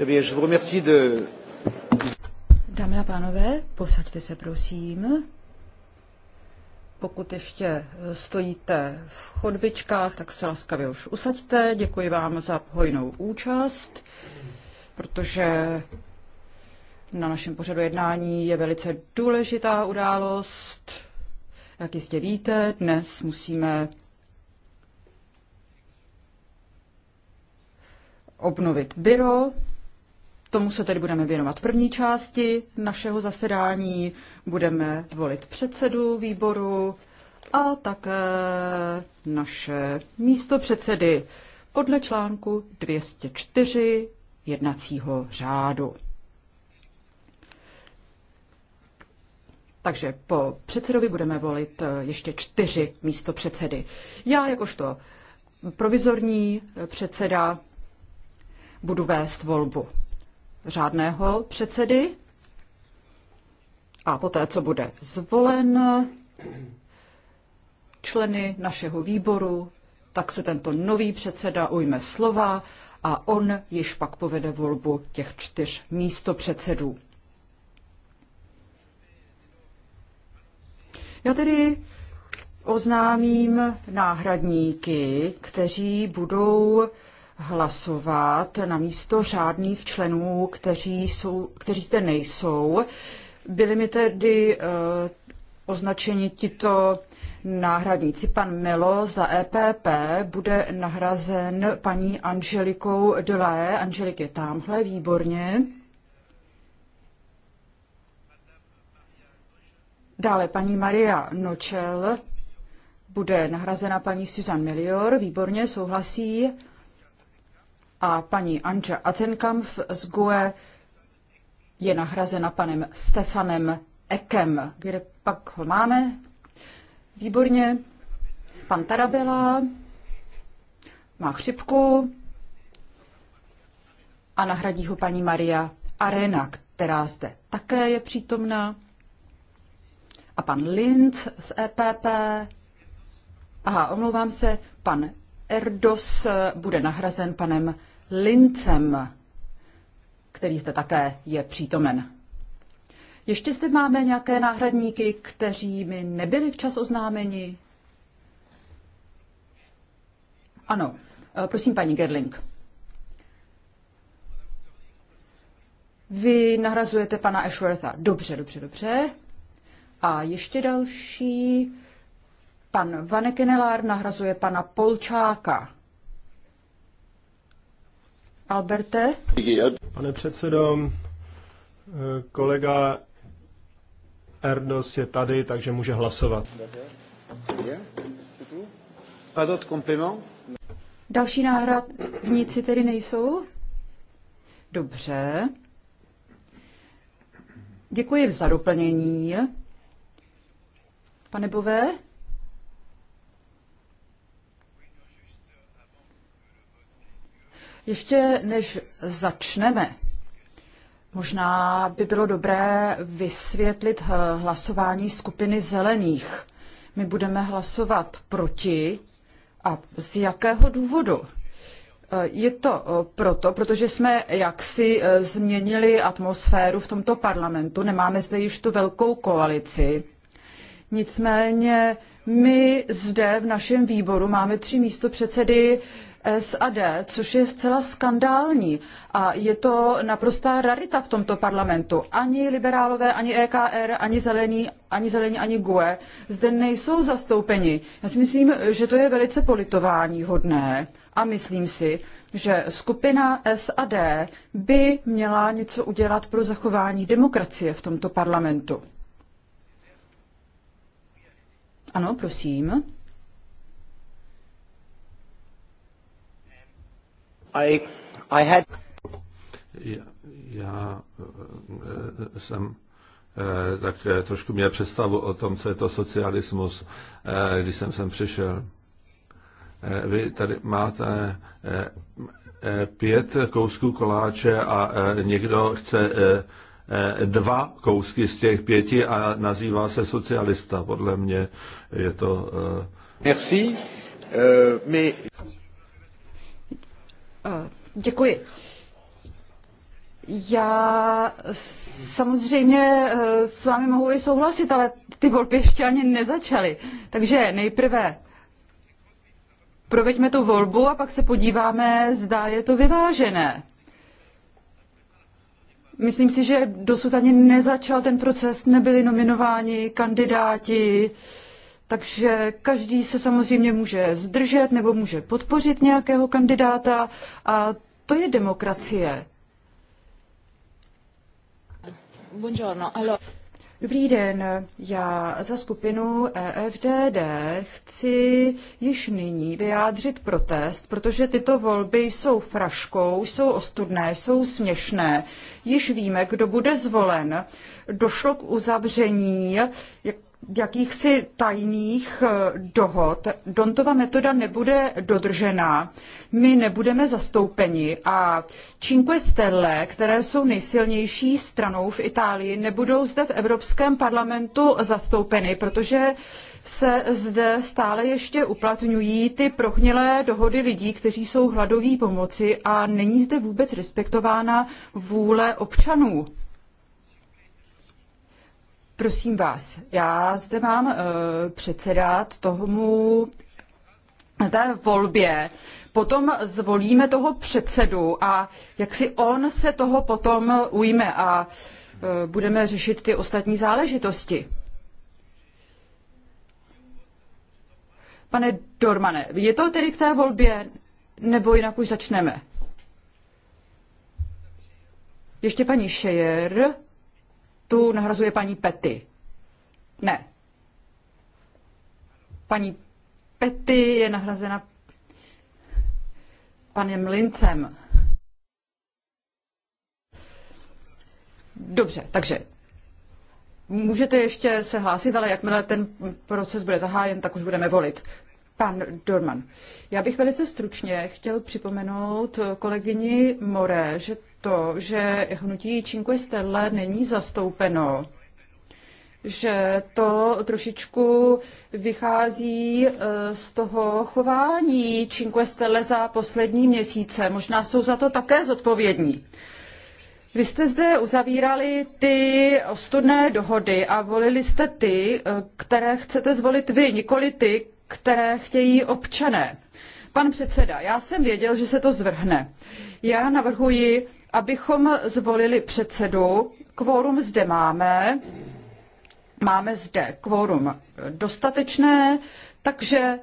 Eh Dámy a pánové, posaďte se prosím. Pokud ještě eh, stojíte v chodbičkách, tak se laskavě už usaďte. Děkuji vám za hojnou účast, protože na našem pořadu jednání je velice důležitá událost. Jak jistě víte, dnes musíme obnovit byro, Tomu se tedy budeme věnovat v první části našeho zasedání. Budeme volit předsedu výboru a také naše místo předsedy podle článku 204 jednacího řádu. Takže po předsedovi budeme volit eh, ještě čtyři místo předsedy. Já jakožto provizorní eh, předseda budu vést volbu řádného předsedy a poté, co bude zvolen členy našeho výboru, tak se tento nový předseda ujme slova a on již pak povede volbu těch čtyř místopředsedů. Já tedy oznámím náhradníky, kteří budou hlasovat na místo řádných členů, kteří, jsou, kteří zde nejsou. Byli mi tedy uh, označeni tito náhradníci. Pan Melo za EPP bude nahrazen paní Angelikou Delae. Angelik je tamhle, výborně. Dále paní Maria Nočel bude nahrazena paní Susan Melior, výborně, souhlasí a paní Anča Azenkampf z GUE je nahrazena panem Stefanem Ekem. Kde pak ho máme? Výborně. Pan Tarabela má chřipku a nahradí ho paní Maria Arena, která zde také je přítomna. A pan Linz z EPP. Aha, omlouvám se, pan Erdos bude nahrazen panem Lincem, který zde také je přítomen. Ještě zde máme nějaké náhradníky, kteří mi nebyli včas oznámeni. Ano, eh, prosím, paní Gerling. Vy nahrazujete pana Ashwortha. Dobře, dobře, dobře. A ještě další. Pan Vanekenelár nahrazuje pana Polčáka. Alberte. Pane předsedo, kolega Erdos je tady, takže může hlasovat. Další náhradníci tedy nejsou? Dobře. Děkuji za doplnění. Pane Bové? Ještě než začneme, možná by bylo dobré vysvětlit eh, hlasování skupiny zelených. My budeme hlasovat proti a z jakého důvodu? Eh, je to eh, proto, protože jsme jaksi změnili atmosféru v tomto parlamentu, nemáme zde již tu velkou koalici. Nicméně my zde v našem výboru máme tři místo předsedy SAD, což je zcela skandální a je to naprostá rarita v tomto parlamentu. Ani liberálové, ani EKR, ani zelení, ani zelení, ani GUE zde nejsou zastoupeni. Já si myslím, že to je velice politování hodné a myslím si, že skupina SAD by měla něco udělat pro zachování demokracie v tomto parlamentu. Ano, prosím. I, I had... Já, já eh, jsem eh, tak eh, trošku měl představu o tom, co je to socialismus, když jsem sem přišel. Vy tady máte pět kousků koláče a někdo chce dva kousky z těch pěti a nazývá se socialista. Podle mě je to... Merci. Mais... Eh, děkuji. Já samozřejmě eh, s vámi mohu i souhlasit, ale ty volby ještě ani nezačaly. Takže nejprve proveďme tu volbu a pak se podíváme, zda je to vyvážené. Myslím si, že dosud ani nezačal ten proces, nebyli nominováni kandidáti. Uh, takže každý se samozřejmě může zdržet nebo může podpořit nějakého kandidáta a to je demokracie. Dobrý den, já za skupinu EFDD chci již nyní vyjádřit protest, protože tyto volby jsou fraškou, jsou ostudné, jsou směšné. Již víme, kdo bude zvolen. Došlo k uzavření jak jakýchsi tajných eh, dohod Dontova metoda nebude dodržena, my nebudeme zastoupeni a Cinque Stelle, které jsou nejsilnější stranou v Itálii, nebudou zde v Evropském parlamentu zastoupeny, protože se zde stále ještě uplatňují ty prohnilé dohody lidí, kteří jsou hladoví pomoci a není zde vůbec respektována vůle občanů. Prosím vás, já zde mám uh, předsedat tomu té volbě, potom zvolíme toho předsedu a jak si on se toho potom ujme a uh, budeme řešit ty ostatní záležitosti. Pane Dormane, je to tedy k té volbě, nebo jinak už začneme? Ještě paní Šejer tu nahrazuje paní Pety. Ne. Paní Pety je nahrazena panem Lincem. Dobře, takže můžete ještě se hlásit, ale jakmile ten proces bude zahájen, tak už budeme volit. Pan Dorman, já bych velice stručně chtěl připomenout kolegyni More, že to, že hnutí Cinque Stelle není zastoupeno, že to trošičku vychází eh, z toho chování Cinque Stelle za poslední měsíce. Možná jsou za to také zodpovědní. Vy jste zde uzavírali ty ostudné dohody a volili jste ty, eh, které chcete zvolit vy, nikoli ty, které chtějí občané. Pan předseda, já jsem věděl, že se to zvrhne. Já navrhuji abychom zvolili předsedu. Kvórum zde máme. Máme zde kvórum dostatečné, takže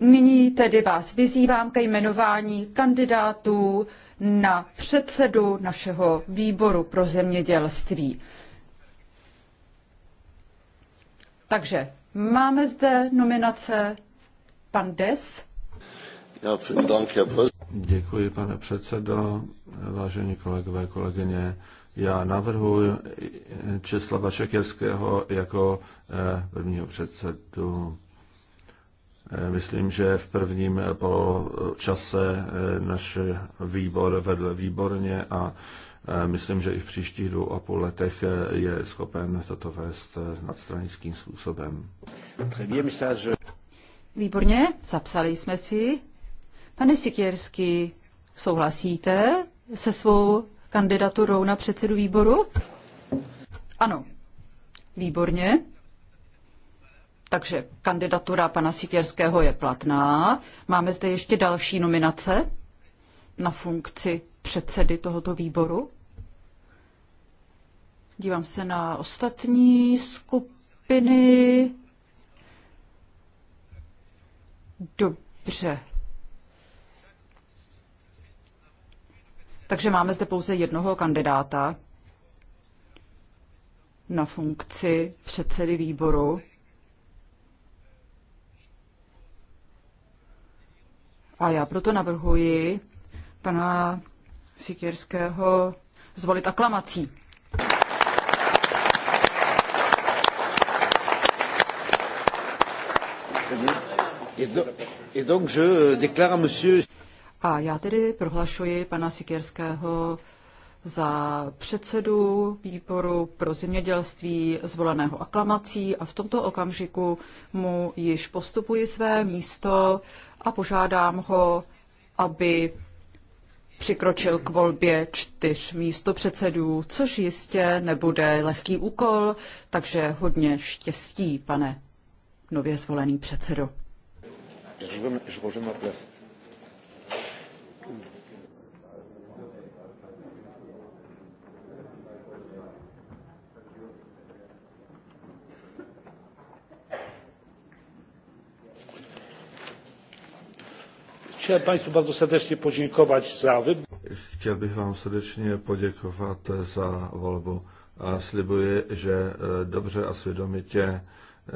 nyní tedy vás vyzývám ke jmenování kandidátů na předsedu našeho výboru pro zemědělství. Takže máme zde nominace pan Des. Děkuji, pane předsedo vážení kolegové, kolegyně. Já navrhuji Česlava Šekerského jako eh, prvního předsedu. Eh, myslím, že v prvním poločase eh, náš výbor vedl výborně a myslím, že i v příštích dvou a půl letech je schopen toto vést nadstranickým způsobem. Výborně, zapsali jsme si. Pane Sikierský, souhlasíte se svou kandidaturou na předsedu výboru? Ano. Výborně. Takže kandidatura pana Sikerského je platná. Máme zde ještě další nominace na funkci předsedy tohoto výboru. Dívám se na ostatní skupiny. Dobře. Takže máme zde pouze jednoho kandidáta na funkci předsedy výboru. A já proto navrhuji pana Sikierského zvolit aklamací. Et donc, je déclare à monsieur... A já tedy prohlašuji pana Sikerského za předsedu výboru pro zemědělství zvoleného aklamací a v tomto okamžiku mu již postupuji své místo a požádám ho, aby přikročil k volbě čtyř místopředsedů, což jistě nebude lehký úkol, takže hodně štěstí, pane nově zvolený předsedo. Je, je, Chciałem Państwu bardzo serdecznie podziękować za wybór. Chciałbym bych vám podziękować poděkovat za volbu a slibuję, že e, dobrze a świadomie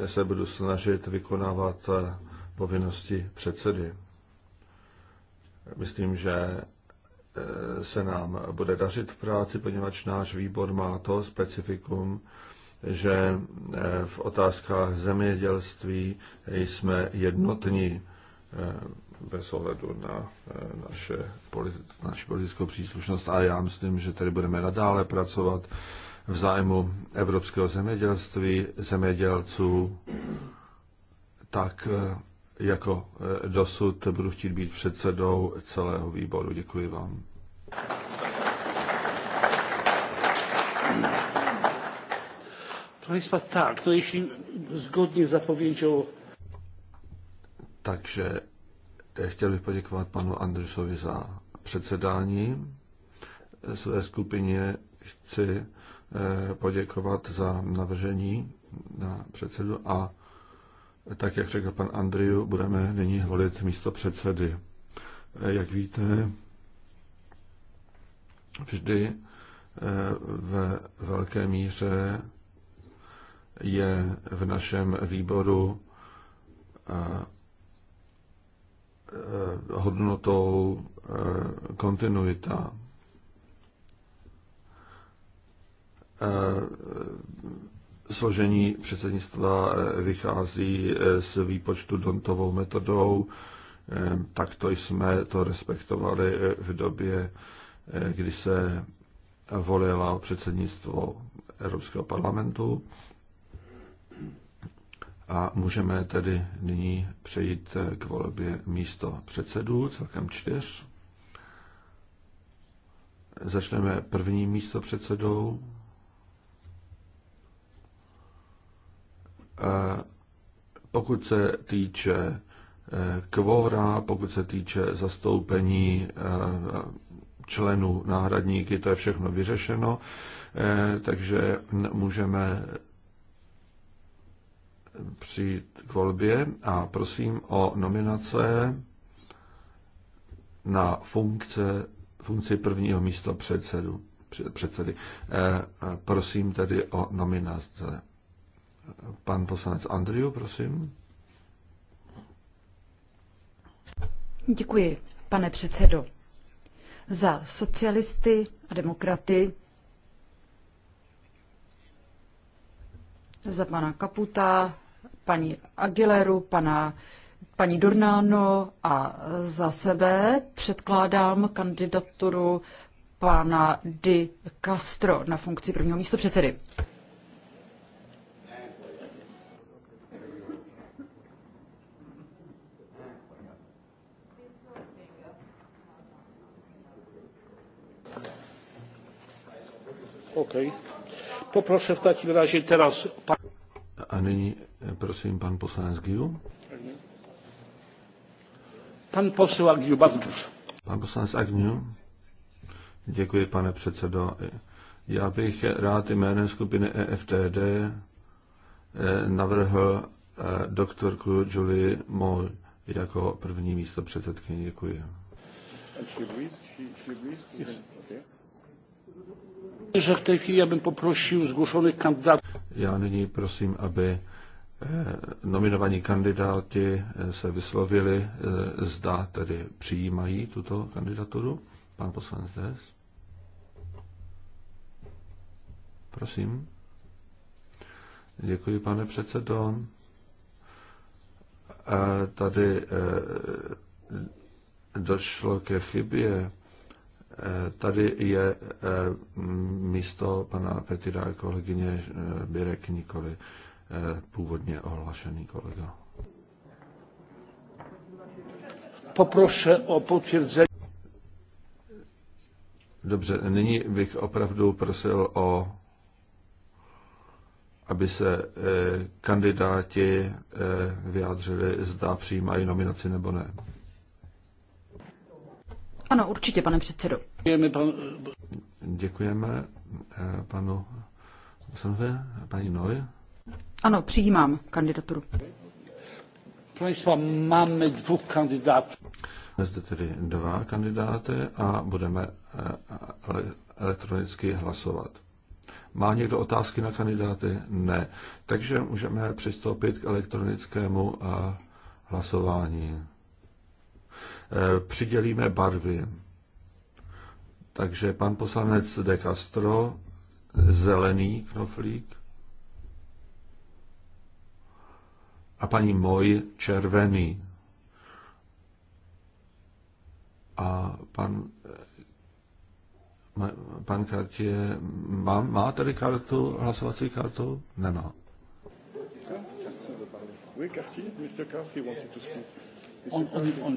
se budu snažit vykonávat e, povinnosti předsedy. Myslím, že e, se nám bude dařit v práci, poněvadž náš výbor má to specifikum, že v otázkách zemědělství jsme jednotní bez ohledu na eh, naše politi- naši politickou příslušnost. A já myslím, že tady budeme nadále pracovat v zájmu evropského zemědělství, zemědělců, tak eh, jako eh, dosud budu chtít být předsedou celého výboru. Děkuji vám. Państwa, tak, To jeśli zgodnie z zapowiedzią. Także Chtěl bych poděkovat panu Andrusovi za předsedání. Své skupině chci eh, poděkovat za navržení na předsedu a tak, jak řekl pan Andriu, budeme nyní volit místo předsedy. Eh, jak víte, vždy eh, ve velké míře je v našem výboru Eh, hodnotou eh, kontinuita. Eh, složení předsednictva vychází z výpočtu Dontovou metodou, takto jsme to respektovali v době, kdy se volila předsednictvo Evropského parlamentu. A můžeme tedy nyní přejít k volbě místo předsedů, celkem čtyř. Začneme první místo předsedou. Pokud se týče eh, kvóra, pokud se týče zastoupení eh, členů náhradníky, to je všechno vyřešeno, eh, takže můžeme přijít k volbě a prosím o nominace na funkce, funkci prvního místo předsedu, předsedy. Eh, prosím tedy o nominace. Pan poslanec Andriu, prosím. Děkuji, pane předsedo. Za socialisty a demokraty za pana Kaputa, paní Aguileru, pana, paní Dornáno a za sebe předkládám kandidaturu pana Di Castro na funkci prvního místo předsedy. Okay. Poproszę w takim razie teraz. A nyní prosím pan poslanec Giu. Pan poslanec Agniu, Pan poslanec Agniu. Děkuji, pane předsedo. Já bych rád jménem skupiny EFTD eh, navrhl eh, doktorku Julie Moll jako první místo předsedkyně. Děkuji. Yes že v té chvíli já bych poprosil zgušených kandidátů. Já nyní prosím, aby eh, nominovaní kandidáti eh, se vyslovili, eh, zda tedy přijímají tuto kandidaturu. Pan poslanec Des. Prosím. Děkuji, pane předsedo. Tady došlo ke chybě Tady je eh, místo pana Petira kolegyně eh, Birek nikoli eh, původně ohlášený kolega. Poproše o potvrzení. Dobře, nyní bych opravdu prosil o aby se kandidáti vyjádřili, zda přijímají nominaci nebo ne. Ano, určitě, pane předsedo. Děkujeme, pan... Děkujeme eh, panu Sanovi, paní Noy. Ano, přijímám kandidaturu. Państwa, máme dvou kandidátů. Zde tedy dva kandidáty a budeme eh, elektronicky hlasovat. Má někdo otázky na kandidáty? Ne. Takže můžeme přistoupit k elektronickému eh, hlasování. Eh, přidělíme barvy. Takže pan poslanec De Castro, zelený knoflík, a paní Moj, červený. A pan, eh, pan Kartě, má, má tady kartu, hlasovací kartu? Nemá. Oui, Cartier, Mr. Cartier wanted to speak. On, on, on.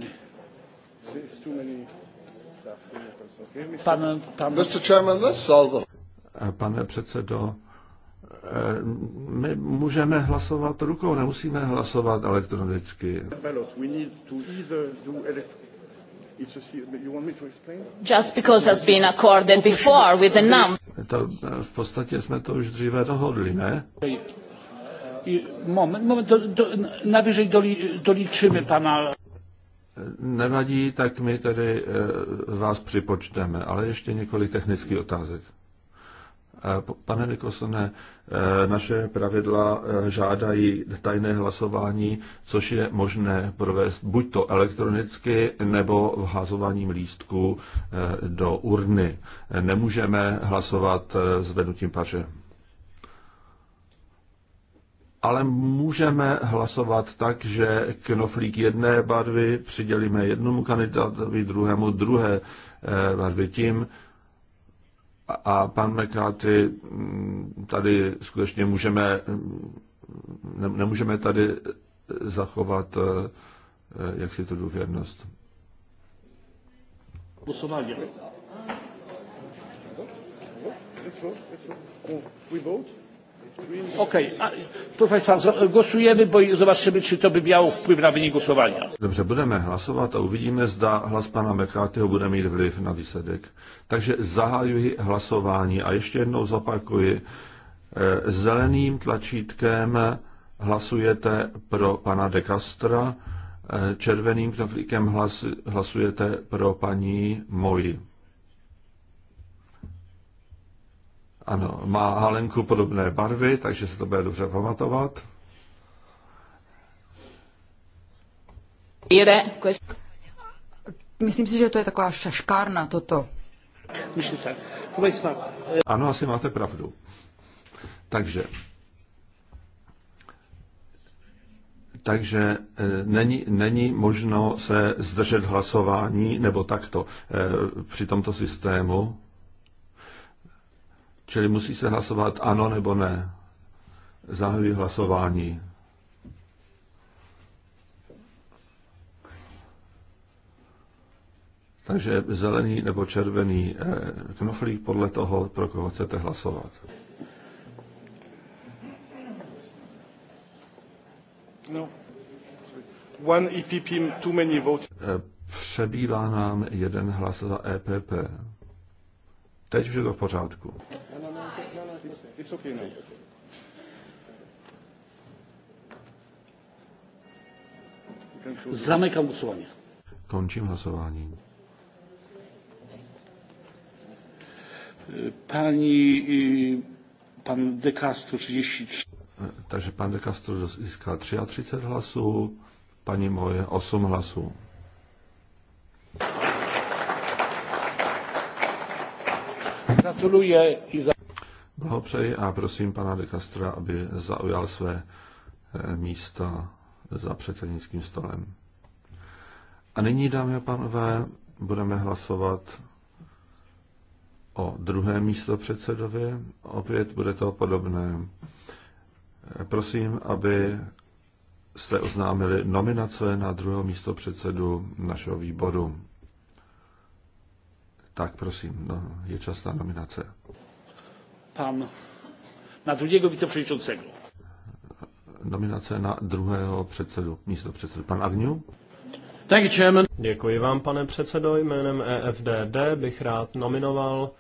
Pan, pan... Mr. Chairman, let's solve eh, Pane předsedo, eh, my můžeme hlasovat rukou, nemusíme hlasovat elektronicky. Just because has been accorded before with the number. Eh, v podstatě jsme to už dříve dohodli, ne? Moment, moment, do, do, nawyżej doli, doličíme, pana nevadí, tak my tedy eh, vás připočteme, ale ještě několik technických otázek. Eh, pane Nikosone, eh, naše pravidla žádají tajné hlasování, což je možné provést buď to elektronicky, nebo vházováním lístku do urny. Nemůžeme hlasovat zvednutím paže ale můžeme hlasovat tak, že knoflík jedné barvy přidělíme jednomu kandidátovi, druhému druhé eh, barvy tím. A pan McCarthy, mm, tady skutečně můžeme, ne, nemůžeme tady zachovat eh, eh, jak si tu důvěrnost. Hlasování. Oh, we vote? Okej, okay. proszę Państwa, głosujemy, bo zobaczymy, czy to by miało wpływ na wynik głosowania. Dobře, budeme hlasovat a uvidíme, zda hlas pana McCarthyho bude mít vliv na výsledek. Takže zahajuji hlasování a ještě jednou zopakuji. E, zeleným tlačítkem hlasujete pro pana de Castra, e, červeným knoflíkem hlas, hlasujete pro paní Moji. Ano, má halenku podobné barvy, takže se to bude dobře pamatovat. Myslím si, že to je taková šaškárna toto. Ano, asi máte pravdu. Takže takže e, není, není možno se zdržet hlasování nebo takto e, při tomto systému. Čili musí se hlasovat ano nebo ne. Zahajuji hlasování. Takže zelený nebo červený eh, knoflík podle toho, pro koho chcete hlasovat. No. One EPP, too many votes. Eh, přebývá nám jeden hlas za EPP. Teď už je to v pořádku. Zamykám hlasování. Končím hlasování. Pani, pan De Castro 33. E, takže pan De Castro získal 33 hlasů, paní moje 8 hlasů. Gratuluji i za... Blahopřeji a prosím pana de Castra, aby zaujal své eh, místa za předsednickým stolem. A nyní, dámy a pánové, budeme hlasovat o druhé místo předsedovi. Opět bude to podobné. Eh, prosím, aby jste oznámili nominace na druhého místo předsedu našeho výboru. Tak prosím, no, je čas na nominace. Pan na druhého viceprzewodniczącego. Nominace na druhého předsedu, místo předsedu. Pan Agniu? Thank you, chairman. Děkuji vám, pane předsedo. Jménem EFDD bych rád nominoval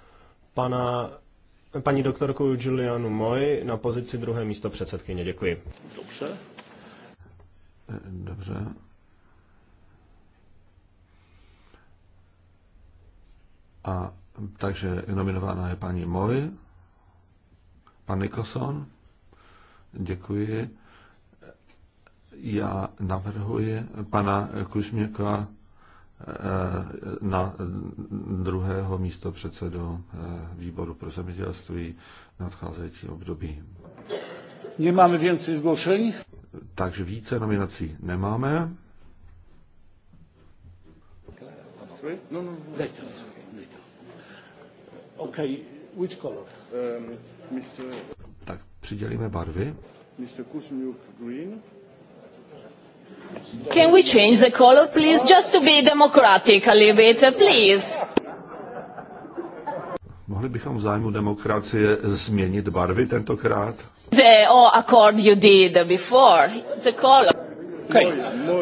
pana, paní doktorku Julianu Moy na pozici druhé místo předsedkyně. Děkuji. Dobře. E, dobře. A takže nominována je paní Moy, pan Nikoson, Děkuji. Já navrhuji pana Kuzměka eh, na druhého místo předsedu eh, výboru pro zemědělství nadcházející období. Nemáme více zgłoszeń? Takže více nominací nemáme. No, no, no. Okay, which color? Um, Mr. Tak přidělíme barvy. Mr. Kusmiuk green. Can we change the color, please, just to be democratic a little bit, please? Mohli bychom v zájmu demokracie změnit barvy tentokrát? The oh, accord you did before, the color. Okay.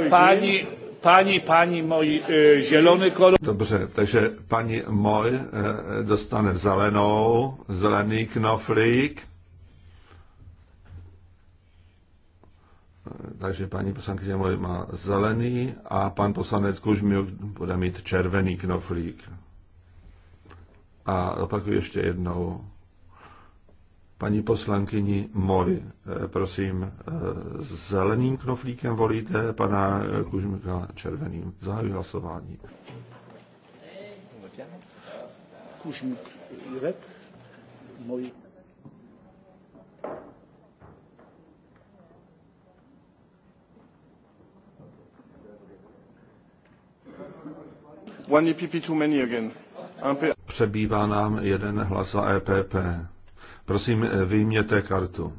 Pani, Pani, pani můj e, zielony zelený kolor. Dobře, takže pani moj e, dostane zelenou, zelený knoflík. E, takže paní poslankyně můj má zelený a pan poslanec Kužmiuk bude mít červený knoflík. A opakuji ještě jednou. Paní poslankyni Moj, eh, prosím, eh, zeleným knoflíkem volíte pana eh, Kužmika červeným. Zahajuji hlasování. Kužmik red, Moj e Přebývá nám jeden hlas za EPP. Prosím, eh, vyjměte kartu.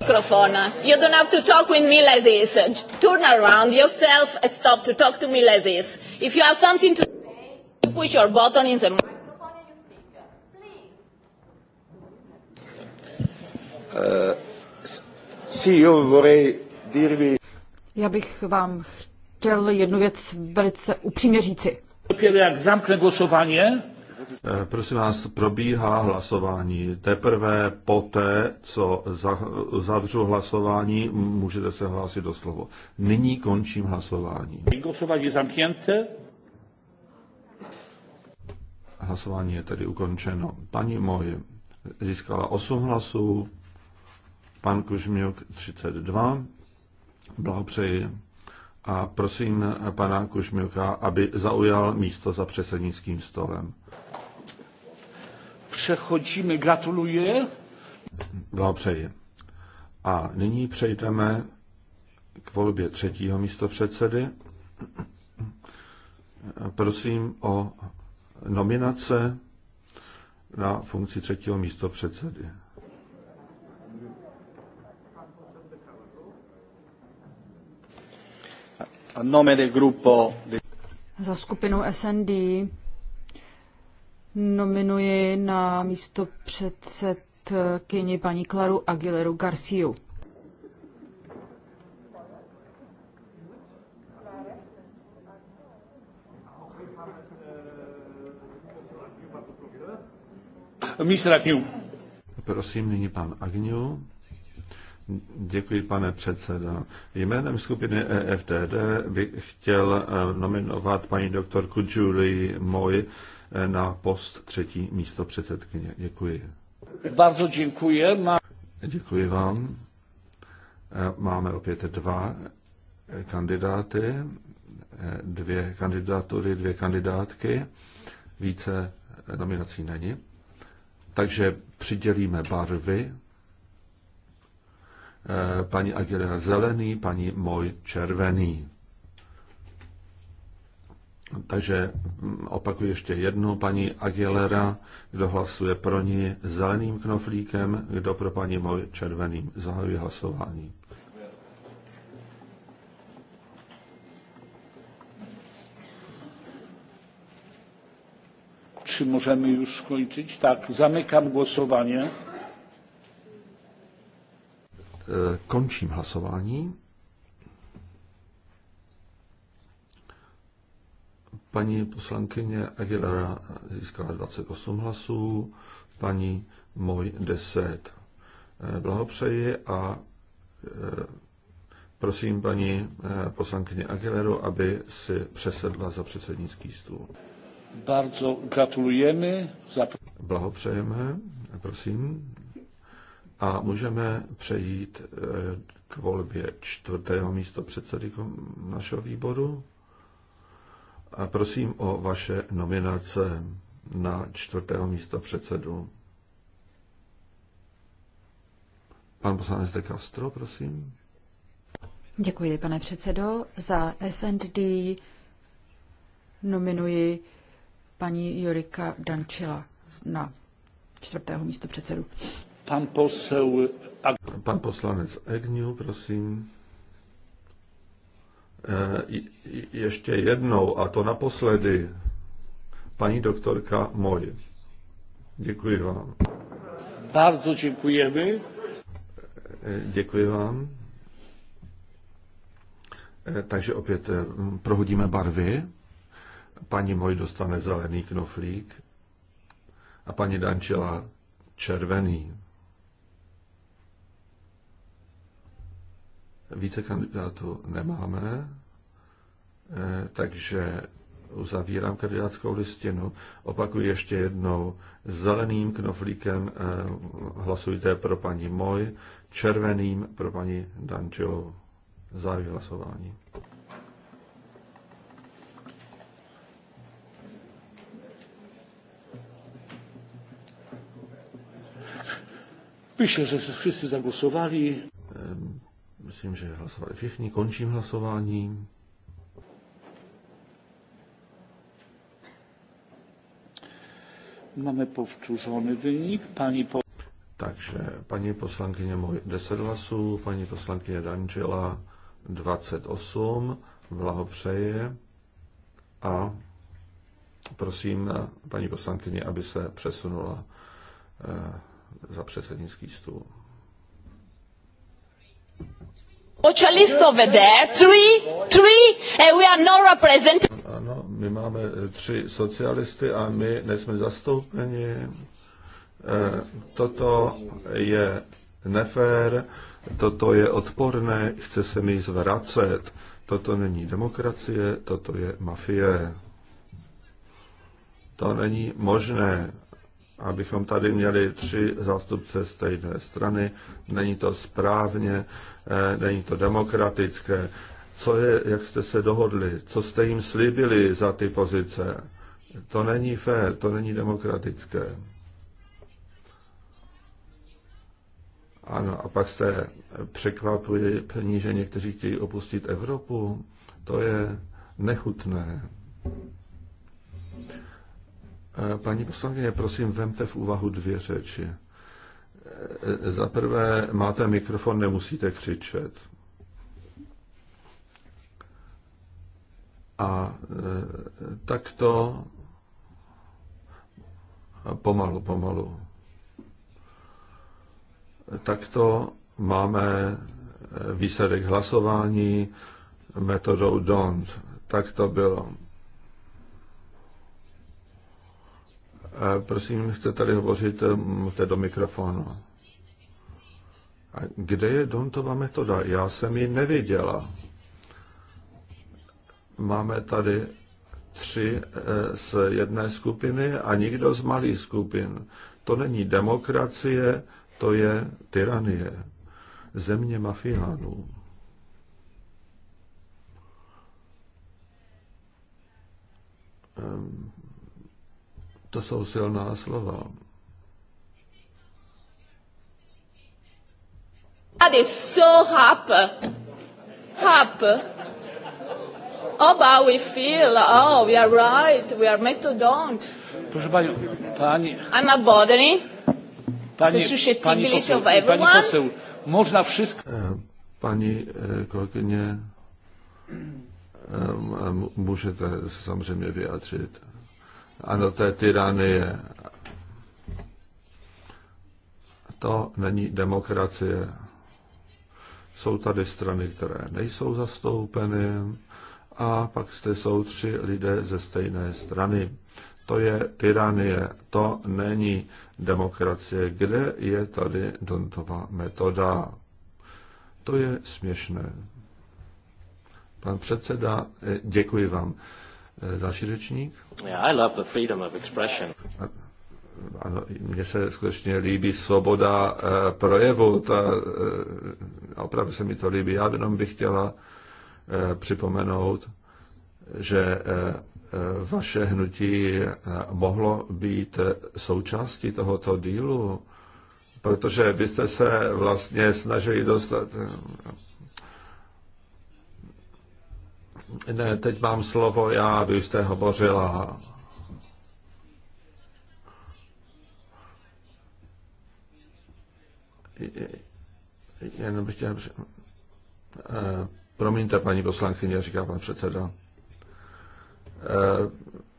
microphone. You don't have to talk with me like this. Turn around yourself and stop to talk to me like this. If you have something to say, you push your button in the microphone and you speak. Please. Uh, sì, io vorrei já bych vám chtěl jednu věc velice upřímně říci. Jak zamkne hlasování? Eh, prosím vás, probíhá hlasování. Teprve poté, co zavřu hlasování, můžete se hlásit do slovo. Nyní končím hlasování. Hlasování je zamknuté. Hlasování je tedy ukončeno. Paní moje získala 8 hlasů, pan Kužměk 32, Blahopřeji a prosím pana Kušmiuka, aby zaujal místo za předsednickým stolem. Přechodíme, gratuluje. Blahopřeji. A nyní přejdeme k volbě třetího místo předsedy. Prosím o nominace na funkci třetího místo předsedy. Za skupinu SND nominuji na místo předsedkyni paní Klaru Aguileru Garciu. Mr. Agnew. Prosím, nyní pan Agnew. Děkuji, pane předsedo. Jménem skupiny EFDD bych chtěl eh, nominovat paní doktorku Julie Moy eh, na post třetí místo předsedkyně. Děkuji. Bardzo děkuji. Děkuji vám. Eh, máme opět dva kandidáty, dvě kandidatury, dvě kandidátky. Více nominací není. Takže přidělíme barvy Eh, paní Aguilera zelený, paní Moj červený. Takže hm, opakuji ještě jednou, paní Aguilera, kdo hlasuje pro ní zeleným knoflíkem, kdo pro paní Moj červeným. Zahajuji hlasování. Czy możemy już skończyć? Tak, zamykam głosowanie. Eh, končím hlasování. Paní poslankyně Aguilera získala 28 hlasů, paní Moj 10. Eh, blahopřeji a eh, prosím paní poslankyně Aguileru, aby si přesedla za předsednický stůl. Bardzo gratulujeme. Za... Blahopřejeme, prosím. A můžeme přejít eh, k volbě čtvrtého místo předsedy našeho výboru. A prosím o vaše nominace na čtvrtého místo předsedu. Pan poslanec de Castro, prosím. Děkuji, pane předsedo. Za SND nominuji paní Jurika Dančila na čtvrtého místo předsedu. Pan Pan poslanec Egniu, prosím. E, ještě jednou, a to naposledy, paní doktorka moje. Děkuji vám. Bardzo děkujeme. Děkuji vám. E, takže opět e, prohodíme barvy. Paní Moj dostane zelený knoflík a paní Dančela červený. Více kandidátů nemáme, eh, takže uzavírám kandidátskou listinu. Opakuji ještě jednou. Zeleným knoflíkem eh, hlasujte pro paní Moj, červeným pro paní Dančovou. Závěr hlasování. že że všichni zagłosowali. Myslím, že hlasovali všichni. Končím hlasování. Máme povtůřený vynik. Paní po... Takže paní poslankyně Moj 10 hlasů, paní poslankyně Danžela 28, blahopřeje a prosím paní poslankyně, aby se přesunula eh, za předsednický stůl. Ano, my máme eh, tři socialisty a my nejsme zastoupeni. Eh, toto je nefér, toto je odporné, chce se mi zvracet. Toto není demokracie, toto je mafie. To není možné abychom tady měli tři zástupce stejné strany. Není to správně, eh, není to demokratické. Co je, jak jste se dohodli, co jste jim slíbili za ty pozice? To není fér, to není demokratické. Ano, a pak jste překvapení, že někteří chtějí opustit Evropu. To je nechutné. Eh, paní poslankyně, prosím, vemte v úvahu dvě řeči. Eh, za prvé, máte mikrofon, nemusíte křičet. A eh, takto pomalu, pomalu. Takto máme výsledek hlasování metodou DONT. Tak to bylo. Prosím, chce tady hovořit, eh, mluvte do mikrofonu. A kde je Dontova metoda? Já jsem ji neviděla. Máme tady tři eh, z jedné skupiny a nikdo z malých skupin. To není demokracie, to je tyranie. Země mafiánů. Um to jsou silná slova. That is so Hap. Oh, about we feel, oh, we are right, we are don't. Proszę pani, pani... I'm a body. Pani, pani poseł, Pani poseł, można wszystko... E, pani e, kolegyně, e, můžete samozřejmě vyjádřit ano, do je tyranie. To není demokracie. Jsou tady strany, které nejsou zastoupeny a pak jste, jsou tři lidé ze stejné strany. To je tyranie, to není demokracie. Kde je tady Dontova metoda? To je směšné. Pan předseda, eh, děkuji vám. Eh, další řečník? Yeah, I love the freedom of expression. Eh, ano, mně se skutečně líbí svoboda eh, projevu, ta, e, opravdu se mi to líbí. Já jenom bych chtěla připomenout, že vaše hnutí mohlo být součástí tohoto dílu, protože byste se vlastně snažili dostat ne, teď mám slovo já, vy jste hovořila. Jenom bych chtěl... Eh, promiňte, paní poslankyně, říká pan předseda. Eh,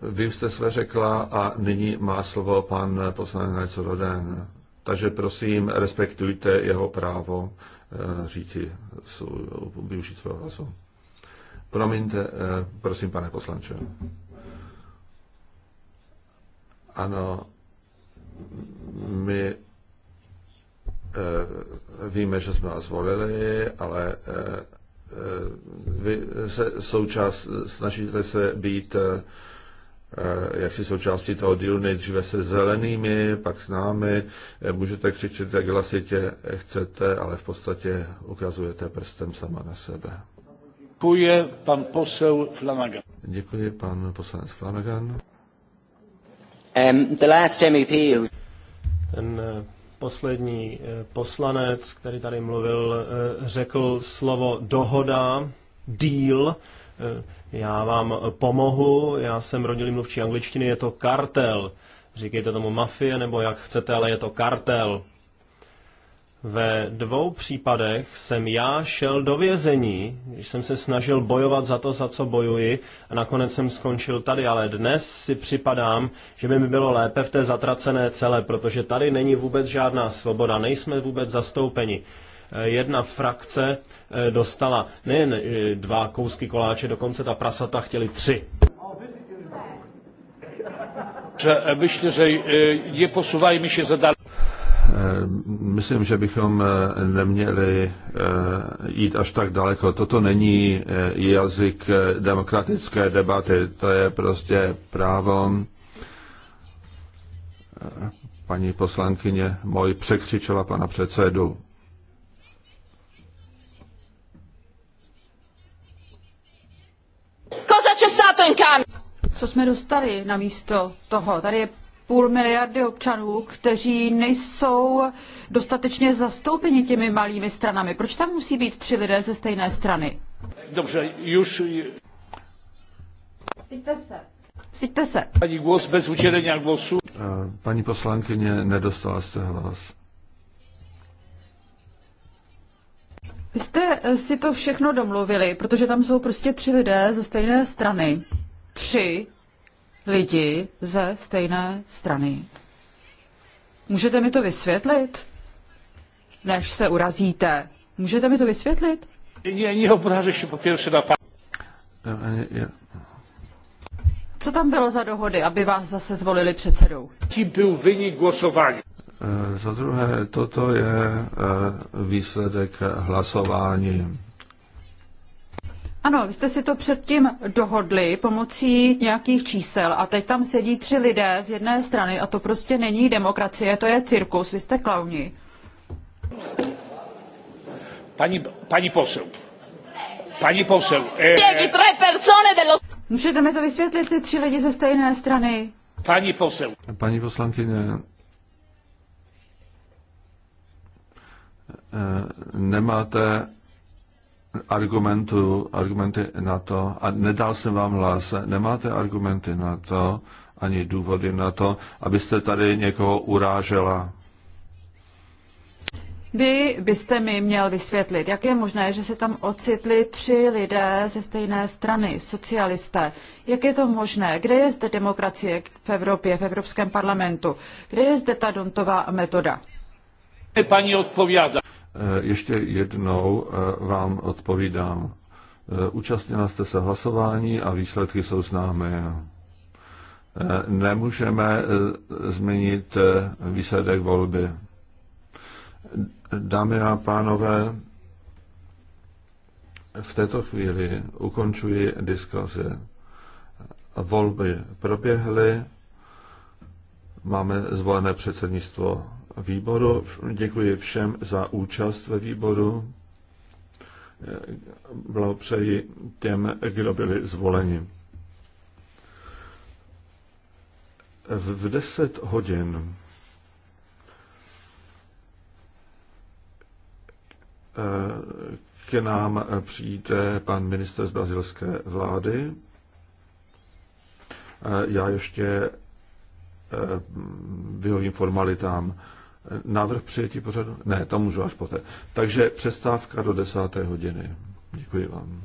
vy jste své řekla a nyní má slovo pan poslanec Roden. Takže prosím, respektujte jeho právo eh, říci, využít svého hlasu. Promiňte, eh, prosím, pane poslanče. Ano, my eh, víme, že jsme vás zvolili, ale eh, vy se součást, snažíte se být jak si součástí toho dílu nejdříve se zelenými, pak s námi, můžete křičet, jak hlasitě chcete, ale v podstatě ukazujete prstem sama na sebe. Děkuji pan Flanagan. Děkuji pan poslanec Flanagan. Um, the last MEP Ten eh, poslední eh, poslanec, který tady mluvil, eh, řekl slovo dohoda, deal. Já vám pomohu, já jsem rodilý mluvčí angličtiny, je to kartel. Říkejte tomu mafie nebo jak chcete, ale je to kartel. Ve dvou případech jsem já šel do vězení, když jsem se snažil bojovat za to, za co bojuji a nakonec jsem skončil tady, ale dnes si připadám, že by mi bylo lépe v té zatracené celé, protože tady není vůbec žádná svoboda, nejsme vůbec zastoupeni eh, jedna frakce eh, dostala nejen eh, dva kousky koláče, dokonce ta prasata chtěli tři. Že, myslím, že je posouvajme se zadal. Eh, myslím, že bychom eh, neměli eh, jít až tak daleko. Toto není jazyk demokratické debaty, to je prostě právo. Paní poslankyně moji překřičela pana předsedu. Co jsme dostali na místo toho? Tady je půl miliardy občanů, kteří nejsou dostatečně zastoupeni těmi malými stranami. Proč tam musí být tři lidé ze stejné strany? Dobře, už... Styďte se. Styďte se. Paní głos bez udělení głosu. Paní poslankyně, nedostala jste hlas. Vy jste eh, si to všechno domluvili, protože tam jsou prostě tři lidé ze stejné strany. Tři lidi ze stejné strany. Můžete mi to vysvětlit? Než se urazíte. Můžete mi to vysvětlit? Není obraže po pierwsze na e, Co tam bylo za dohody, aby vás zase zvolili předsedou? Jaký byl vynik hlasování? E, za druhé, toto je e, výsledek hlasování. Ano, vy jste si to předtím dohodli pomocí nějakých čísel a teď tam sedí tři lidé z jedné strany a to prostě není demokracie, to je cirkus, vy jste klauni. Pani, pani posel. Pani posel. Eh, Můžete mi to vysvětlit, ty tři lidi ze stejné strany? Pani posel. Pani poslankyně, e, nemáte argumentu, argumenty na to, a nedal jsem vám hlas, nemáte argumenty na to, ani důvody na to, abyste tady někoho urážela. Vy byste mi měl vysvětlit, jak je možné, že se tam ocitli tři lidé ze stejné strany, socialisté. Jak je to možné? Kde je zde demokracie v Evropě, v Evropském parlamentu? Kde je zde ta Dontová metoda? Paní odpovídá. Eh, ještě jednou eh, vám odpovídám. Eh, účastnila jste se hlasování a výsledky jsou známé. Nemůžeme změnit výsledek volby. Dámy a pánové, v této chvíli ukončuji diskuzi. Volby proběhly, máme zvolené předsednictvo výboru. Děkuji všem za účast ve výboru. Blahopřeji těm, kdo byli zvoleni. V 10 hodin k nám přijde pan minister z brazilské vlády. Já ještě vyhovím formalitám. Návrh přijetí pořadu? Ne, tam můžu až poté. Takže přestávka do desáté hodiny. Děkuji vám.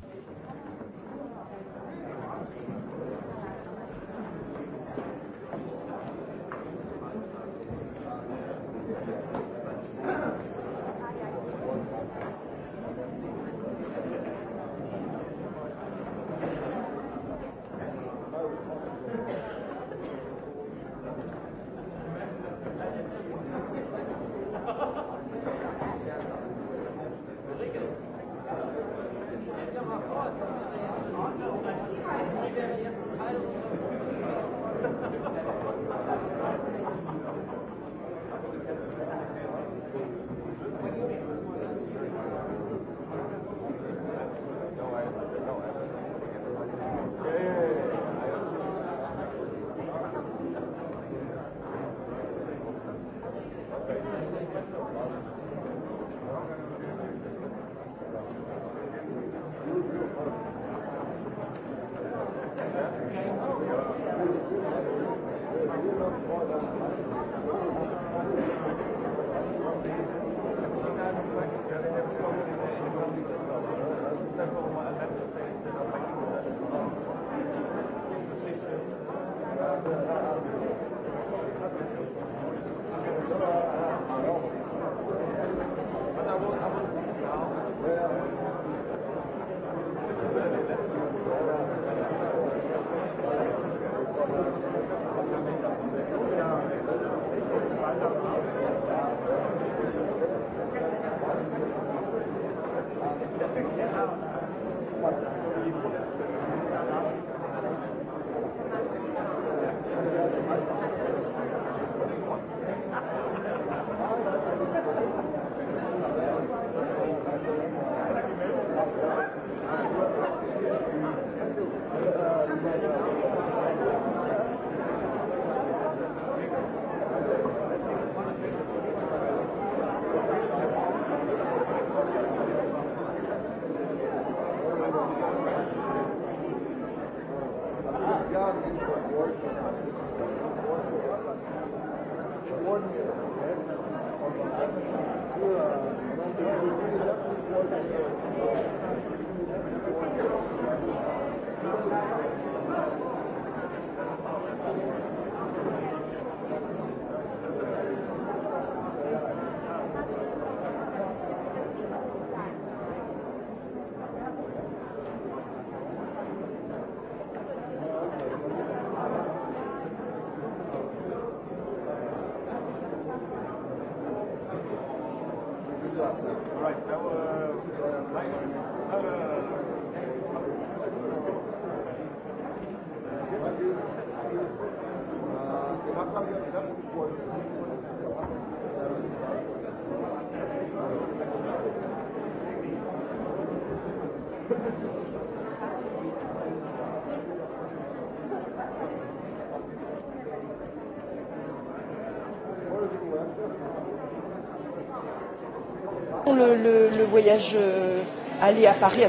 le, le, le voyage euh, aller à Paris.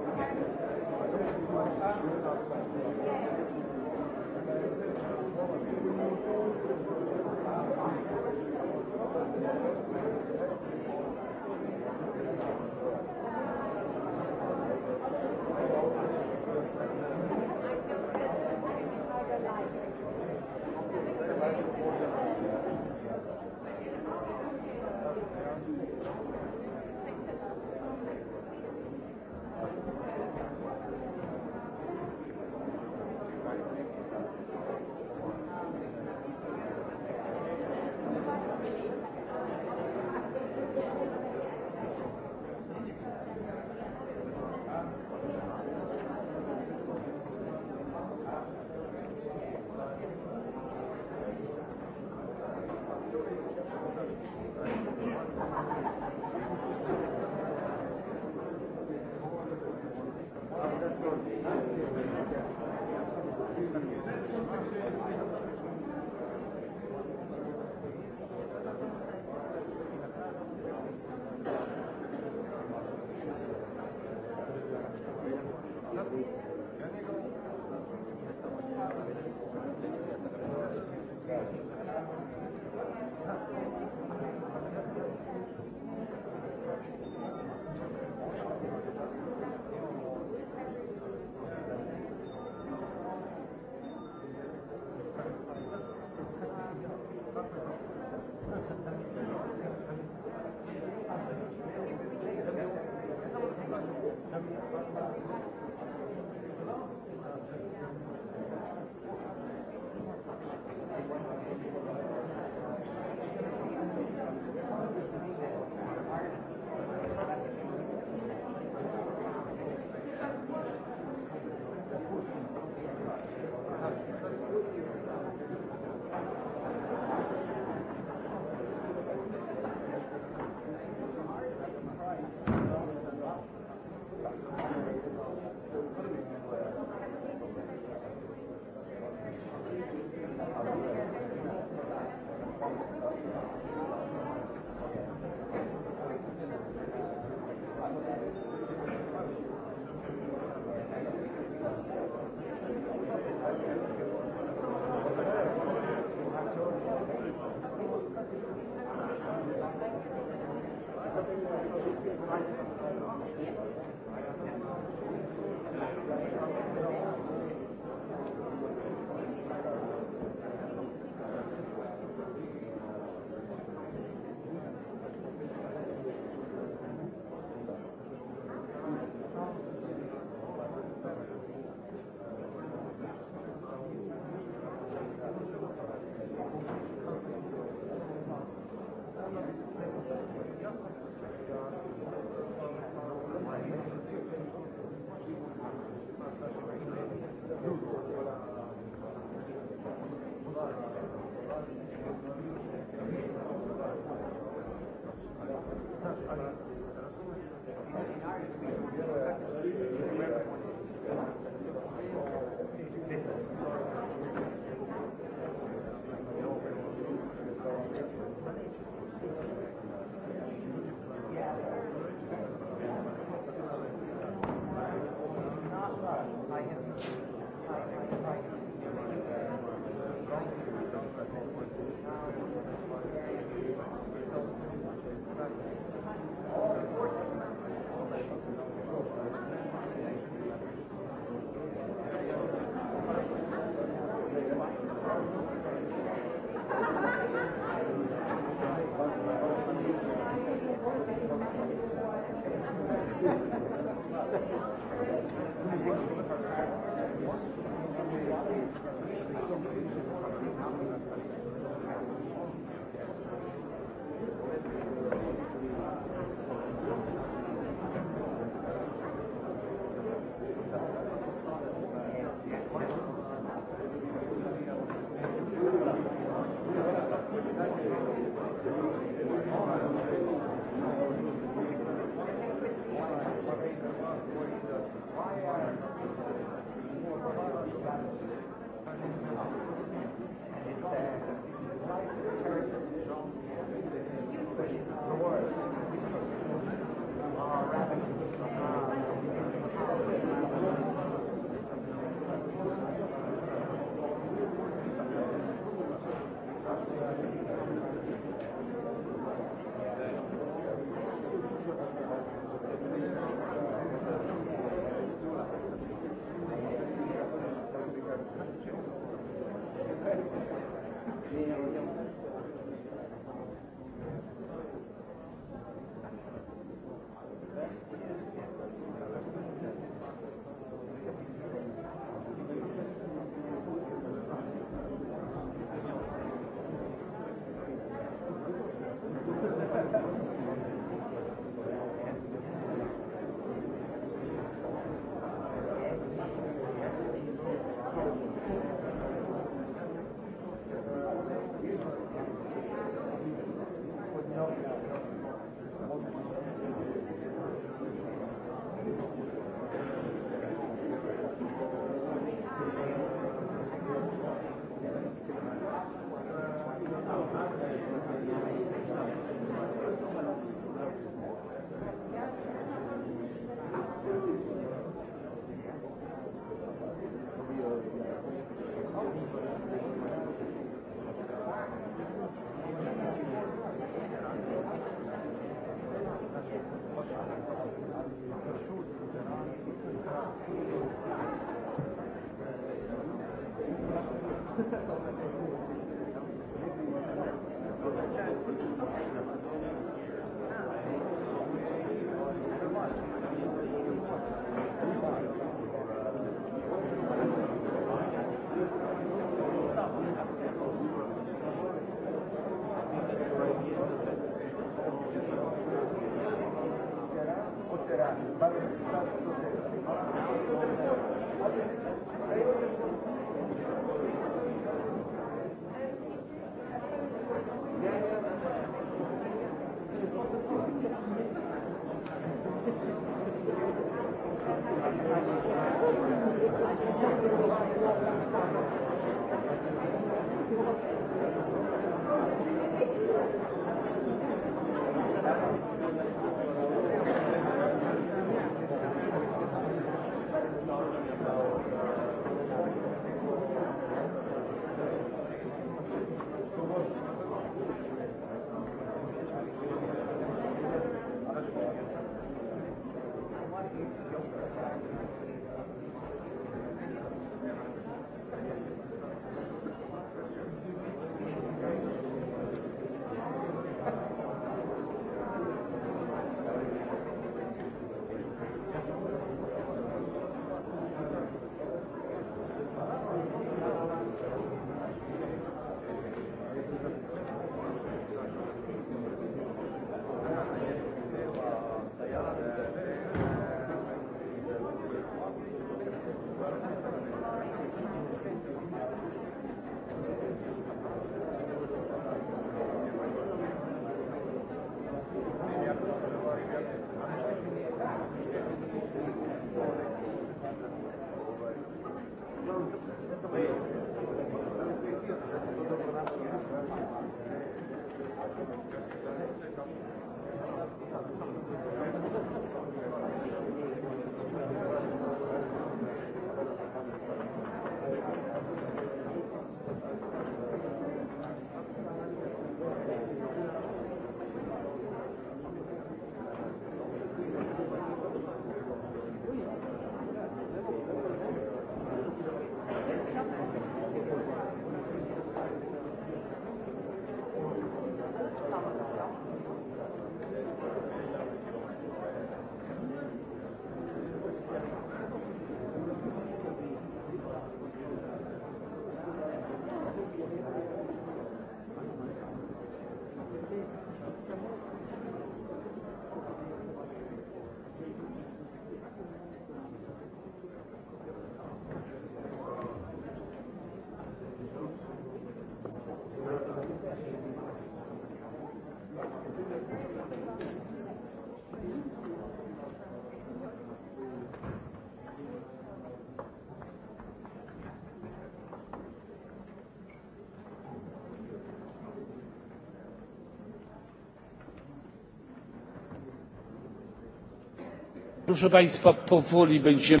Proszę Państwa, powoli będziemy...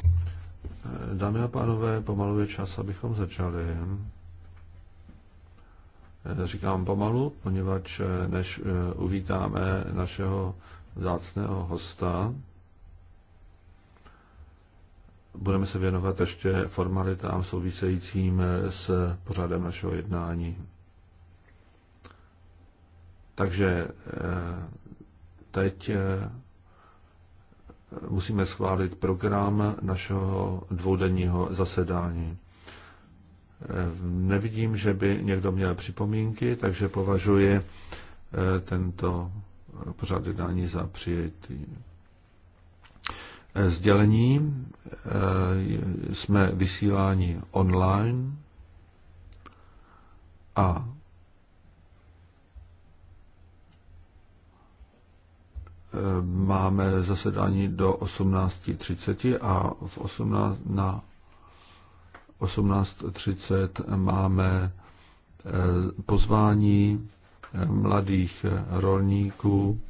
Dámy a pánové, pomalu je čas, abychom začali. Eh, říkám pomalu, poněvadž eh, než eh, uvítáme našeho zácného hosta, budeme se věnovat ještě formalitám souvisejícím s pořadem našeho jednání. Takže teď musíme schválit program našeho dvoudenního zasedání. Nevidím, že by někdo měl připomínky, takže považuji eh, tento pořad jednání za přijetý. Eh, sdělení eh, jsme vysíláni online a máme zasedání do 18.30 a v 18, na 18.30 máme eh, pozvání eh, mladých rolníků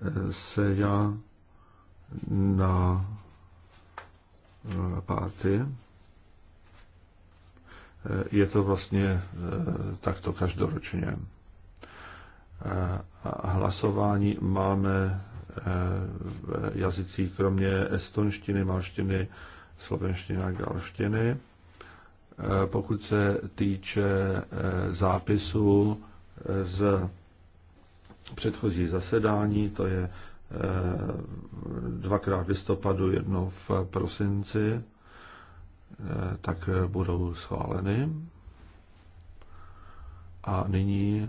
eh, Seja na párty. Je to vlastně takto každoročně. Eh, hlasování máme eh, v jazycích kromě estonštiny, malštiny, slovenštiny a galštiny. Eh, pokud se týče zápisu z předchozí zasedání, to je dvakrát v listopadu, jedno v prosinci, tak budou schváleny. A nyní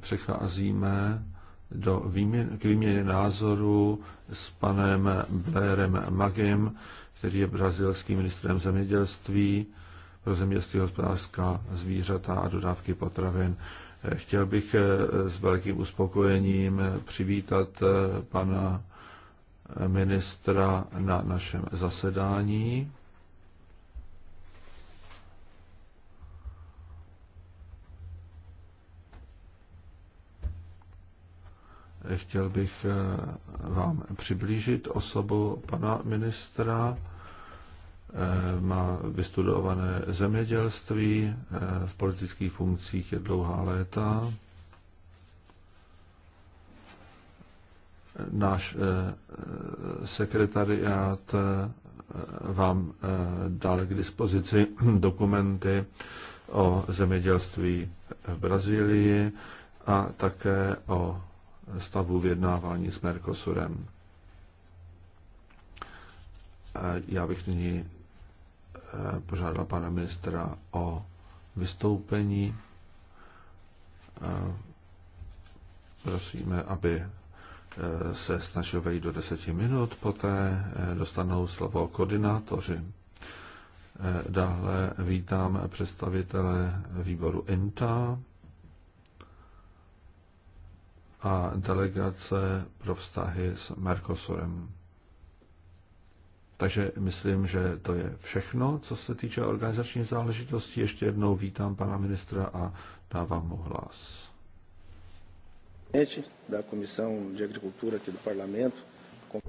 přecházíme do výměn, k výměně názoru s panem Blairem Magem, který je brazilským ministrem zemědělství pro zemědělství hospodářská zvířata a dodávky potravin. Chtěl bych eh, s velkým uspokojením přivítat eh, pana ministra na našem zasedání chtěl bych eh, vám přiblížit osobu pana ministra. Eh, má vystudované zemědělství, eh, v politických funkcích je dlouhá léta. Náš sekretariát vám dal k dispozici dokumenty o zemědělství v Brazílii a také o stavu vyjednávání s Mercosurem. Já bych nyní e, požádal pana ministra o vystoupení. E, prosíme, aby e, se snažil vejít do deseti minut, poté dostanou slovo koordinátoři. Dále vítám představitele výboru INTA, a delegace pro vztahy s Mercosurem. Takže myslím, že to je všechno, co se týče organizační záležitosti. Ještě jednou vítám pana ministra a dávám mu hlas.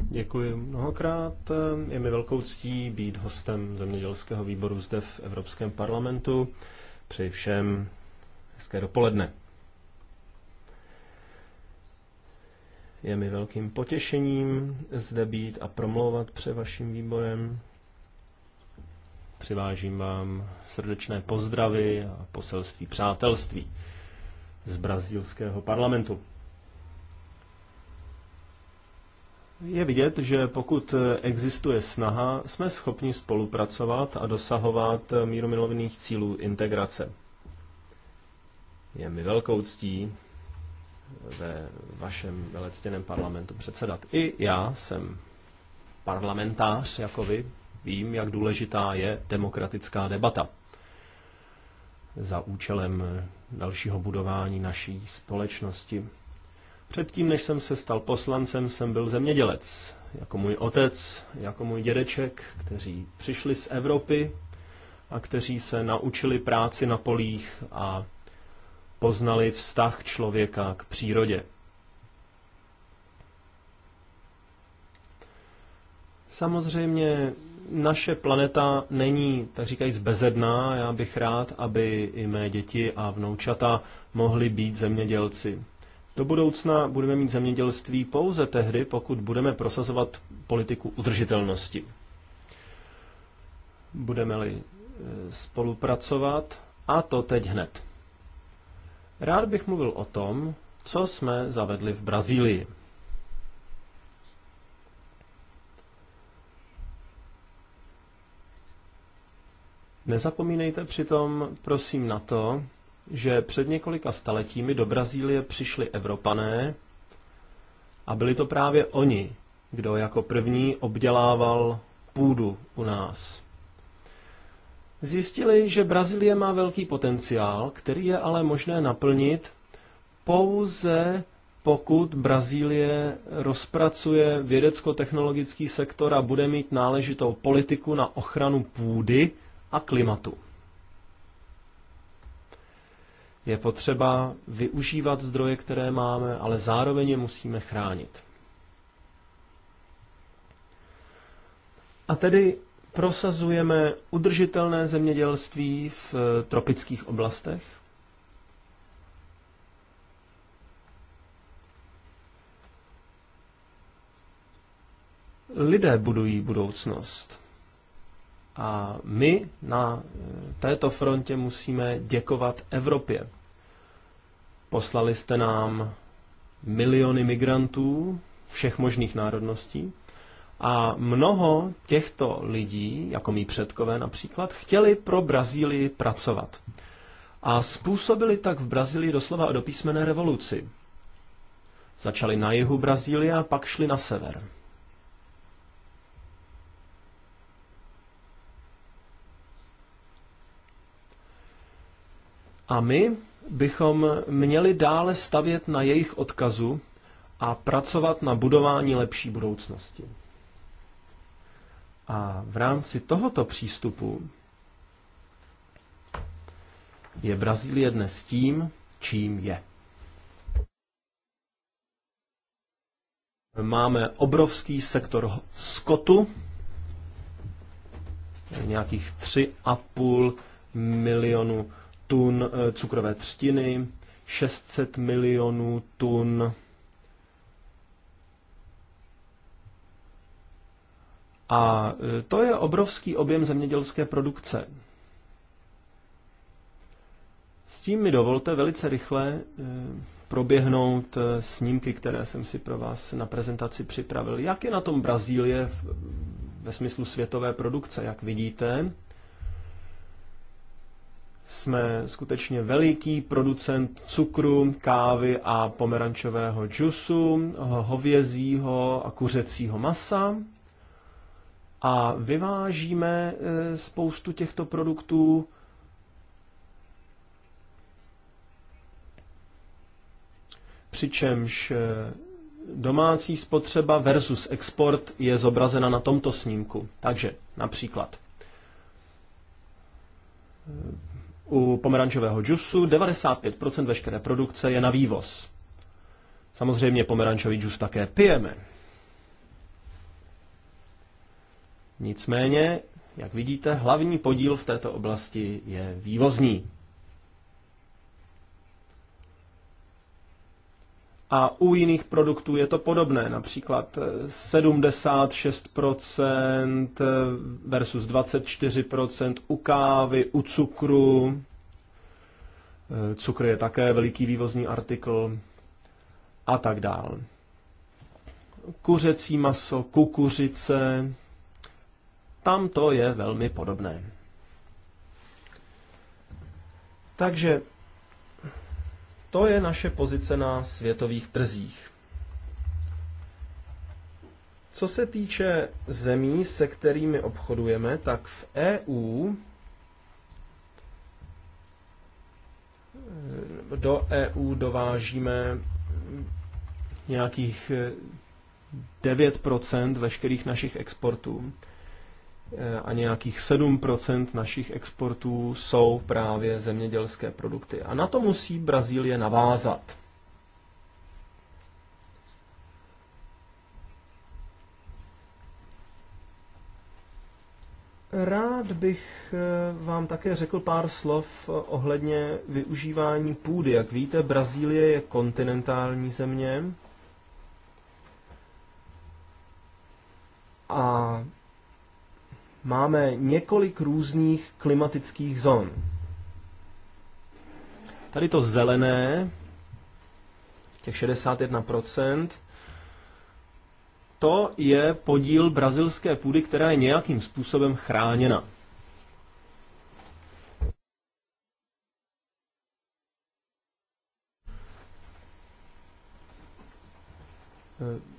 Děkuji mnohokrát. Je mi velkou ctí být hostem zemědělského výboru zde v Evropském parlamentu. Přeji všem hezké dopoledne. Je mi velkým potěšením zde být a promlouvat před vaším výborem. Přivážím vám srdečné pozdravy a poselství přátelství z brazilského parlamentu. Je vidět, že pokud existuje snaha, jsme schopni spolupracovat a dosahovat míromilovných cílů integrace. Je mi velkou ctí, ve vašem velectěném parlamentu předsedat. I já jsem parlamentář, jako vy, vím, jak důležitá je demokratická debata za účelem dalšího budování naší společnosti. Předtím, než jsem se stal poslancem, jsem byl zemědělec, jako můj otec, jako můj dědeček, kteří přišli z Evropy a kteří se naučili práci na polích a poznali vztah člověka k přírodě. Samozřejmě naše planeta není, tak říkají bezedná. Já bych rád, aby i mé děti a vnoučata mohly být zemědělci. Do budoucna budeme mít zemědělství pouze tehdy, pokud budeme prosazovat politiku udržitelnosti. Budeme-li eh, spolupracovat, a to teď hned. Rád bych mluvil o tom, co jsme zavedli v Brazílii. Nezapomínejte přitom, prosím, na to, že před několika staletími do Brazílie přišli Evropané a byli to právě oni, kdo jako první obdělával půdu u nás zjistili, že Brazílie má velký potenciál, který je ale možné naplnit pouze pokud Brazílie rozpracuje vědecko-technologický sektor a bude mít náležitou politiku na ochranu půdy a klimatu. Je potřeba využívat zdroje, které máme, ale zároveň je musíme chránit. A tedy prosazujeme udržitelné zemědělství v eh, tropických oblastech. Lidé budují budoucnost. A my na eh, této frontě musíme děkovat Evropě. Poslali jste nám miliony migrantů všech možných národností. A mnoho těchto lidí, jako mý předkové například, chtěli pro Brazílii pracovat. A způsobili tak v Brazílii doslova o dopísmené revoluci. Začali na jihu Brazílie a pak šli na sever. A my bychom měli dále stavět na jejich odkazu a pracovat na budování lepší budoucnosti. A v rámci tohoto přístupu je Brazílie dnes tím, čím je. Máme obrovský sektor skotu, nějakých 3,5 milionu tun eh, cukrové třtiny, 600 milionů tun A e, to je obrovský objem zemědělské produkce. S tím mi dovolte velice rychle e, proběhnout e, snímky, které jsem si pro vás na prezentaci připravil. Jak je na tom Brazílie ve smyslu světové produkce, jak vidíte? Jsme skutečně veliký producent cukru, kávy a pomerančového džusu, hovězího a kuřecího masa. A vyvážíme eh, spoustu těchto produktů přičemž eh, domácí spotřeba versus export je zobrazena na tomto snímku. Takže například eh, u pomerančového džusu 95% veškeré produkce je na vývoz. Samozřejmě pomerančový džus také pijeme, Nicméně, jak vidíte, hlavní podíl v této oblasti je vývozní. A u jiných produktů je to podobné, například 76% versus 24% u kávy, u cukru. Cukr je také veliký vývozní artikl a tak dál. Kuřecí maso, kukuřice, tam to je velmi podobné. Takže to je naše pozice na světových trzích. Co se týče zemí, se kterými obchodujeme, tak v EU eh, do EU dovážíme nějakých 9 eh, veškerých našich exportů. Eh, a nějakých 7% našich exportů jsou právě zemědělské produkty. A na to musí Brazílie navázat. Rád bych eh, vám také řekl pár slov eh, ohledně využívání půdy. Jak víte, Brazílie je kontinentální země a máme několik různých klimatických zón. Tady to zelené, těch 61%, to je podíl brazilské půdy, která je nějakým způsobem chráněna. Uh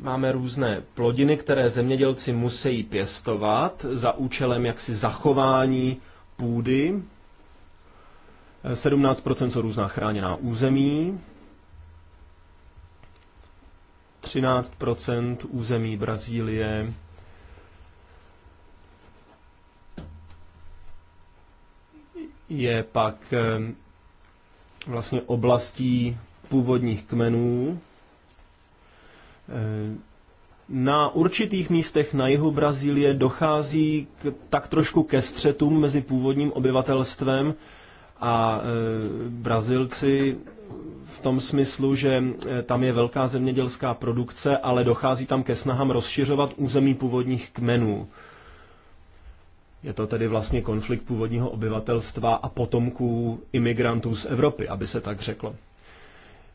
máme různé plodiny, které zemědělci musí pěstovat za účelem jaksi zachování půdy. 17% jsou různá chráněná území, 13% území Brazílie, je pak eh, vlastně oblastí původních kmenů, Eh, na určitých místech na jihu Brazílie dochází k, tak trošku ke střetům mezi původním obyvatelstvem a eh, Brazilci v tom smyslu, že eh, tam je velká zemědělská produkce, ale dochází tam ke snahám rozšiřovat území původních kmenů. Je to tedy vlastně konflikt původního obyvatelstva a potomků imigrantů z Evropy, aby se tak řeklo.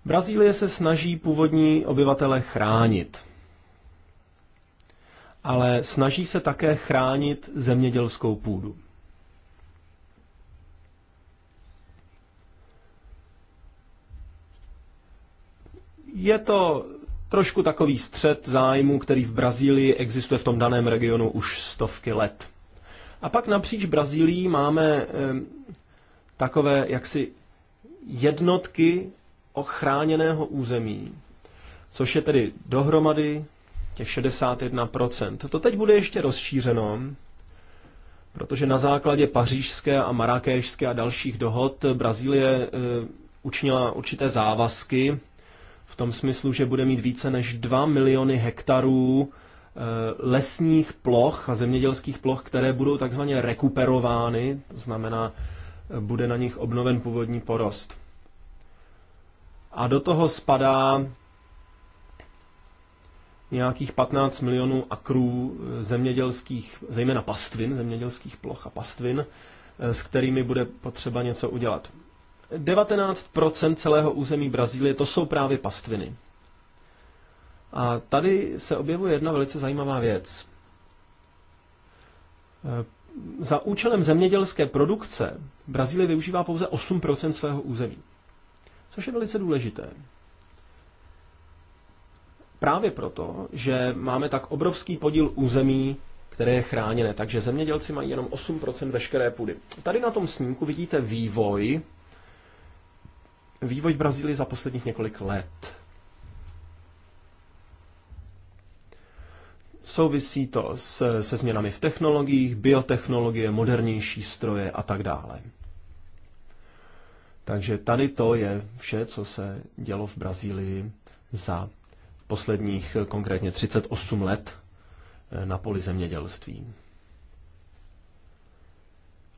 Brazílie se snaží původní obyvatele chránit, ale snaží se také chránit zemědělskou půdu. Je to trošku takový střed zájmu, který v Brazílii existuje v tom daném regionu už stovky let. A pak napříč Brazílií máme e, takové jaksi jednotky ochráněného území, což je tedy dohromady těch 61%. To teď bude ještě rozšířeno, protože na základě pařížské a marakéšské a dalších dohod Brazílie eh, učinila určité závazky v tom smyslu, že bude mít více než 2 miliony hektarů eh, lesních ploch a zemědělských ploch, které budou takzvaně rekuperovány, to znamená, eh, bude na nich obnoven původní porost a do toho spadá nějakých 15 milionů akrů zemědělských, zejména pastvin, zemědělských ploch a pastvin, eh, s kterými bude potřeba něco udělat. 19% celého území Brazílie to jsou právě pastviny. A tady se objevuje jedna velice zajímavá věc. Eh, za účelem zemědělské produkce Brazílie využívá pouze 8% svého území což je velice důležité. Právě proto, že máme tak obrovský podíl území, které je chráněné, takže zemědělci mají jenom 8% veškeré půdy. Tady na tom snímku vidíte vývoj, vývoj v Brazílii za posledních několik let. Souvisí to se, se změnami v technologiích, biotechnologie, modernější stroje a tak dále. Takže tady to je vše, co se dělo v Brazílii za posledních eh, konkrétně 38 let eh, na poli zemědělství.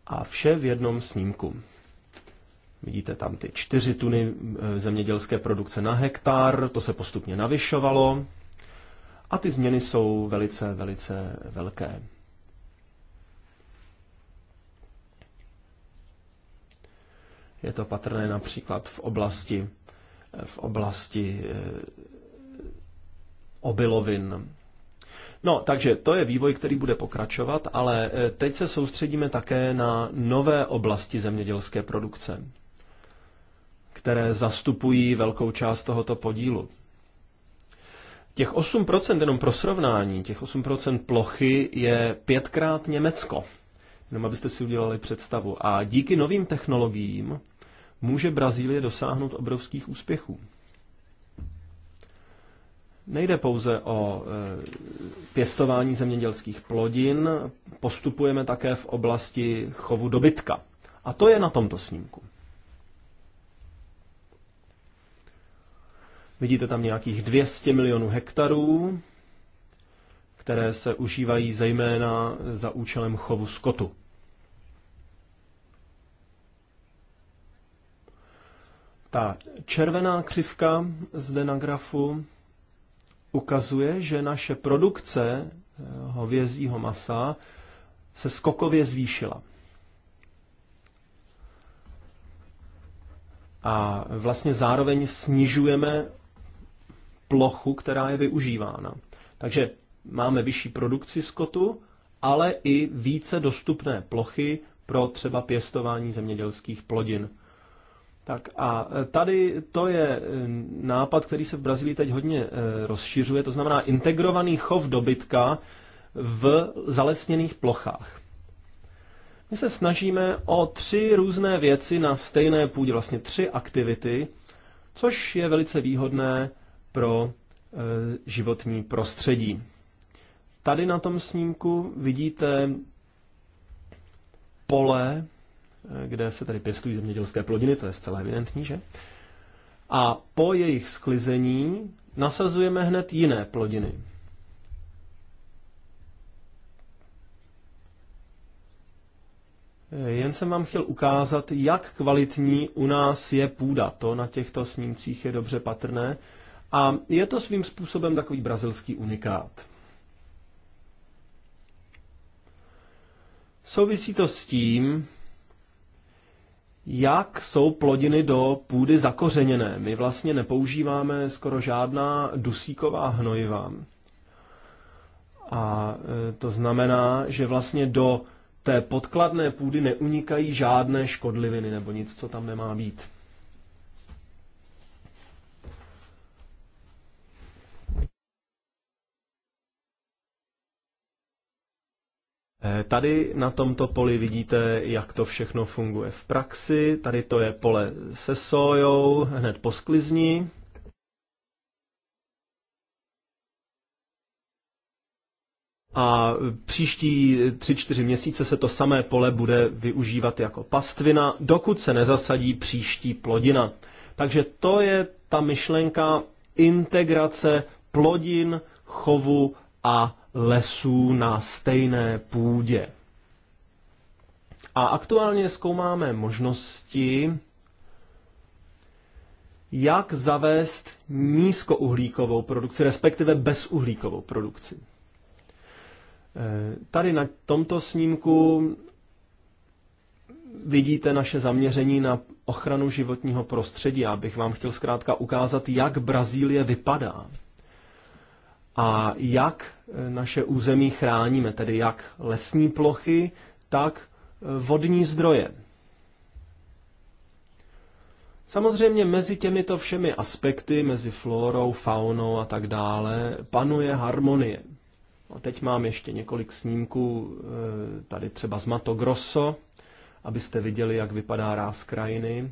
A vše v jednom snímku. Vidíte tam ty čtyři tuny eh, zemědělské produkce na hektar, to se postupně navyšovalo a ty změny jsou velice, velice velké. Je to patrné například v oblasti, v oblasti eh, obilovin. No, takže to je vývoj, který bude pokračovat, ale eh, teď se soustředíme také na nové oblasti zemědělské produkce, které zastupují velkou část tohoto podílu. Těch 8%, jenom pro srovnání, těch 8% plochy je pětkrát Německo. Jenom abyste si udělali představu. A díky novým technologiím může Brazílie dosáhnout obrovských úspěchů. Nejde pouze o e, pěstování zemědělských plodin, postupujeme také v oblasti chovu dobytka. A to je na tomto snímku. Vidíte tam nějakých 200 milionů hektarů, které se užívají zejména za účelem chovu skotu. Ta červená křivka zde na grafu ukazuje, že naše produkce eh, hovězího masa se skokově zvýšila. A vlastně zároveň snižujeme plochu, která je využívána. Takže máme vyšší produkci skotu, ale i více dostupné plochy pro třeba pěstování zemědělských plodin. Tak a e, tady to je e, nápad, který se v Brazílii teď hodně e, rozšiřuje, to znamená integrovaný chov dobytka v zalesněných plochách. My se snažíme o tři různé věci na stejné půdě, vlastně tři aktivity, což je velice výhodné pro životní prostředí. Tady na tom snímku vidíte pole kde se tady pěstují zemědělské plodiny, to je zcela evidentní, že? A po jejich sklizení nasazujeme hned jiné plodiny. Jen jsem vám chtěl ukázat, jak kvalitní u nás je půda. To na těchto snímcích je dobře patrné. A je to svým způsobem takový brazilský unikát. Souvisí to s tím, jak jsou plodiny do půdy zakořeněné. My vlastně nepoužíváme skoro žádná dusíková hnojiva. A e, to znamená, že vlastně do té podkladné půdy neunikají žádné škodliviny nebo nic, co tam nemá být. Eh, tady na tomto poli vidíte, jak to všechno funguje v praxi. Tady to je pole se sojou hned po sklizni. A příští 3-4 měsíce se to samé pole bude využívat jako pastvina, dokud se nezasadí příští plodina. Takže to je ta myšlenka integrace plodin, chovu a lesů na stejné půdě. A aktuálně zkoumáme možnosti, jak zavést nízkouhlíkovou produkci, respektive bezuhlíkovou produkci. E, tady na tomto snímku vidíte naše zaměření na ochranu životního prostředí. Já bych vám chtěl zkrátka ukázat, jak Brazílie vypadá a jak naše území chráníme, tedy jak lesní plochy, tak e, vodní zdroje. Samozřejmě mezi těmito všemi aspekty, mezi florou, faunou a tak dále, panuje harmonie. A teď mám ještě několik snímků, e, tady třeba z Mato Grosso, abyste viděli, jak vypadá ráz krajiny.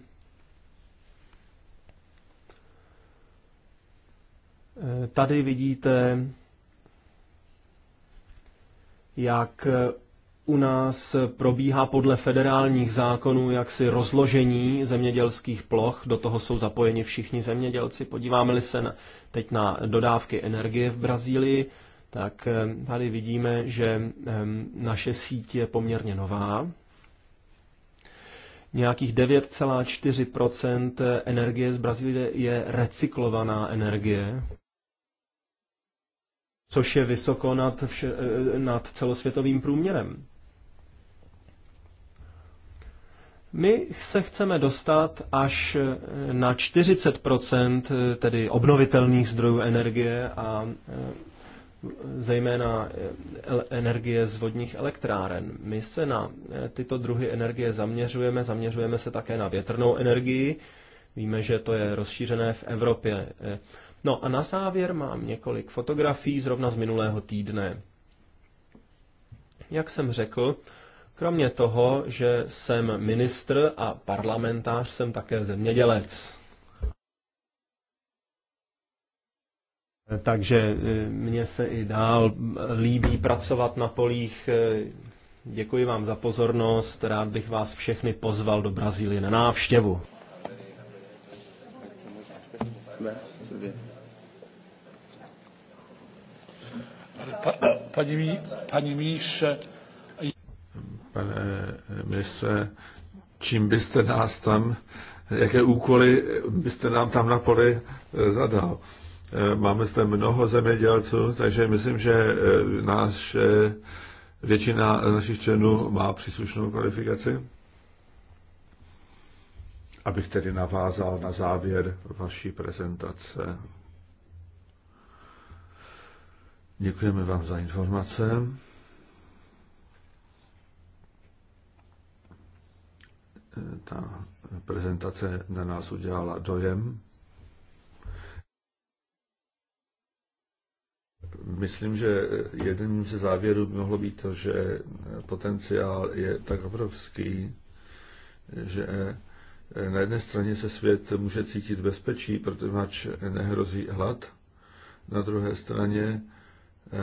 E, tady vidíte jak eh, u nás probíhá podle federálních zákonů jaksi rozložení zemědělských ploch, do toho jsou zapojeni všichni zemědělci. Podíváme-li se na, teď na dodávky energie v Brazílii, tak eh, tady vidíme, že ehm, naše síť je poměrně nová. Nějakých 9,4 energie z Brazílie je recyklovaná energie což je vysoko nad, vše, eh, nad celosvětovým průměrem. My se chceme dostat až eh, na 40 eh, tedy obnovitelných zdrojů energie a zejména energie z vodních elektráren. My se na tyto druhy energie zaměřujeme, zaměřujeme se také na větrnou energii. Víme, že to je rozšířené v Evropě. No a na závěr mám několik fotografií zrovna z minulého týdne. Jak jsem řekl, kromě toho, že jsem ministr a parlamentář, jsem také zemědělec. Takže e, mně se i dál líbí pracovat na polích. E, děkuji vám za pozornost. Rád bych vás všechny pozval do Brazílie na návštěvu. Yeah. ministře. Pane ministře, čím byste nás tam, jaké úkoly byste nám tam na poli eh, zadal? Eh, máme zde mnoho zemědělců, takže myslím, že eh, náš, většina našich členů má příslušnou kvalifikaci. Abych tedy navázal na závěr vaší prezentace. Děkujeme vám za informace. Ta prezentace na nás udělala dojem. Myslím, že jeden ze závěrů by mohlo být to, že potenciál je tak obrovský, že na jedné straně se svět může cítit bezpečí, protože nehrozí hlad, na druhé straně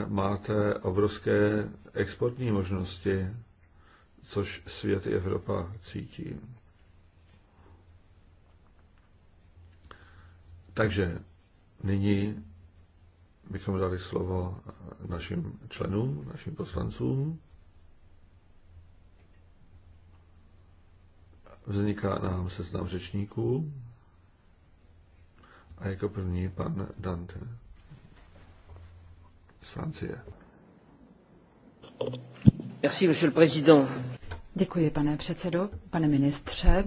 máte obrovské exportní možnosti, což svět i Evropa cítí. Takže nyní bychom dali slovo našim členům, našim poslancům. Vzniká nám seznam řečníků a jako první pan Dante z Francie. Merci, monsieur le président. Děkuji, pane předsedo, pane ministře.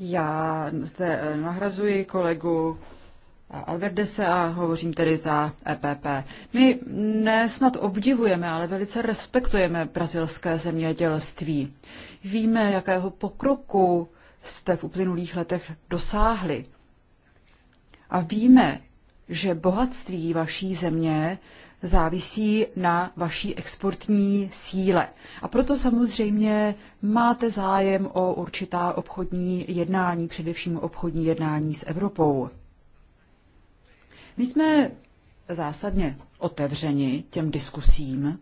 Já zde eh, nahrazuji kolegu eh, Alverdese a hovořím tedy za EPP. My nesnad obdivujeme, ale velice respektujeme brazilské zemědělství. Víme, jakého pokroku jste v uplynulých letech dosáhli. A víme, že bohatství vaší země závisí na vaší exportní síle. A proto samozřejmě máte zájem o určitá obchodní jednání, především obchodní jednání s Evropou. My jsme zásadně otevřeni těm diskusím,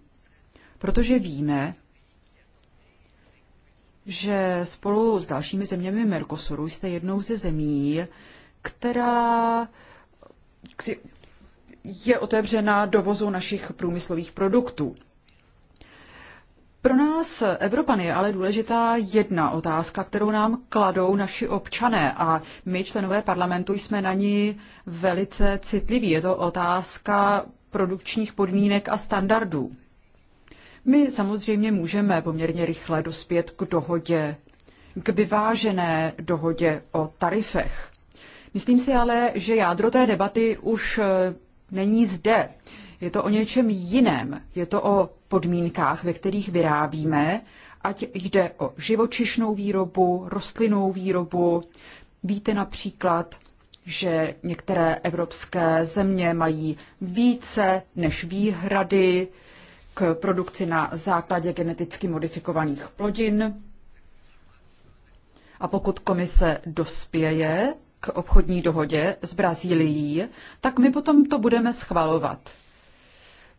protože víme, že spolu s dalšími zeměmi Mercosuru jste jednou ze zemí, která je otevřena dovozu našich průmyslových produktů. Pro nás, Evropany, je ale důležitá jedna otázka, kterou nám kladou naši občané a my, členové parlamentu, jsme na ní velice citliví. Je to otázka produkčních podmínek a standardů. My samozřejmě můžeme poměrně rychle dospět k dohodě, k vyvážené dohodě o tarifech. Myslím si ale, že jádro té debaty už eh, není zde. Je to o něčem jiném. Je to o podmínkách, ve kterých vyrábíme, ať jde o živočišnou výrobu, rostlinnou výrobu. Víte například, že některé evropské země mají více než výhrady k produkci na základě geneticky modifikovaných plodin. A pokud komise dospěje k obchodní dohodě s Brazílií, tak my potom to budeme schvalovat.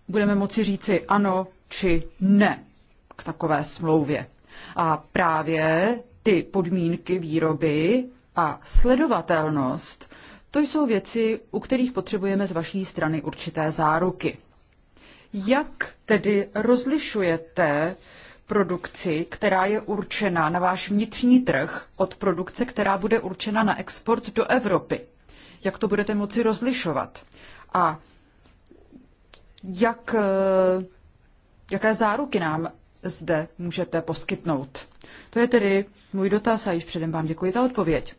Budeme moci říci ano či ne k takové smlouvě. A právě ty podmínky výroby a sledovatelnost, to jsou věci, u kterých potřebujeme z vaší strany určité záruky. Jak tedy rozlišujete produkci, která je určena na váš vnitřní trh, od produkce, která bude určena na export do Evropy? Jak to budete moci rozlišovat? A jak, eh, jaké záruky nám zde můžete poskytnout? To je tedy můj dotaz a již předem vám děkuji za odpověď.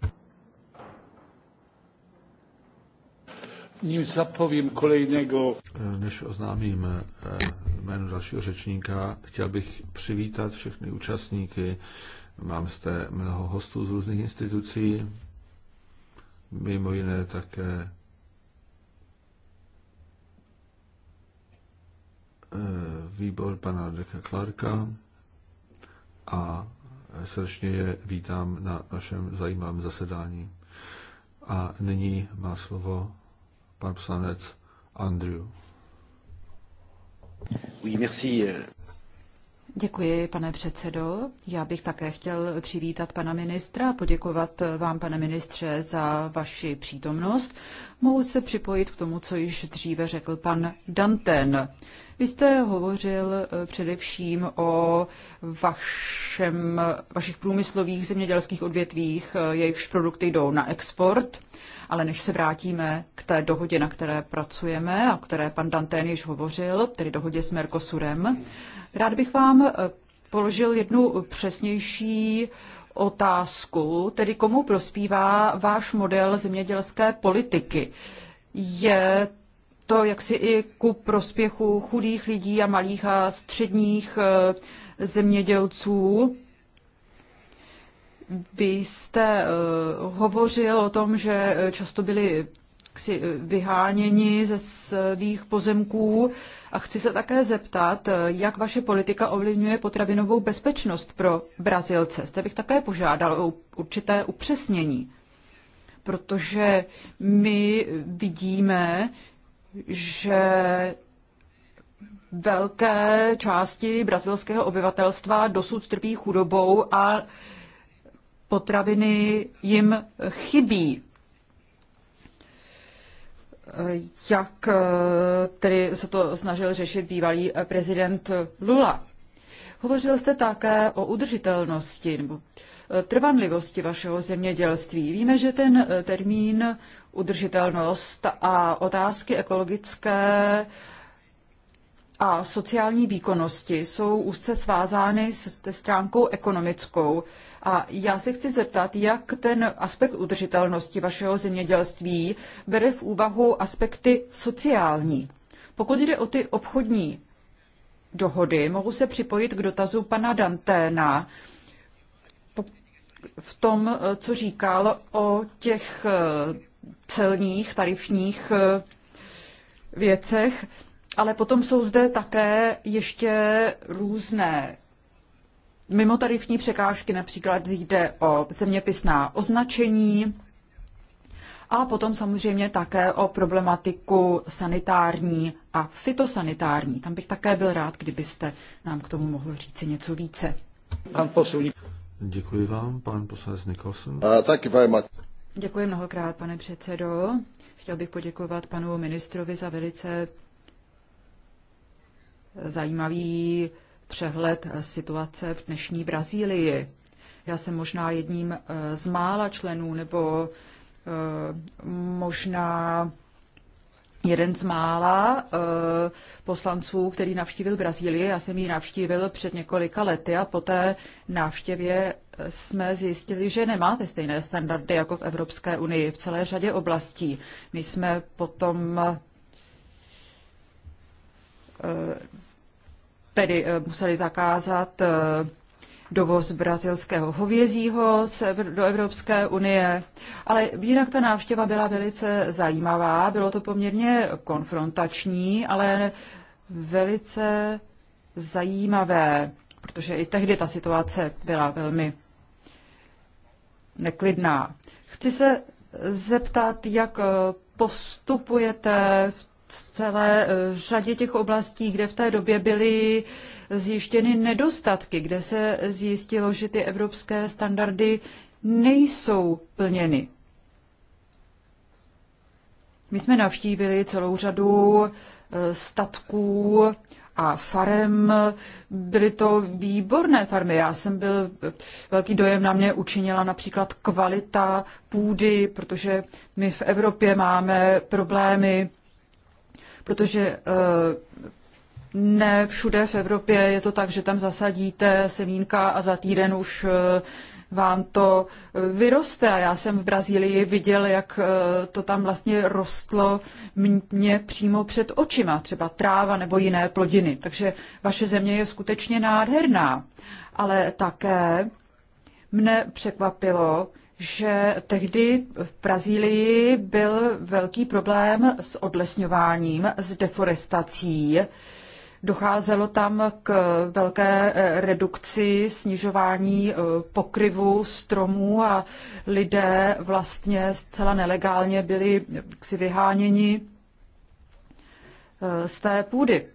Ním zapovím kolejného. Než oznámím eh, jméno dalšího řečníka, chtěl bych přivítat všechny účastníky. Mám zde mnoho hostů z různých institucí, mimo jiné také eh, výbor pana Deka Clarka a srdečně je vítám na našem zajímavém zasedání. A nyní má slovo pan poslanec Andrew. Oui, merci. Děkuji, pane předsedo. Já bych také chtěl přivítat pana ministra a poděkovat vám, pane ministře, za vaši přítomnost. Mohu se připojit k tomu, co již dříve řekl pan Danten. Vy jste hovořil eh, především o vašem, vašich průmyslových zemědělských odvětvích, eh, jejichž produkty jdou na export. Ale než se vrátíme k té dohodě, na které pracujeme a které pan Dantén již hovořil, tedy dohodě s Mercosurem, rád bych vám eh, položil jednu přesnější otázku, tedy komu prospívá váš model zemědělské politiky. Je to jaksi i ku prospěchu chudých lidí a malých a středních eh, zemědělců, vy jste uh, hovořil o tom, že eh, často byli ksi, eh, vyháněni ze svých pozemků a chci se také zeptat, jak vaše politika ovlivňuje potravinovou bezpečnost pro Brazilce. Zde bych také požádal o určité upřesnění, protože my vidíme, že velké části brazilského obyvatelstva dosud trpí chudobou a potraviny jim chybí. Jak eh, tedy se to snažil řešit bývalý eh, prezident Lula. Hovořil jste také o udržitelnosti nebo eh, trvanlivosti vašeho zemědělství. Víme, že ten termín udržitelnost a otázky ekologické a sociální výkonnosti jsou úzce svázány se stránkou ekonomickou. A já se chci zeptat, jak ten aspekt udržitelnosti vašeho zemědělství bere v úvahu aspekty sociální. Pokud jde o ty obchodní dohody, mohu se připojit k dotazu pana Danténa v tom, co říkal o těch eh, celních, tarifních eh, věcech, ale potom jsou zde také ještě různé mimo tarifní překážky, například jde o zeměpisná označení a potom samozřejmě také o problematiku sanitární a fitosanitární. Tam bych také byl rád, kdybyste nám k tomu mohl říci něco více. Pan poslí. Děkuji vám, pan poslanec Nikolson. Uh, Taky velmi. Děkuji mnohokrát, pane předsedo. Chtěl bych poděkovat panu ministrovi za velice zajímavý přehled eh, situace v dnešní Brazílii. Já jsem možná jedním eh, z mála členů nebo eh, možná jeden z mála poslanců, který navštívil Brazílii. Já jsem ji navštívil před několika lety a po té návštěvě jsme zjistili, že nemáte stejné standardy jako v Evropské unii v celé řadě oblastí. My jsme potom tedy eh, museli zakázat eh, dovoz brazilského hovězího do Evropské unie. Ale jinak ta návštěva byla velice zajímavá, bylo to poměrně konfrontační, ale velice zajímavé, protože i tehdy ta situace byla velmi neklidná. Chci se zeptat, jak eh, postupujete v celé eh, řadě těch oblastí, kde v té době byly zjištěny nedostatky, kde se zjistilo, že ty evropské standardy nejsou plněny. My jsme navštívili celou řadu eh, statků a farem. Byly to výborné farmy. Já jsem byl, eh, velký dojem na mě učinila například kvalita půdy, protože my v Evropě máme problémy protože eh, ne všude v Evropě je to tak, že tam zasadíte semínka a za týden už eh, vám to eh, vyroste. A já jsem v Brazílii viděl, jak to tam vlastně rostlo mě přímo před očima, třeba tráva nebo jiné plodiny. Takže vaše země je skutečně nádherná. Ale také mne překvapilo, že tehdy v Brazílii byl velký problém s odlesňováním, s deforestací. Docházelo tam k velké eh, redukci, snižování eh, pokryvu stromů a lidé vlastně zcela nelegálně byli eh, si vyháněni z té půdy.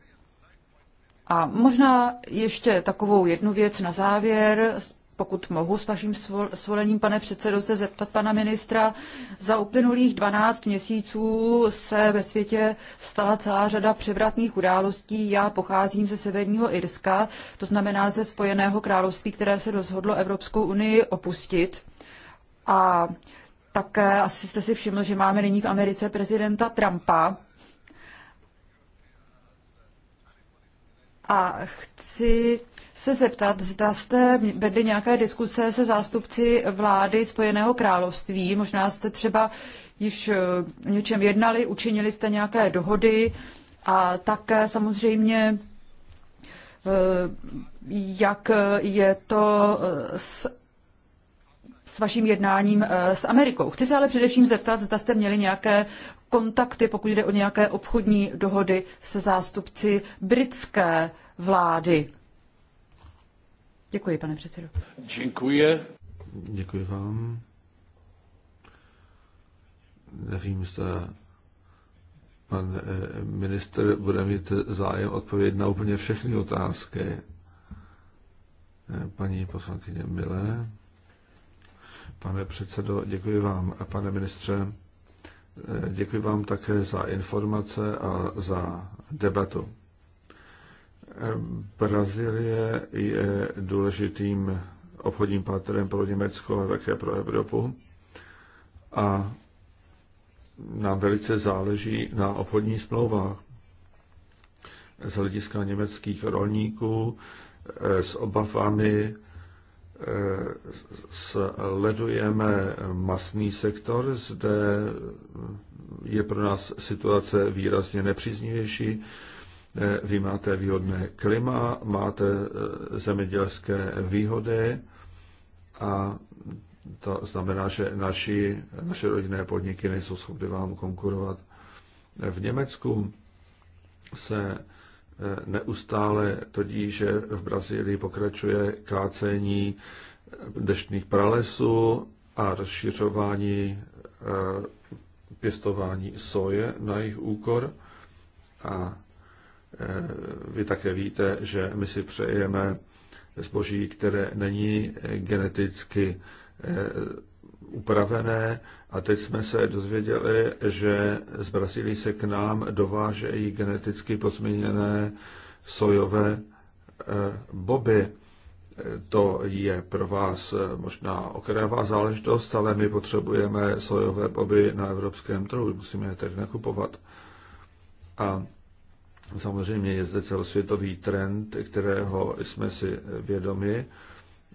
A možná ještě takovou jednu věc na závěr pokud mohu s vaším svolením, pane předsedo, se zeptat pana ministra. Za uplynulých 12 měsíců se ve světě stala celá řada převratných událostí. Já pocházím ze severního Irska, to znamená ze Spojeného království, které se rozhodlo Evropskou unii opustit. A také asi jste si všiml, že máme nyní v Americe prezidenta Trumpa, a chci se zeptat, zda jste vedli nějaké diskuse se zástupci vlády Spojeného království. Možná jste třeba již eh, o něčem jednali, učinili jste nějaké dohody a také samozřejmě eh, jak je to eh, s, s vaším jednáním s Amerikou. Chci se ale především zeptat, zda jste měli nějaké kontakty, pokud jde o nějaké obchodní dohody se zástupci britské vlády. Děkuji, pane předsedo. Děkuji. Děkuji vám. Nevím, zda pan eh, minister bude mít zájem odpovědět na úplně všechny otázky. Eh, paní poslankyně Milé. Pane předsedo, děkuji vám. A pane ministře, Děkuji vám také za informace a za debatu. Brazílie je důležitým obchodním partnerem pro Německo a také pro Evropu. A nám velice záleží na obchodních smlouvách. Z hlediska německých rolníků eh, s obavami sledujeme masný sektor, zde je pro nás situace výrazně nepříznivější. Vy máte výhodné klima, máte zemědělské výhody a to znamená, že naši, naše rodinné podniky nejsou schopny vám konkurovat. V Německu se Neustále že v Brazílii pokračuje kácení deštných pralesů a rozšiřování eh, pěstování soje na jejich úkor. A eh, vy také víte, že my si přejeme zboží, které není geneticky eh, upravené a teď jsme se dozvěděli, že z Brazílie se k nám dovážejí geneticky pozměněné sojové eh, boby. Eh, to je pro vás možná okrajová záležitost, ale my potřebujeme sojové boby na evropském trhu, musíme je tedy nakupovat. A samozřejmě je zde celosvětový trend, kterého jsme si vědomi,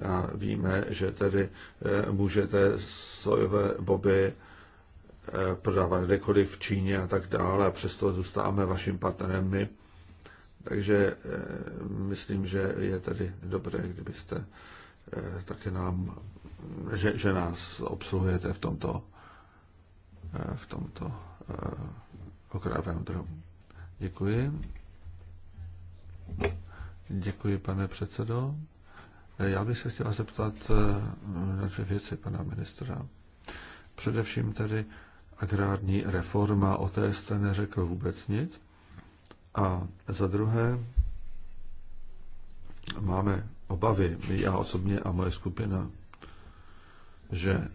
a víme, že tedy eh, můžete sojové boby eh, prodávat kdekoliv v Číně a tak dále a přesto zůstáváme vaším partnerem my. Takže eh, myslím, že je tedy dobré, kdybyste také nám, že, že nás obsluhujete v tomto, v tomto okrajovém trhu. Děkuji. Děkuji, pane předsedo. Já bych se chtěla zeptat eh, na dvě věci pana ministra. Především tedy agrární reforma, o té jste neřekl vůbec nic. A za druhé, máme obavy, já osobně a moje skupina, že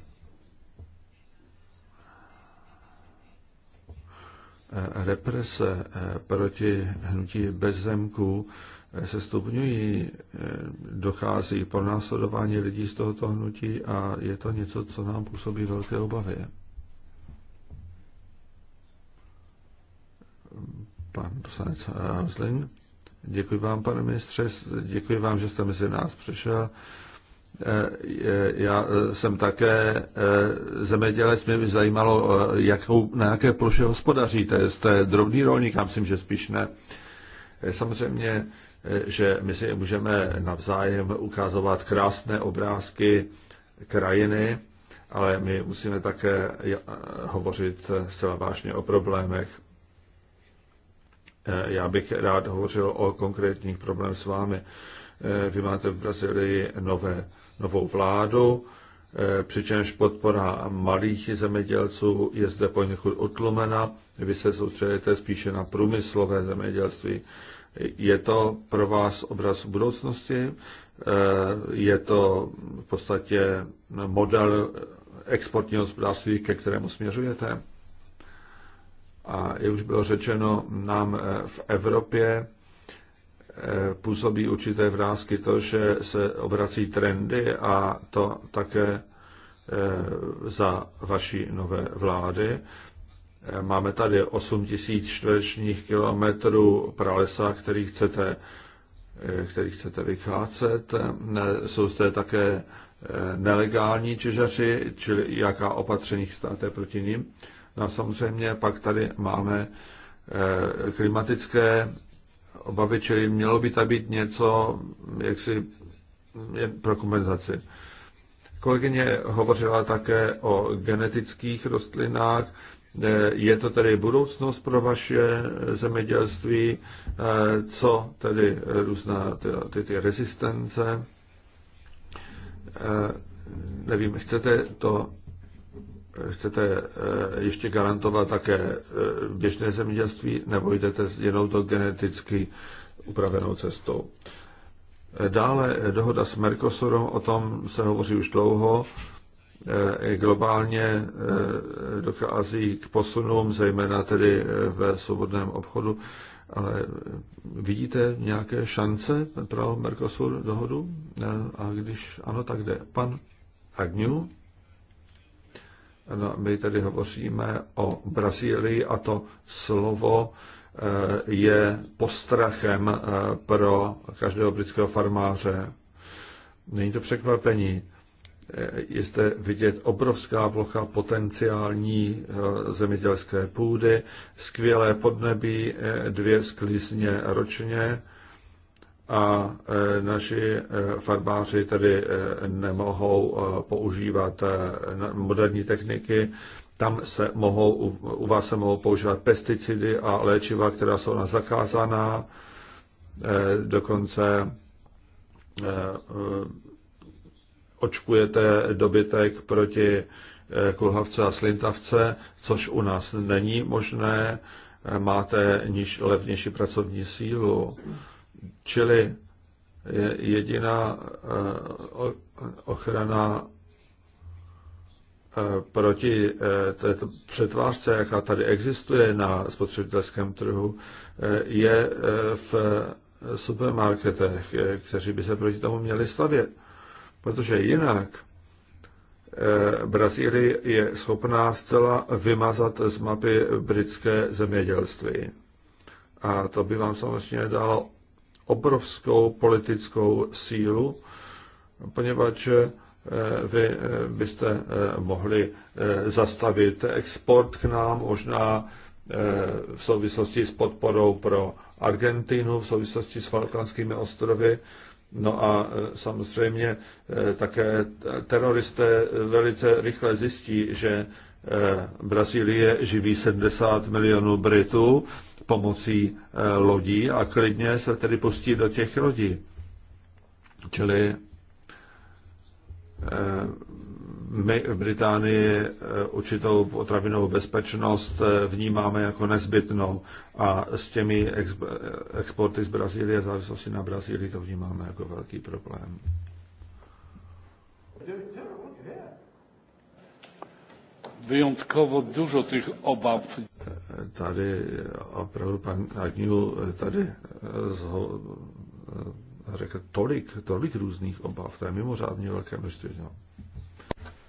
represe eh, proti hnutí bezzemků se stupňují, eh, dochází pro následování lidí z tohoto hnutí a je to něco, co nám působí velké obavy. Pan poslanec Hausling. Děkuji vám, pane ministře, děkuji vám, že jste mezi nás přišel. Eh, eh, já jsem také zemědělec, mě by zajímalo, jakou, na jaké ploše hospodaříte. Jste drobný rolník, já myslím, že spíš ne. Samozřejmě že my si můžeme navzájem ukázovat krásné obrázky krajiny, ale my musíme také hovořit zcela vážně o problémech. Eh, já bych rád hovořil o konkrétních problémech s vámi. Eh, vy máte v Brazílii nové, novou vládu, eh, přičemž podpora malých zemědělců je zde poněkud utlumena. Vy se soustředíte spíše na průmyslové zemědělství. Je to pro vás obraz budoucnosti? Eh, je to v podstatě model exportního hospodářství, ke kterému směřujete? A jak už bylo řečeno, nám eh, v Evropě eh, působí určité vrázky to, že se obrací trendy a to také za vaší nové vlády. Máme tady 8 tisíc čtverečních kilometrů pralesa, který chcete, eh, který chcete vykácet. Jsou zde také eh, nelegální čižaři, čili jaká opatření chystáte proti ním. No a samozřejmě pak tady máme eh, klimatické obavy, čili mělo by tam být něco jaksi pro kompenzaci. Kolegyně hovořila také o genetických rostlinách. Eh, je to tedy budoucnost pro vaše zemědělství, eh, co tedy různá ty, ty, ty rezistence. Eh, nevím, chcete to chcete ještě garantovat také běžné zemědělství, nebo jdete jenom to geneticky upravenou cestou. Dále dohoda s Mercosurem, o tom se hovoří už dlouho. Eh, globálně eh, dochází k posunům, zejména tedy eh, ve svobodném obchodu, ale vidíte nějaké šance pro Mercosur dohodu? A když ano, tak jde. Pan Agnew? No, my tady hovoříme o Brazílii a to slovo je postrachem pro každého britského farmáře. Není to překvapení je zde vidět obrovská plocha potenciální eh, zemědělské půdy, skvělé podnebí, eh, dvě sklizně ročně a eh, naši farmáři tedy nemohou používat moderní techniky. Tam se mohou, u vás se mohou používat pesticidy a léčiva, která jsou na zakázaná. Dokonce očkujete dobytek proti eh, kulhavce a slintavce, což u nás není možné, eh, máte niž levnější pracovní sílu. Čili jediná eh, ochrana proti této přetvářce, jaká tady existuje na spotřebitelském trhu, je v supermarketech, kteří by se proti tomu měli stavět. Protože jinak eh, Brazílie je schopná zcela vymazat z mapy britské zemědělství. A to by vám samozřejmě dalo obrovskou politickou sílu, poněvadž eh, vy eh, byste mohli zastavit export k nám, možná v souvislosti s podporou pro Argentinu, v souvislosti s Falklandskými ostrovy No a e, samozřejmě e, také teroristé velice rychle zjistí, že e, Brazílie živí 70 milionů Britů pomocí lodí a klidně se tedy pustí do těch lodí. Čili my v Británii eh, určitou potravinovou bezpečnost eh, vnímáme jako nezbytnou a s těmi exporty z Brazílie, závislosti na Brazílii, to vnímáme jako velký problém. Vyjątkovo dużo tych obaw. Eh, tady opravdu pan Agniu tady zho, řekl tolik, tolik různých obav. To je mimořádně velké množství. No.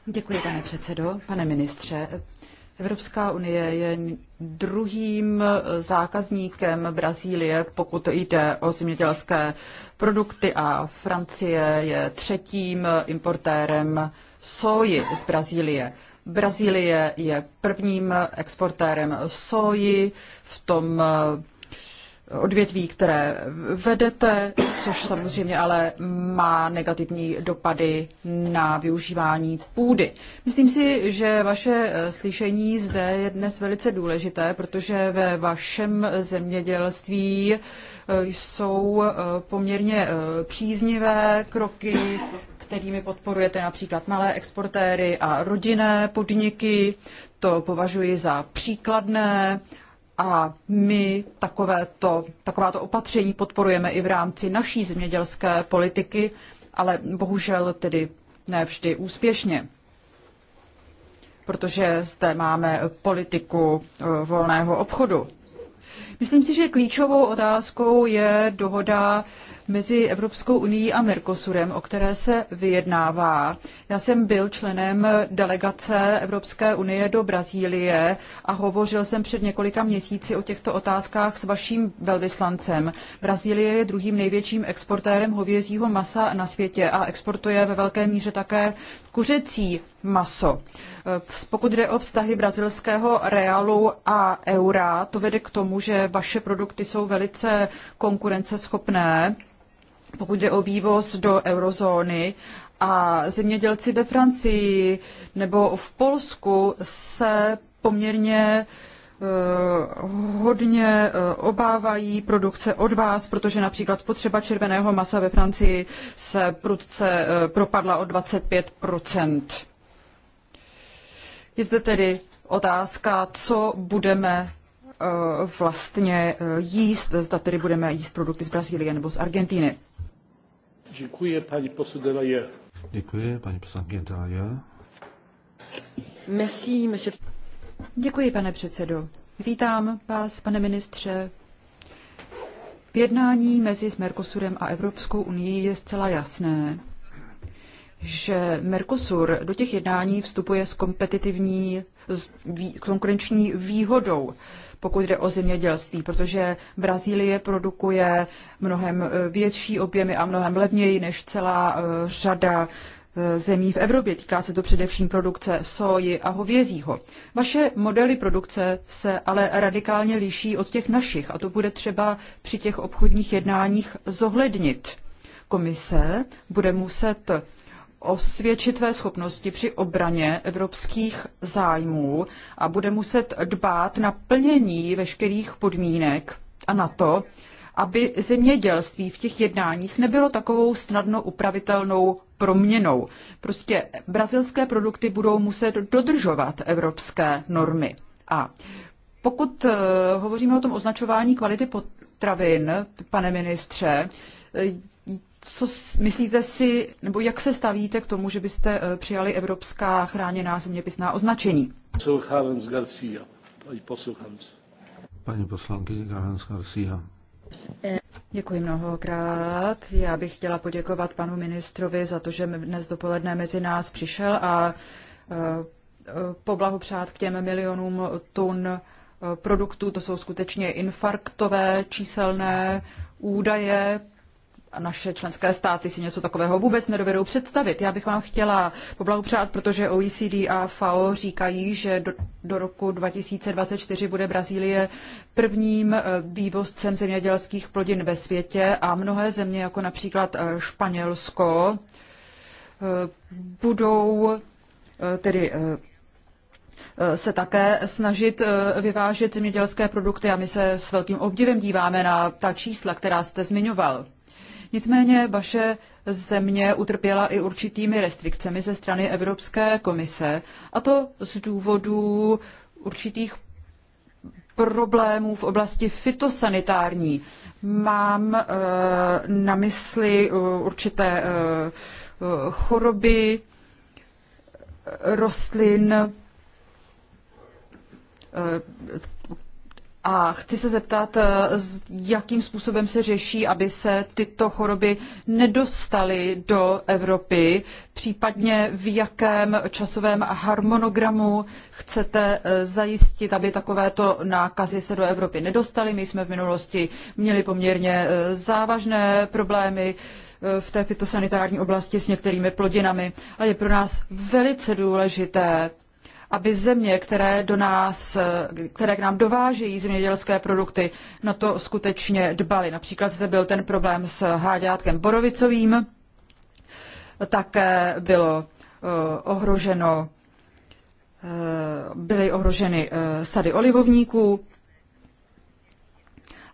Děkuji, pane předsedo, pane ministře. Evropská unie je druhým zákazníkem Brazílie, pokud jde o zemědělské produkty a Francie je třetím importérem soji z Brazílie. Brazílie je prvním exportérem soji v tom odvětví, které vedete, což samozřejmě ale má negativní dopady na využívání půdy. Myslím si, že vaše eh, slyšení zde je dnes velice důležité, protože ve vašem zemědělství eh, jsou eh, poměrně příznivé kroky, kterými podporujete například malé exportéry a rodinné podniky. To považuji za příkladné a my takovéto, takováto opatření podporujeme i v rámci naší zemědělské politiky, ale bohužel tedy ne vždy úspěšně protože zde máme politiku eh, volného obchodu. Myslím si, že klíčovou otázkou je dohoda mezi Evropskou unii a Mercosurem, o které se vyjednává. Já jsem byl členem delegace Evropské unie do Brazílie a hovořil jsem před několika měsíci o těchto otázkách s vaším velvyslancem. Brazílie je druhým největším exportérem hovězího masa na světě a exportuje ve velké míře také kuřecí maso. Eh, pokud jde o vztahy brazilského realu a eura, to vede k tomu, že vaše produkty jsou velice konkurenceschopné pokud jde o vývoz do eurozóny a zemědělci ve Francii nebo v Polsku se poměrně eh, hodně eh, obávají produkce od vás, protože například spotřeba červeného masa ve Francii se prudce eh, propadla o 25 Je zde tedy otázka, co budeme vlastně jíst, zda tedy budeme jíst produkty z Brazílie nebo z Argentiny. Děkuji, paní poslankyně Děkuji, paní poslankyně Delaje. Merci, monsieur. Děkuji, pane předsedo. Vítám vás, pane ministře. V jednání mezi Mercosurem a Evropskou unii je zcela jasné, že Mercosur do těch jednání vstupuje s kompetitivní, s vý, konkurenční výhodou, pokud jde o zemědělství, protože Brazílie produkuje mnohem eh, větší objemy a mnohem levněji než celá eh, řada eh, zemí v Evropě. Týká se to především produkce soji a hovězího. Vaše modely produkce se ale radikálně liší od těch našich a to bude třeba při těch obchodních jednáních zohlednit. Komise bude muset osvědčit své schopnosti při obraně evropských zájmů a bude muset dbát na plnění veškerých podmínek a na to, aby zemědělství v těch jednáních nebylo takovou snadno upravitelnou proměnou. Prostě brazilské produkty budou muset dodržovat evropské normy. A pokud eh, hovoříme o tom označování kvality potravin, pane ministře, eh, co myslíte si, nebo jak se stavíte k tomu, že byste eh, přijali evropská chráněná zeměpisná označení? paní poslankyně Hans Garcia. Děkuji mnohokrát. Já bych chtěla poděkovat panu ministrovi za to, že dnes dopoledne mezi nás přišel a eh, eh, poblahopřát k těm milionům tun produktů. To jsou skutečně infarktové číselné údaje naše členské státy si něco takového vůbec nedovedou představit. Já bych vám chtěla poblahopřát, protože OECD a FAO říkají, že do, do roku 2024 bude Brazílie prvním eh, vývozcem zemědělských plodin ve světě a mnohé země, jako například eh, Španělsko, eh, budou tedy se také snažit vyvážet zemědělské produkty a my se s velkým obdivem díváme na ta čísla, která jste zmiňoval. Nicméně vaše země utrpěla i určitými restrikcemi ze strany Evropské komise, a to z důvodu určitých problémů v oblasti fitosanitární. Mám eh, na mysli eh, určité eh, choroby rostlin, a chci se zeptat, eh, jakým způsobem se řeší, aby se tyto choroby nedostaly do Evropy, případně v jakém časovém harmonogramu chcete eh, zajistit, aby takovéto nákazy se do Evropy nedostaly. My jsme v minulosti měli poměrně eh, závažné problémy v té fitosanitární oblasti s některými plodinami a je pro nás velice důležité, aby země, které, do nás, které k nám dovážejí zemědělské produkty, na to skutečně dbaly. Například zde byl ten problém s háďátkem borovicovým, také bylo eh, ohroženo, eh, byly ohroženy eh, sady olivovníků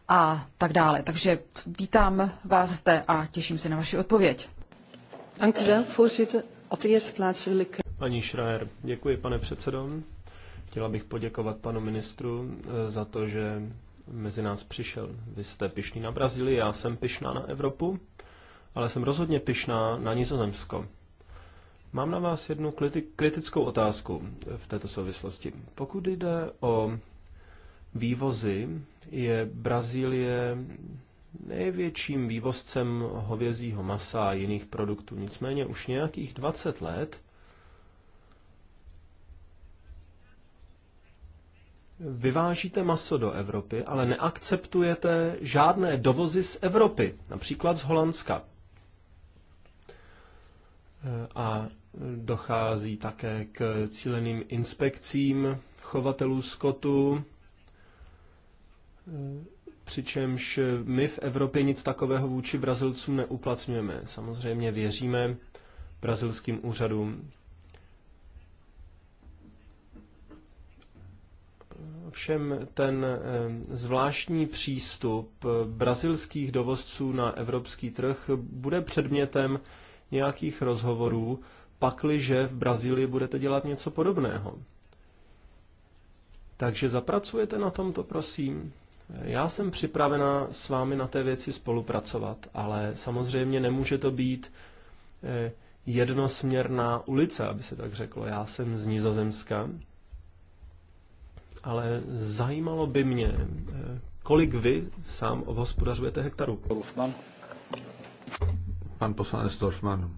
a tak dále. Takže vítám vás zde a těším se na vaši odpověď. Dank u wel, voorzitter. Op de eerste plaats wil ik Paní Schreier, děkuji pane předsedo. Chtěla bych poděkovat panu ministru eh, za to, že mezi nás přišel. Vy jste pišný na Brazílii, já jsem pišná na Evropu, ale jsem rozhodně pišná na Nizozemsko. Mám na vás jednu kritickou otázku eh, v této souvislosti. Pokud jde o vývozy, je Brazílie největším vývozcem hovězího masa a jiných produktů. Nicméně už nějakých 20 let vyvážíte maso do Evropy, ale neakceptujete žádné dovozy z Evropy, například z Holandska. Eh, a dochází také k cíleným inspekcím chovatelů skotu, eh, přičemž my v Evropě nic takového vůči Brazilcům neuplatňujeme. Samozřejmě věříme brazilským úřadům. Ovšem ten eh, zvláštní přístup eh, brazilských dovozců na evropský trh bude předmětem nějakých rozhovorů, pakliže v Brazílii budete dělat něco podobného. Takže zapracujete na tomto, prosím. Já jsem připravena s vámi na té věci spolupracovat, ale samozřejmě nemůže to být eh, jednosměrná ulice, aby se tak řeklo. Já jsem z Nizozemska ale zajímalo by mě, eh, kolik vy sám obhospodařujete hektarů? Dorfman. Pan poslanec Dorfman.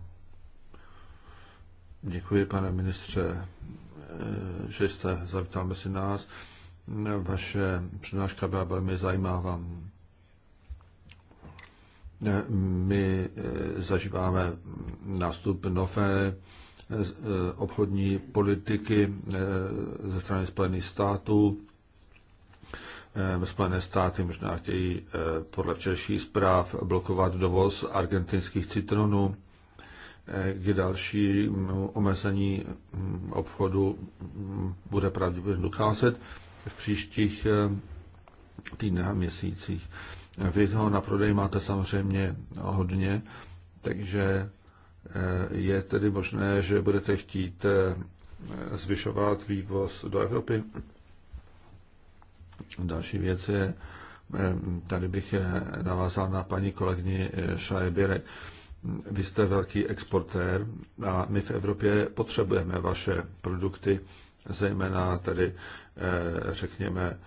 Děkuji, pane ministře, eh, že jste zavítal mezi nás. Vaše přednáška byla velmi zajímavá. Eh, my zažíváme nástup nové Eh, obchodní politiky eh, ze strany Spojených států. Eh, Spojené státy možná chtějí podle včerejších zpráv blokovat dovoz argentinských citronů k další omezení mm, obchodu mm, bude pravděpodobně docházet v příštích týdnech a měsících. Vy toho na prodej máte samozřejmě hodně, takže Eh, je tedy možné, že budete chtít eh, zvyšovat vývoz do Evropy? Další věc je, eh, tady bych navázal na paní kolegyni Šajběrek. Vy jste velký exportér a my v Evropě potřebujeme vaše produkty, zejména tedy, řekněme,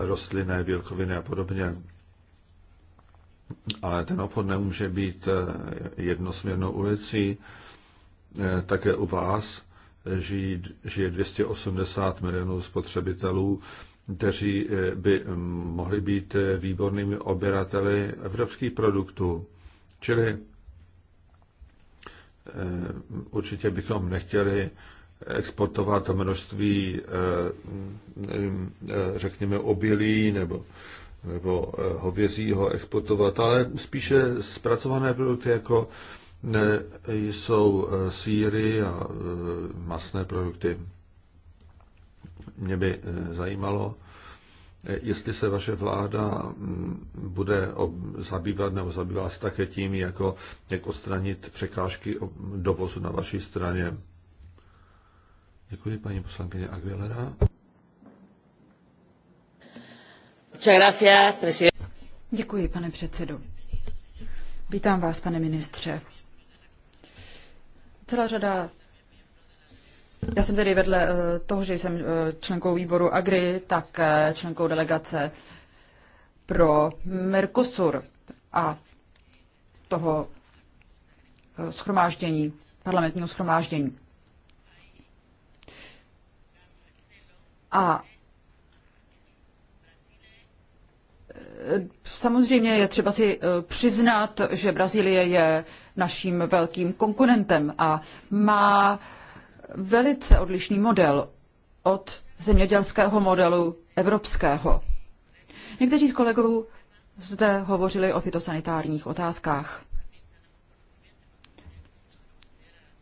rostlinné, bílkoviny a podobně ale ten obchod nemůže být eh, jednosměrnou ulicí. Eh, také u vás žijí, žije 280 milionů spotřebitelů, kteří eh, by mohli být výbornými oběrateli evropských produktů. Čili určitě bychom nechtěli exportovat množství, řekněme, obilí nebo nebo eh, hovězího exportovat, ale spíše zpracované produkty jako jsou eh, síry a eh, masné produkty. Mě by zajímalo, jestli se vaše vláda mm, bude zabývat nebo zabývá se také tím, jako, jak odstranit překážky dovozu na vaší straně. Děkuji paní poslankyně Aguilera. Děkuji, pane předsedající Vítám vás, pane ministře. Celá řada já jsem tedy vedle eh, toho, že jsem eh, členkou výboru Agri, tak eh, členkou delegace pro Mercosur a toho schromáždění, parlamentního schromáždění. A Samozřejmě je třeba si eh, přiznat, že Brazílie je naším velkým konkurentem a má velice odlišný model od zemědělského modelu evropského. Někteří z kolegů zde hovořili o fitosanitárních otázkách.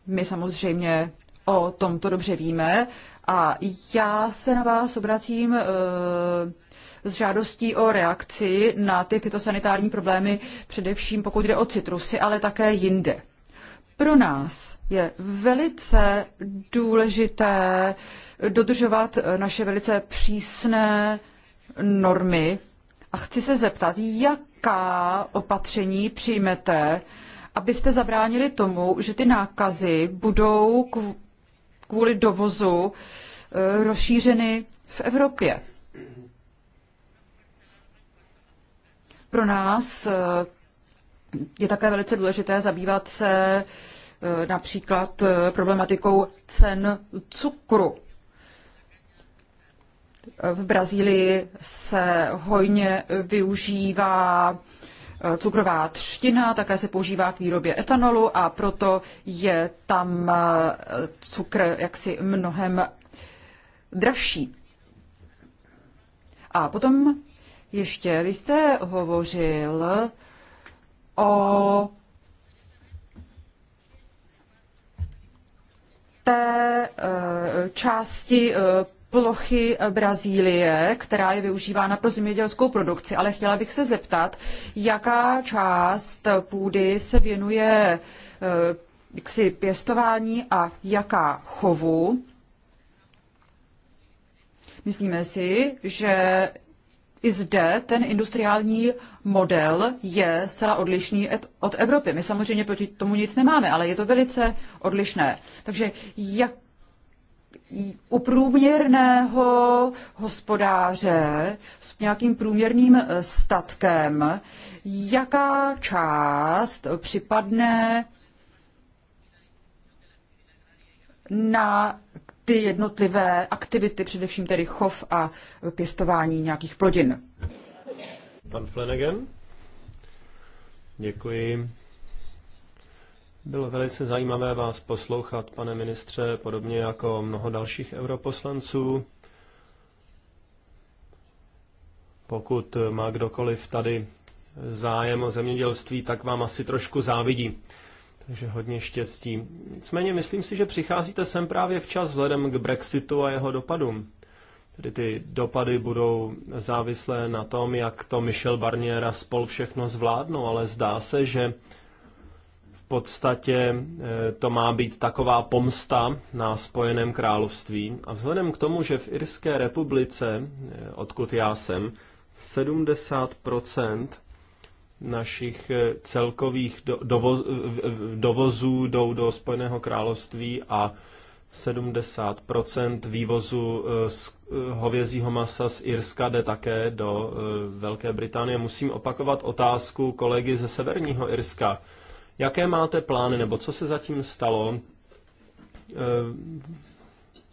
My samozřejmě o tomto dobře víme a já se na vás obracím eh, s žádostí o reakci na ty fytosanitární problémy, především pokud jde o citrusy, ale také jinde. Pro nás je velice důležité dodržovat naše velice přísné normy a chci se zeptat, jaká opatření přijmete, abyste zabránili tomu, že ty nákazy budou kvůli dovozu eh, rozšířeny v Evropě. Pro nás eh, je také velice důležité zabývat se eh, například eh, problematikou cen cukru. V Brazílii se hojně využívá cukrová třtina, také se používá k výrobě etanolu a proto je tam cukr jaksi mnohem dražší. A potom ještě vy jste hovořil o té eh, části eh, plochy Brazílie, která je využívána pro zemědělskou produkci, ale chtěla bych se zeptat, jaká část půdy se věnuje jaksi eh, pěstování a jaká chovu. Myslíme si, že i zde ten industriální model je zcela odlišný od Evropy. My samozřejmě proti tomu nic nemáme, ale je to velice odlišné. Takže jak u průměrného hospodáře s nějakým průměrným eh, statkem, jaká část připadne na ty jednotlivé aktivity, především tedy chov a pěstování nějakých plodin. Pan Flanagan? Děkuji. Bylo velice zajímavé vás poslouchat, pane ministře, podobně jako mnoho dalších europoslanců. Pokud má kdokoliv tady zájem o zemědělství, tak vám asi trošku závidí. Takže hodně štěstí. Nicméně myslím si, že přicházíte sem právě včas vzhledem k Brexitu a jeho dopadům. Tedy ty dopady budou závislé na tom, jak to Michel Barnier a spol všechno zvládnou, ale zdá se, že v podstatě eh, to má být taková pomsta na Spojeném království. A vzhledem k tomu, že v Irské republice, eh, odkud já jsem, 70 našich eh, celkových dovoz, dovozů jdou do Spojeného království a 70 vývozu eh, eh, hovězího masa z Irska jde také do Velké Británie. Musím opakovat otázku kolegy ze Severního Irska. Jaké máte plány, nebo co se zatím stalo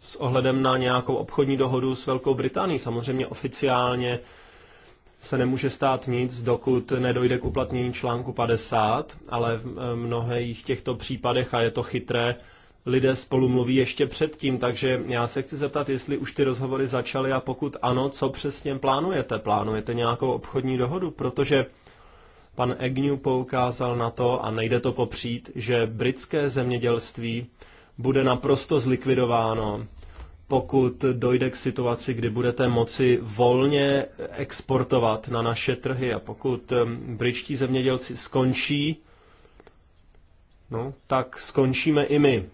s ohledem na nějakou obchodní dohodu s Velkou Británií? Samozřejmě oficiálně se nemůže stát nic, dokud nedojde k uplatnění článku 50, ale v eh, mnohých těchto případech, a je to chytré, lidé spolu mluví ještě předtím, takže já se chci zeptat, jestli už ty rozhovory začaly a pokud ano, co přesně plánujete? Plánujete nějakou obchodní dohodu? Protože pan Agnew poukázal na to, a nejde to popřít, že britské zemědělství bude naprosto zlikvidováno pokud dojde k situaci, kdy budete moci volně exportovat na naše trhy a pokud britští zemědělci skončí, no, tak skončíme i my.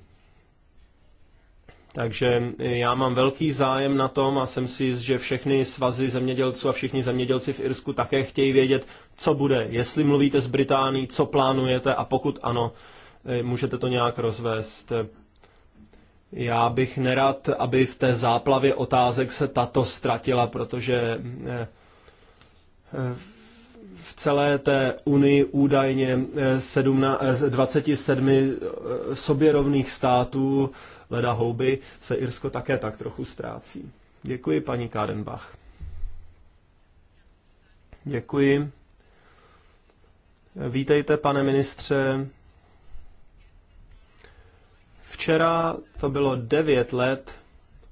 Takže já mám velký zájem na tom a jsem si jist, že všechny svazy zemědělců a všichni zemědělci v Irsku také chtějí vědět, co bude, jestli mluvíte s Británií, co plánujete a pokud ano, eh, můžete to nějak rozvést. Já bych nerad, aby v té záplavě otázek se tato ztratila, protože eh, eh, v celé té unii údajně 27 sobě rovných států leda houby se Irsko také tak trochu ztrácí. Děkuji, paní Kádenbach. Děkuji. Vítejte, pane ministře. Včera to bylo devět let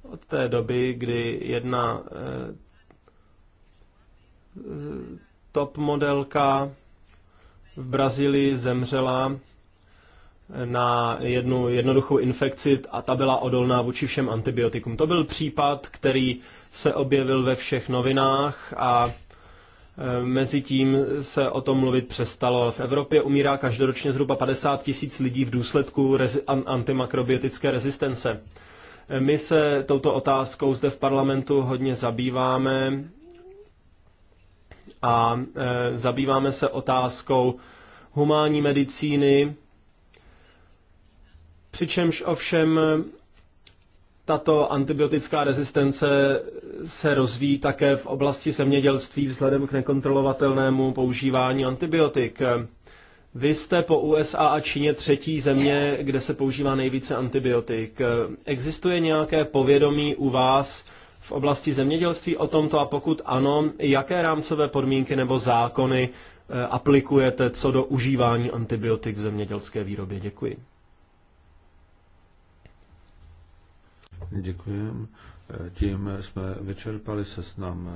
od té doby, kdy jedna eh, top modelka v Brazílii zemřela na jednu jednoduchou infekci a ta byla odolná vůči všem antibiotikům. To byl případ, který se objevil ve všech novinách a Eh, Mezitím se o tom mluvit přestalo. V Evropě umírá každoročně zhruba 50 tisíc lidí v důsledku rezi- antimakrobiotické rezistence. Eh, my se touto otázkou zde v parlamentu hodně zabýváme a eh, zabýváme se otázkou humánní medicíny, přičemž ovšem tato antibiotická rezistence se rozvíjí také v oblasti zemědělství vzhledem k nekontrolovatelnému používání antibiotik. Vy jste po USA a Číně třetí země, kde se používá nejvíce antibiotik. Existuje nějaké povědomí u vás v oblasti zemědělství o tomto a pokud ano, jaké rámcové podmínky nebo zákony eh, aplikujete co do užívání antibiotik v zemědělské výrobě? Děkuji. Děkuji. Tím jsme vyčerpali námi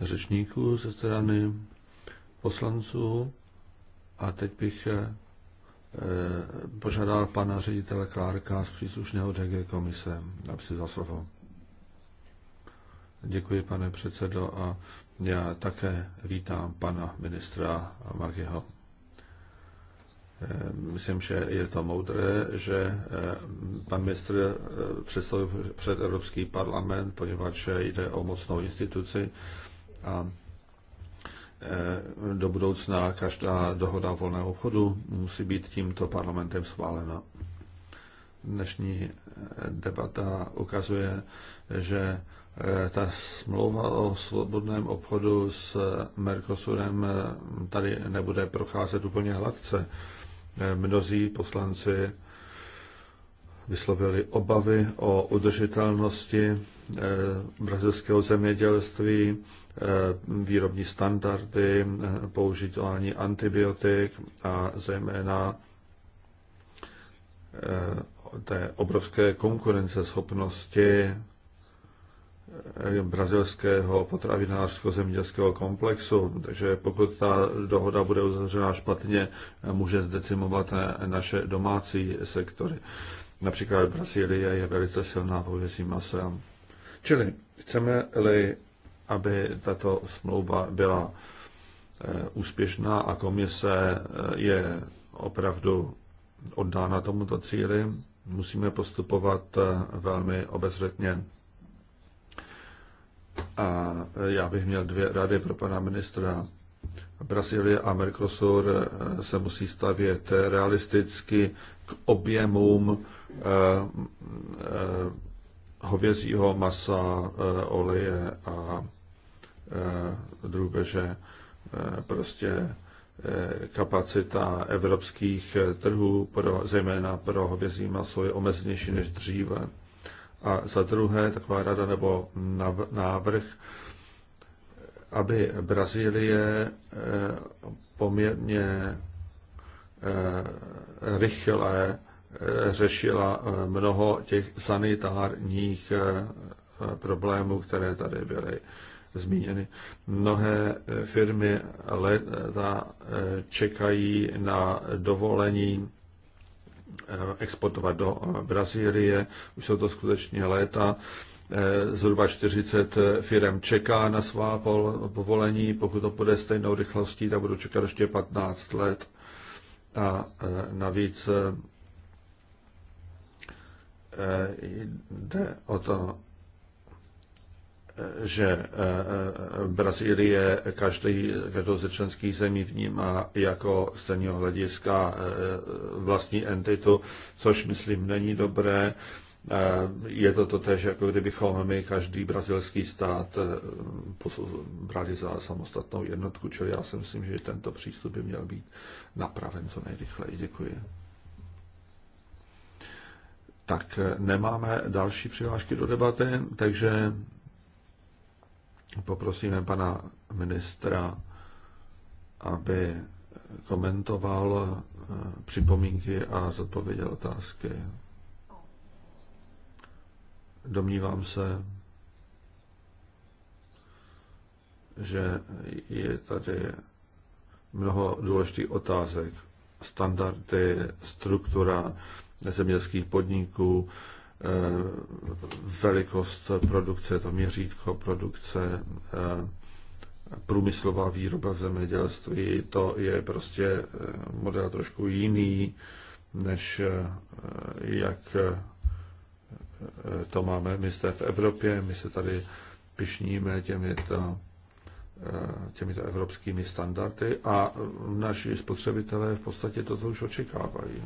řečníků ze strany poslanců a teď bych eh, požádal pana ředitele Klárka z příslušného DG komise, aby si slovo. Děkuji, pane předsedo, a já také vítám pana ministra Magiho. Eh, myslím, že je to moudré, že eh, pan ministr eh, představil před Evropský parlament, poněvadž jde o mocnou instituci a do budoucna každá dohoda volného obchodu musí být tímto parlamentem schválena. Dnešní debata ukazuje, že ta smlouva o svobodném obchodu s Mercosurem tady nebude procházet úplně hladce mnozí poslanci vyslovili obavy o udržitelnosti eh, brazilského zemědělství, eh, výrobní standardy, eh, používání antibiotik a zejména té obrovské konkurenceschopnosti Eh, brazilského potravinářsko-zemědělského komplexu, takže pokud ta dohoda bude uzavřena špatně, eh, může zdecimovat eh, naše domácí sektory. Například Brazílie je velice silná pověsí masem. Čili chceme-li, aby tato smlouva byla úspěšná a komise je opravdu oddána tomuto cíli, musíme postupovat velmi obezřetně. A já bych měl dvě rady pro pana ministra. Brazílie a Mercosur eh, se musí stavět realisticky k objemům eh, eh, hovězího masa, oleje a drůbeže. Prostě kapacita evropských trhů, pro, zejména pro hovězí maso, je omezenější než dříve. A za druhé, taková rada nebo návrh, aby Brazílie eh, poměrně eh, rychle eh, řešila mnoho těch sanitárních problémů, které tady byly zmíněny. Mnohé firmy leta čekají na dovolení Eh, exportovat do eh, Brazílie. Už jsou to skutečně léta. Eh, zhruba 40 firm čeká na svá povolení. Pokud to půjde stejnou rychlostí, tak budou čekat ještě 15 let. A navíc jde o to, že eh, eh, Brazílie každý, každou ze členských zemí vnímá jako z hlediska eh, vlastní entitu, což myslím není dobré. Je to to tež, jako kdybychom my každý brazilský stát brali za samostatnou jednotku, čili já si myslím, že tento přístup by měl být napraven co nejrychleji. Děkuji. Tak nemáme další přihlášky do debaty, takže Poprosíme pana ministra, aby komentoval eh, připomínky a zodpověděl otázky. Domnívám se, že je tady mnoho důležitých otázek. Standardy, struktura zemědělských podniků, Eh, velikost produkce, to měřítko produkce, eh, průmyslová výroba v zemědělství, to je prostě eh, model trošku jiný, než jak to máme my jste v Evropě, my se tady pišníme těmito, těmito evropskými standardy a naši spotřebitelé v podstatě toto už očekávají.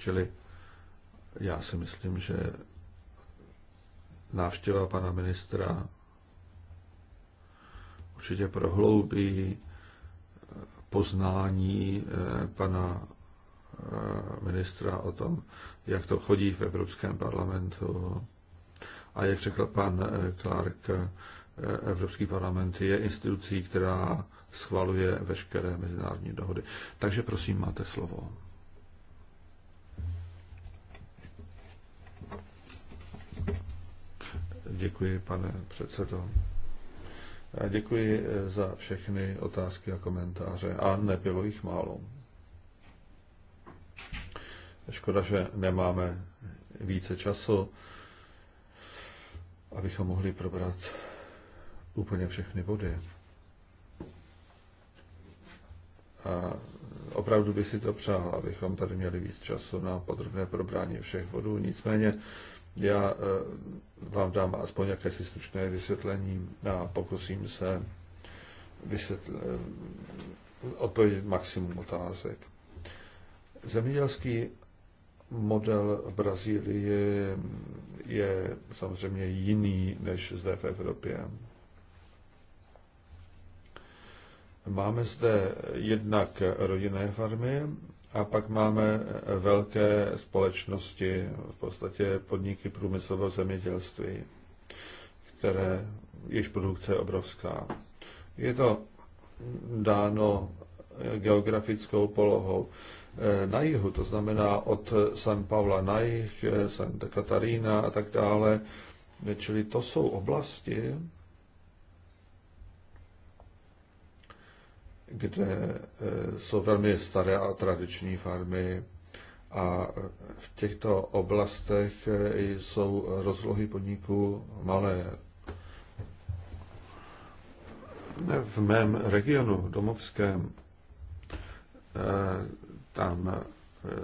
Čili já si myslím, že návštěva pana ministra určitě prohloubí eh, poznání eh, pana eh, ministra o tom, jak to chodí v Evropském parlamentu. A jak řekl pan Clark, Evropský parlament je institucí, která schvaluje veškeré mezinárodní dohody. Takže prosím, máte slovo. Děkuji, pane předsedo. A děkuji eh, za všechny otázky a komentáře. A nebylo jich málo. Škoda, že nemáme více času, abychom mohli probrat úplně všechny body. A opravdu by si to přál, abychom tady měli víc času na podrobné probrání všech bodů. Nicméně já eh, vám dám aspoň si stručné vysvětlení a pokusím se vysvětl, eh, odpovědět maximum otázek. Zemědělský model v Brazílii je samozřejmě jiný než zde v Evropě. Máme zde jednak rodinné farmy a pak máme eh, velké společnosti, v podstatě podniky průmyslového zemědělství, které, jež produkce je obrovská. Je to dáno eh, geografickou polohou. Eh, na jihu, to znamená od San Pavla na jih, Santa Katarína a tak dále, čili to jsou oblasti, kde eh, jsou velmi staré a tradiční farmy a v těchto oblastech eh, jsou rozlohy podniků malé. V mém regionu domovském eh, tam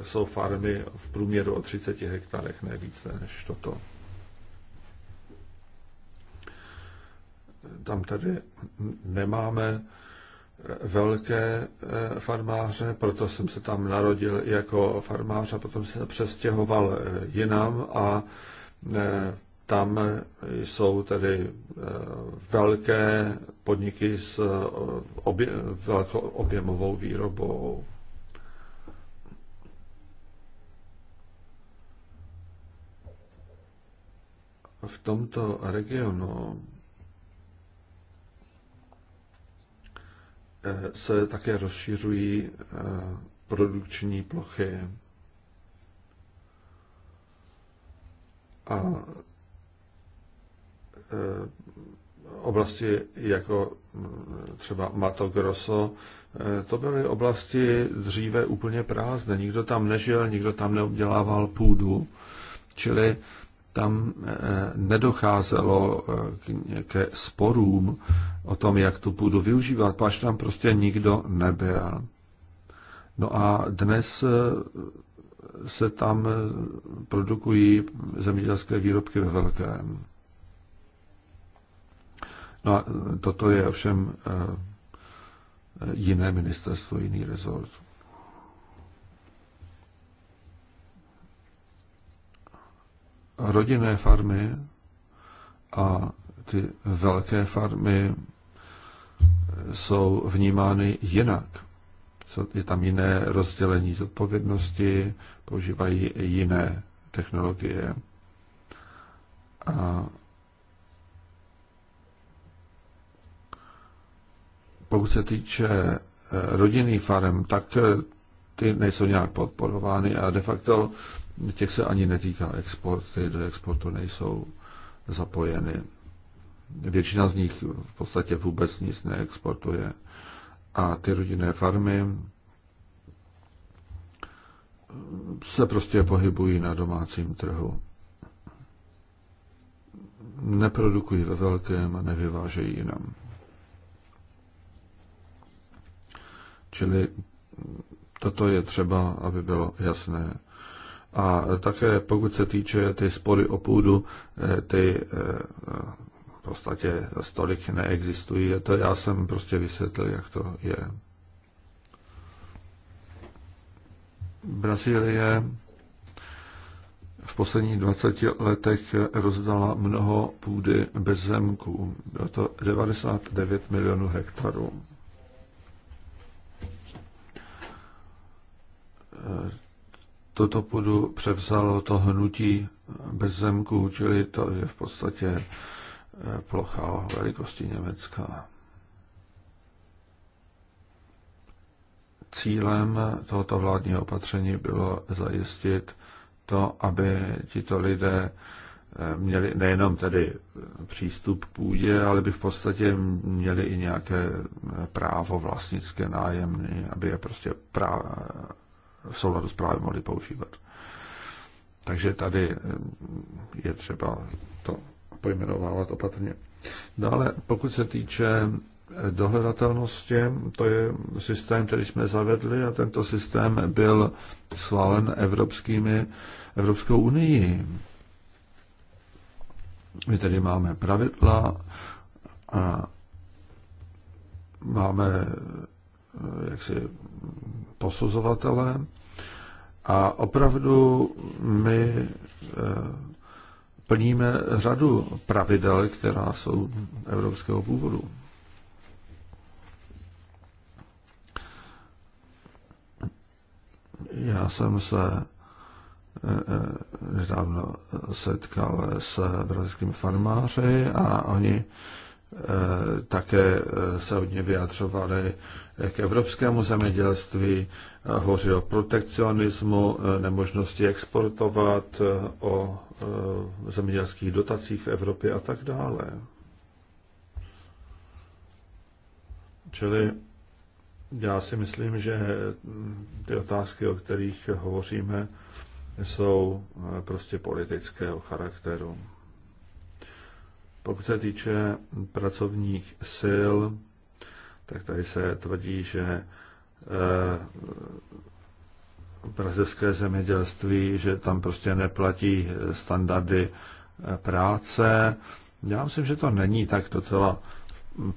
jsou farmy v průměru o 30 hektarech, ne více než toto. Tam tedy nemáme velké eh, farmáře, proto jsem se tam narodil jako farmář a potom se přestěhoval eh, jinam a eh, tam jsou tedy velké podniky s obje, velkou objemovou výrobou. V tomto regionu Eh, se také rozšiřují eh, produkční plochy. A eh, oblasti jako mm, třeba Mato Grosso, to byly oblasti dříve úplně prázdné. Nikdo tam nežil, nikdo tam neobdělával půdu. Čili tam eh, nedocházelo eh, k nějaké sporům o tom, jak tu půdu využívat, až tam prostě nikdo nebyl. No a dnes eh, se tam produkují zemědělské výrobky ve velkém. No a toto je ovšem jiné ministerstvo, jiný rezort. rodinné farmy a ty velké farmy jsou vnímány jinak. Je tam jiné rozdělení zodpovědnosti, používají jiné technologie. A pokud se týče eh, rodinných farm, tak eh, ty nejsou nějak podporovány a de facto těch se ani netýká export, ty do exportu nejsou zapojeny. Většina z nich v podstatě vůbec nic neexportuje. A ty rodinné farmy se prostě pohybují na domácím trhu. Neprodukují ve velkém a nevyvážejí jinam. Čili toto je třeba, aby bylo jasné. A také pokud se týče ty spory o půdu, eh, ty eh, v podstatě stolik neexistují. To já jsem prostě vysvětlil, jak to je. Brazílie v posledních 20 letech rozdala mnoho půdy bez zemků. Bylo to 99 milionů hektarů eh, tuto půdu převzalo to hnutí bez zemků, čili to je v podstatě eh, plocha velikosti Německa. Cílem tohoto vládního opatření bylo zajistit to, aby tito lidé eh, měli nejenom tedy přístup k půdě, ale by v podstatě měli i nějaké eh, právo vlastnické nájemny, aby je prostě prá- v souladu s právem mohli používat. Takže tady eh, je třeba to pojmenovávat opatrně. Dále, pokud se týče eh, dohledatelnosti, to je systém, který jsme zavedli a tento systém byl schválen evropskými, Evropskou unii. My tedy máme pravidla a máme eh, jaksi posuzovatele a opravdu my eh, plníme řadu pravidel, která jsou evropského původu. Já jsem se eh, eh, nedávno setkal s brazilskými farmáři a oni také se hodně vyjadřovali k evropskému zemědělství, hovoří o protekcionismu, nemožnosti exportovat, o e, zemědělských dotacích v Evropě a tak dále. Čili já si myslím, že ty otázky, o kterých hovoříme, jsou e, prostě politického charakteru. Pokud se týče pracovních sil, tak tady se tvrdí, že eh, brazilské zemědělství, že tam prostě neplatí standardy eh, práce. Já myslím, že to není tak docela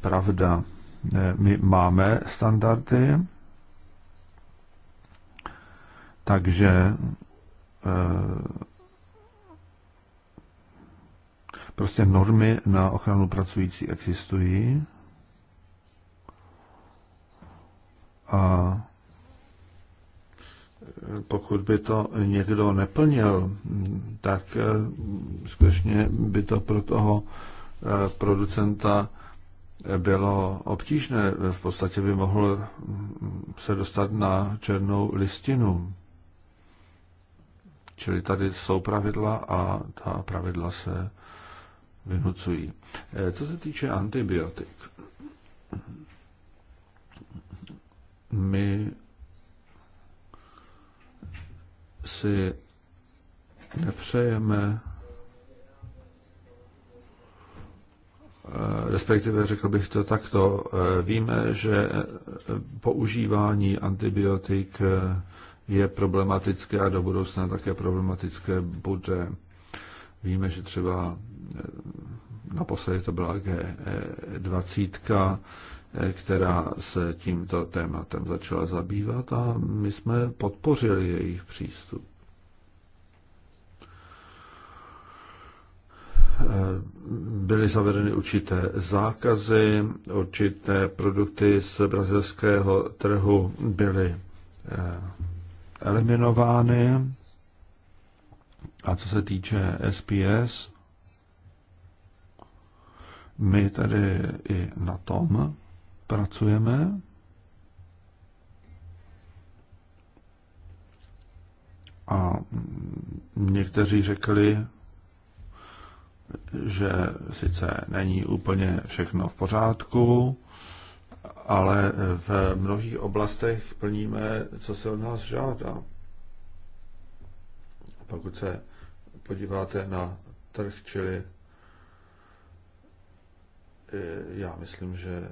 pravda. Eh, my máme standardy, takže prostě normy na ochranu pracující existují. A pokud by to někdo neplnil, tak eh, skutečně by to pro toho eh, producenta eh, bylo obtížné. V podstatě by mohl mm, se dostat na černou listinu. Čili tady jsou pravidla a ta pravidla se vynucují. Co se týče antibiotik, my si nepřejeme, eh, respektive řekl bych to takto, eh, víme, že eh, používání antibiotik je problematické a do budoucna také problematické bude. Víme, že třeba naposledy to byla G20, která se tímto tématem začala zabývat a my jsme podpořili jejich přístup. Byly zavedeny určité zákazy, určité produkty z brazilského trhu byly eh, eliminovány. A co se týče SPS, my tady i na tom pracujeme. A někteří řekli, že sice není úplně všechno v pořádku, ale v mnohých oblastech plníme, co se od nás žádá. Pokud se podíváte na trh, čili eh, já myslím, že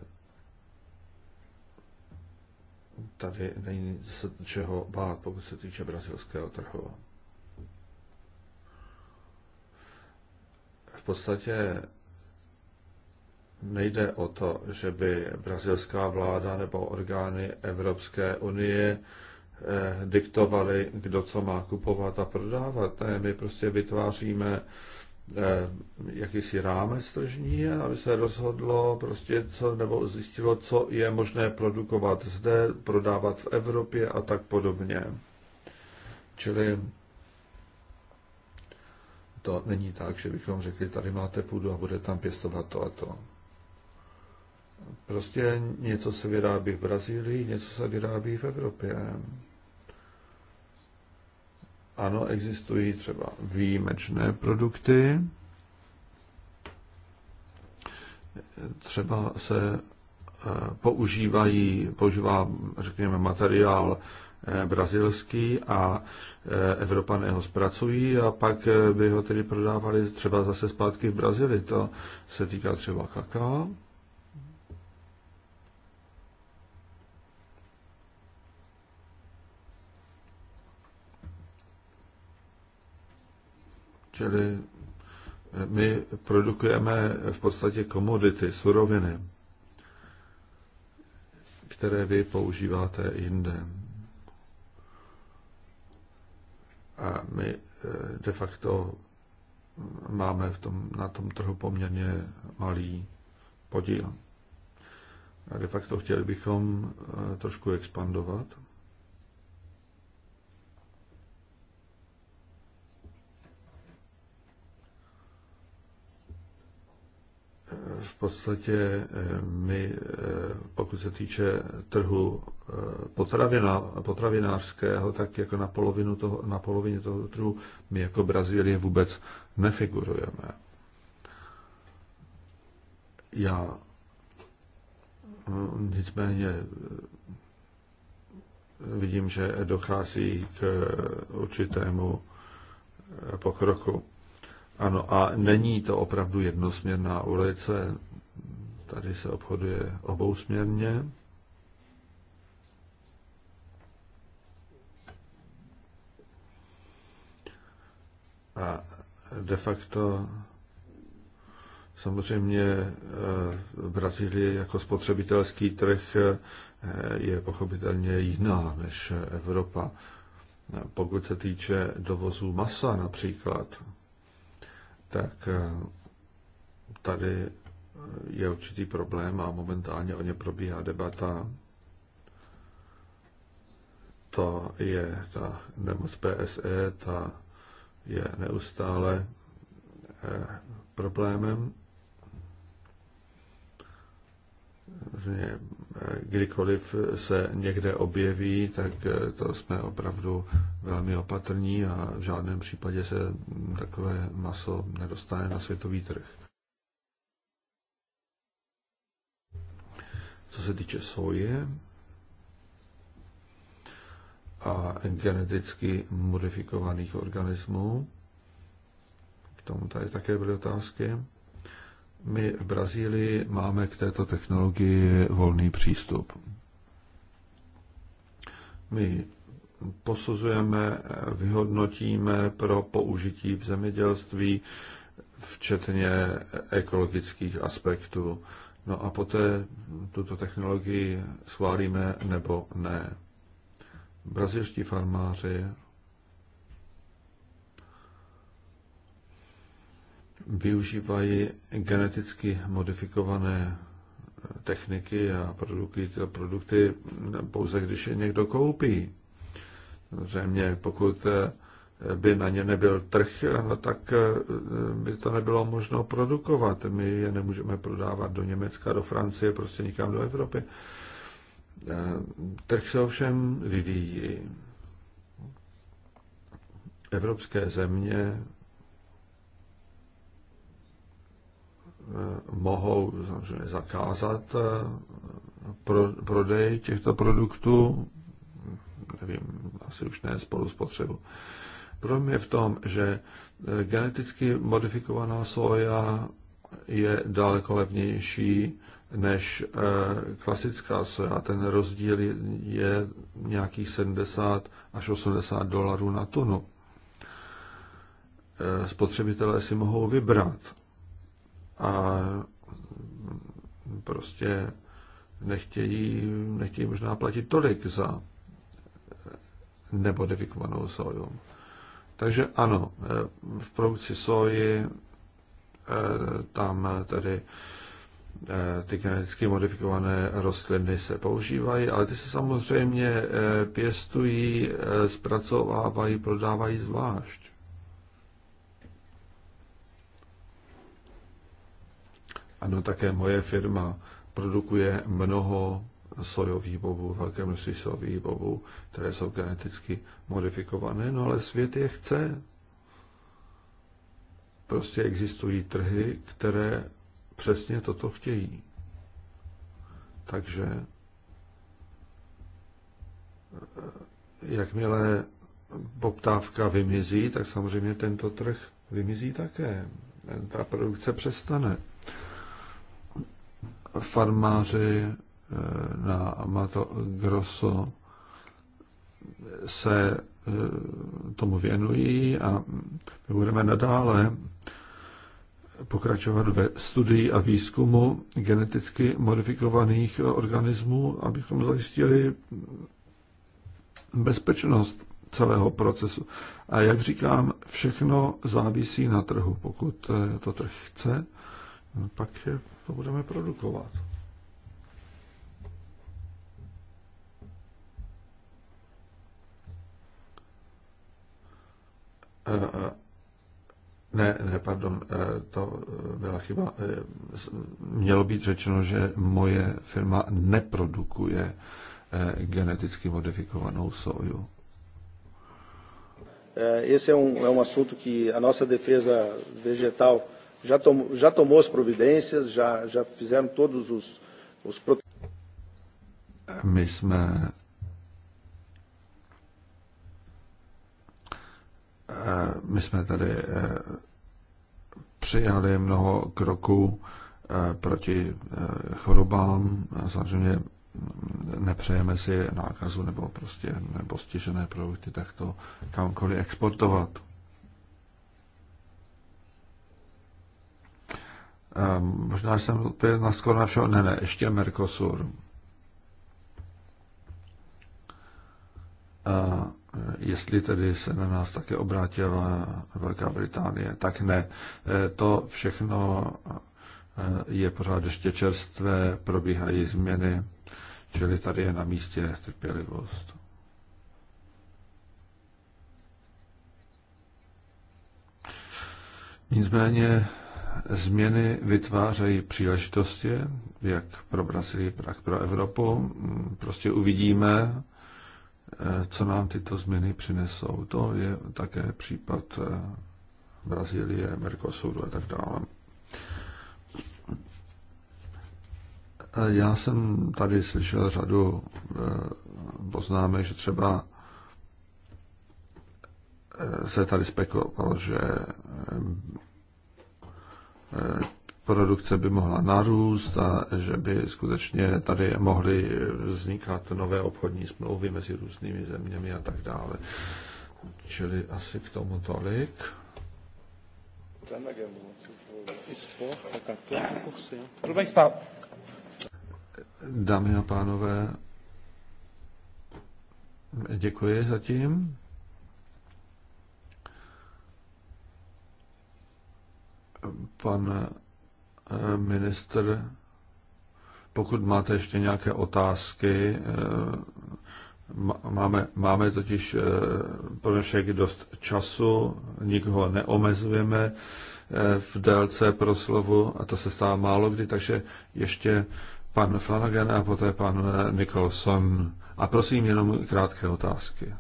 tady není se čeho bát, pokud se týče brazilského trhu. V podstatě nejde o to, že by brazilská vláda nebo orgány Evropské unie eh, diktovali, kdo co má kupovat a prodávat. Ne, my prostě vytváříme Eh, jakýsi rámec tržní, aby se rozhodlo prostě co, nebo zjistilo, co je možné produkovat zde, prodávat v Evropě a tak podobně. Čili to není tak, že bychom řekli, tady máte půdu a bude tam pěstovat to a to. Prostě něco se vyrábí v Brazílii, něco se vyrábí v Evropě. Ano, existují třeba výjimečné produkty. Třeba se eh, používají, používá, řekněme, materiál eh, brazilský a eh, Evropané ho zpracují a pak by ho tedy prodávali třeba zase zpátky v Brazílii. To se týká třeba kaká. Čili eh, my produkujeme v podstatě komodity, suroviny, které vy používáte jinde. A my eh, de facto máme v tom, na tom trhu poměrně malý podíl. A de facto chtěli bychom eh, trošku expandovat. v podstatě eh, my, eh, pokud se týče trhu eh, potravina, potravinářského, tak jako na, polovinu toho, na polovině toho trhu my jako Brazílie vůbec nefigurujeme. Já hm, nicméně vidím, že dochází k určitému pokroku. Ano, a není to opravdu jednosměrná ulice, tady se obchoduje obousměrně. A de facto samozřejmě eh, Brazílii jako spotřebitelský trh eh, je pochopitelně jiná než Evropa. Pokud se týče dovozu masa například, tak eh, tady je určitý problém a momentálně o ně probíhá debata. To je ta nemoc PSE, ta je neustále eh, problémem Eh, kdykoliv se někde objeví, tak eh, to jsme opravdu velmi opatrní a v žádném případě se takové maso nedostane na světový trh. Co se týče soje a geneticky modifikovaných organismů, k tomu tady také byly otázky, my v Brazílii máme k této technologii volný přístup. My posuzujeme, vyhodnotíme pro použití v zemědělství, včetně ekologických aspektů. No a poté tuto technologii schválíme nebo ne. Brazilští farmáři využívají geneticky modifikované eh, techniky a produkty, produkty eh, pouze když je někdo koupí. Zřejmě pokud eh, by na ně nebyl trh, no tak by to nebylo možno produkovat. My je nemůžeme prodávat do Německa, do Francie, prostě nikam do Evropy. Trh se ovšem vyvíjí. Evropské země mohou samozřejmě zakázat eh, pro, prodej těchto produktů, nevím, asi už ne spolu spotřebu. Problém je v tom, že eh, geneticky modifikovaná soja je daleko levnější než eh, klasická soja. Ten rozdíl je nějakých 70 až 80 dolarů na tunu. Spotřebitelé si mohou vybrat a prostě nechtějí, nechtějí možná platit tolik za nebodifikovanou soju. Takže ano, eh, v produkci soji eh, tam tedy eh, ty geneticky modifikované rostliny se používají, ale ty se samozřejmě pěstují, zpracovávají, prodávají zvlášť. Ano, také moje firma produkuje mnoho sojových bobů, velké množství sojových bobů, které jsou geneticky modifikované, no ale svět je chce. Prostě existují trhy, které přesně toto chtějí. Takže eh, jakmile poptávka vymizí, tak samozřejmě tento trh vymizí také. Ta produkce přestane farmáři eh, na Mato Grosso se eh, tomu věnují a my budeme nadále pokračovat ve studii a výzkumu geneticky modifikovaných organismů, abychom zajistili bezpečnost celého procesu. A jak říkám, všechno závisí na trhu. Pokud eh, to trh chce, no, pak je to budeme produkovat. Eh, eh, ne, ne, pardon, eh, to byla chyba. Mělo být řečeno, že moje firma neprodukuje geneticky modifikovanou soju. Esse é um, é um assunto que a nossa defesa vegetal já, tom, já tomou as providências, já, já fizeram todos os, os My jsme eh, my jsme tady eh, přijali mnoho kroků eh, proti chorobám. Samozřejmě nepřejeme si nákazu nebo prostě nepostižené produkty takto kamkoliv exportovat. Ehm, možná jsem odpověděl na skoro na všeho. Ne, ne, ještě Mercosur. A eh, jestli tedy se na nás také obrátila Velká Británie, tak ne. Eh, to všechno eh, je pořád ještě čerstvé, probíhají změny, čili tady je na místě trpělivost. Nicméně Změny vytvářejí příležitosti, jak pro Brazílii, tak pro Evropu. Prostě uvidíme, co nám tyto změny přinesou. To je také případ eh, Brazílie, Mercosuru a tak dále. Já jsem tady slyšel řadu eh, poznámek, že třeba eh, se tady spekulovalo, že produkce by mohla narůst a že by skutečně tady mohly vznikat nové obchodní smlouvy mezi různými zeměmi a tak dále. Čili asi k tomu tolik. Dámy a pánové, děkuji zatím. pan eh, ministr, pokud máte ještě nějaké otázky, eh, máme, máme totiž eh, pro všechny dost času, nikoho neomezujeme v délce proslovu a to se stává málo kdy, takže ještě pan Flanagan a poté pan Nicholson. A prosím jenom krátké otázky.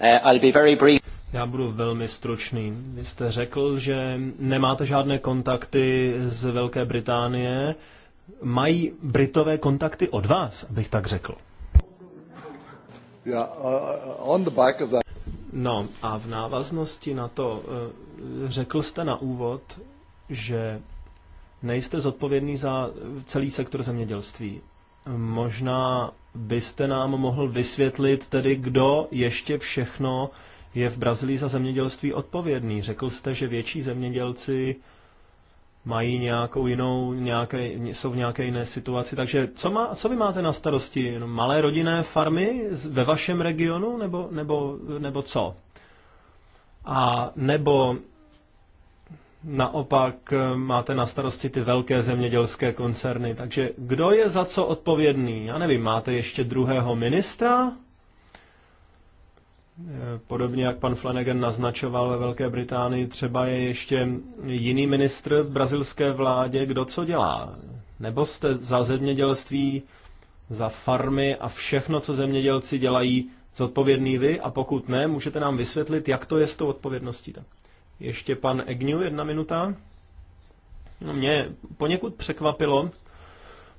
Uh, I'll be very brief. Já budu velmi stručný. Vy jste řekl, že nemáte žádné kontakty z Velké Británie. Mají Britové kontakty od vás, abych tak řekl? Uh, uh, no a v návaznosti na to eh, řekl jste na úvod, že nejste zodpovědný za celý sektor zemědělství. Možná byste nám mohl vysvětlit tedy, kdo ještě všechno uh, je v Brazílii za zemědělství odpovědný. Řekl jste, že větší zemědělci mají nějakou jinou, nějaké, jsou v nějaké jiné situaci. Takže co, má, co vy máte na starosti? Malé rodinné farmy ve vašem regionu nebo, nebo, nebo co? A nebo naopak eh, máte na starosti ty velké zemědělské koncerny. Takže kdo je za co odpovědný? Já nevím, máte ještě druhého ministra? Podobně jak pan Flanagan naznačoval ve Velké Británii, třeba je ještě jiný ministr v brazilské vládě, kdo co dělá. Nebo jste za zemědělství, za farmy a všechno, co zemědělci dělají, zodpovědný vy? A pokud ne, můžete nám vysvětlit, jak to je s tou odpovědností. Tak. Ještě pan Egnu, jedna minuta. No, mě poněkud překvapilo,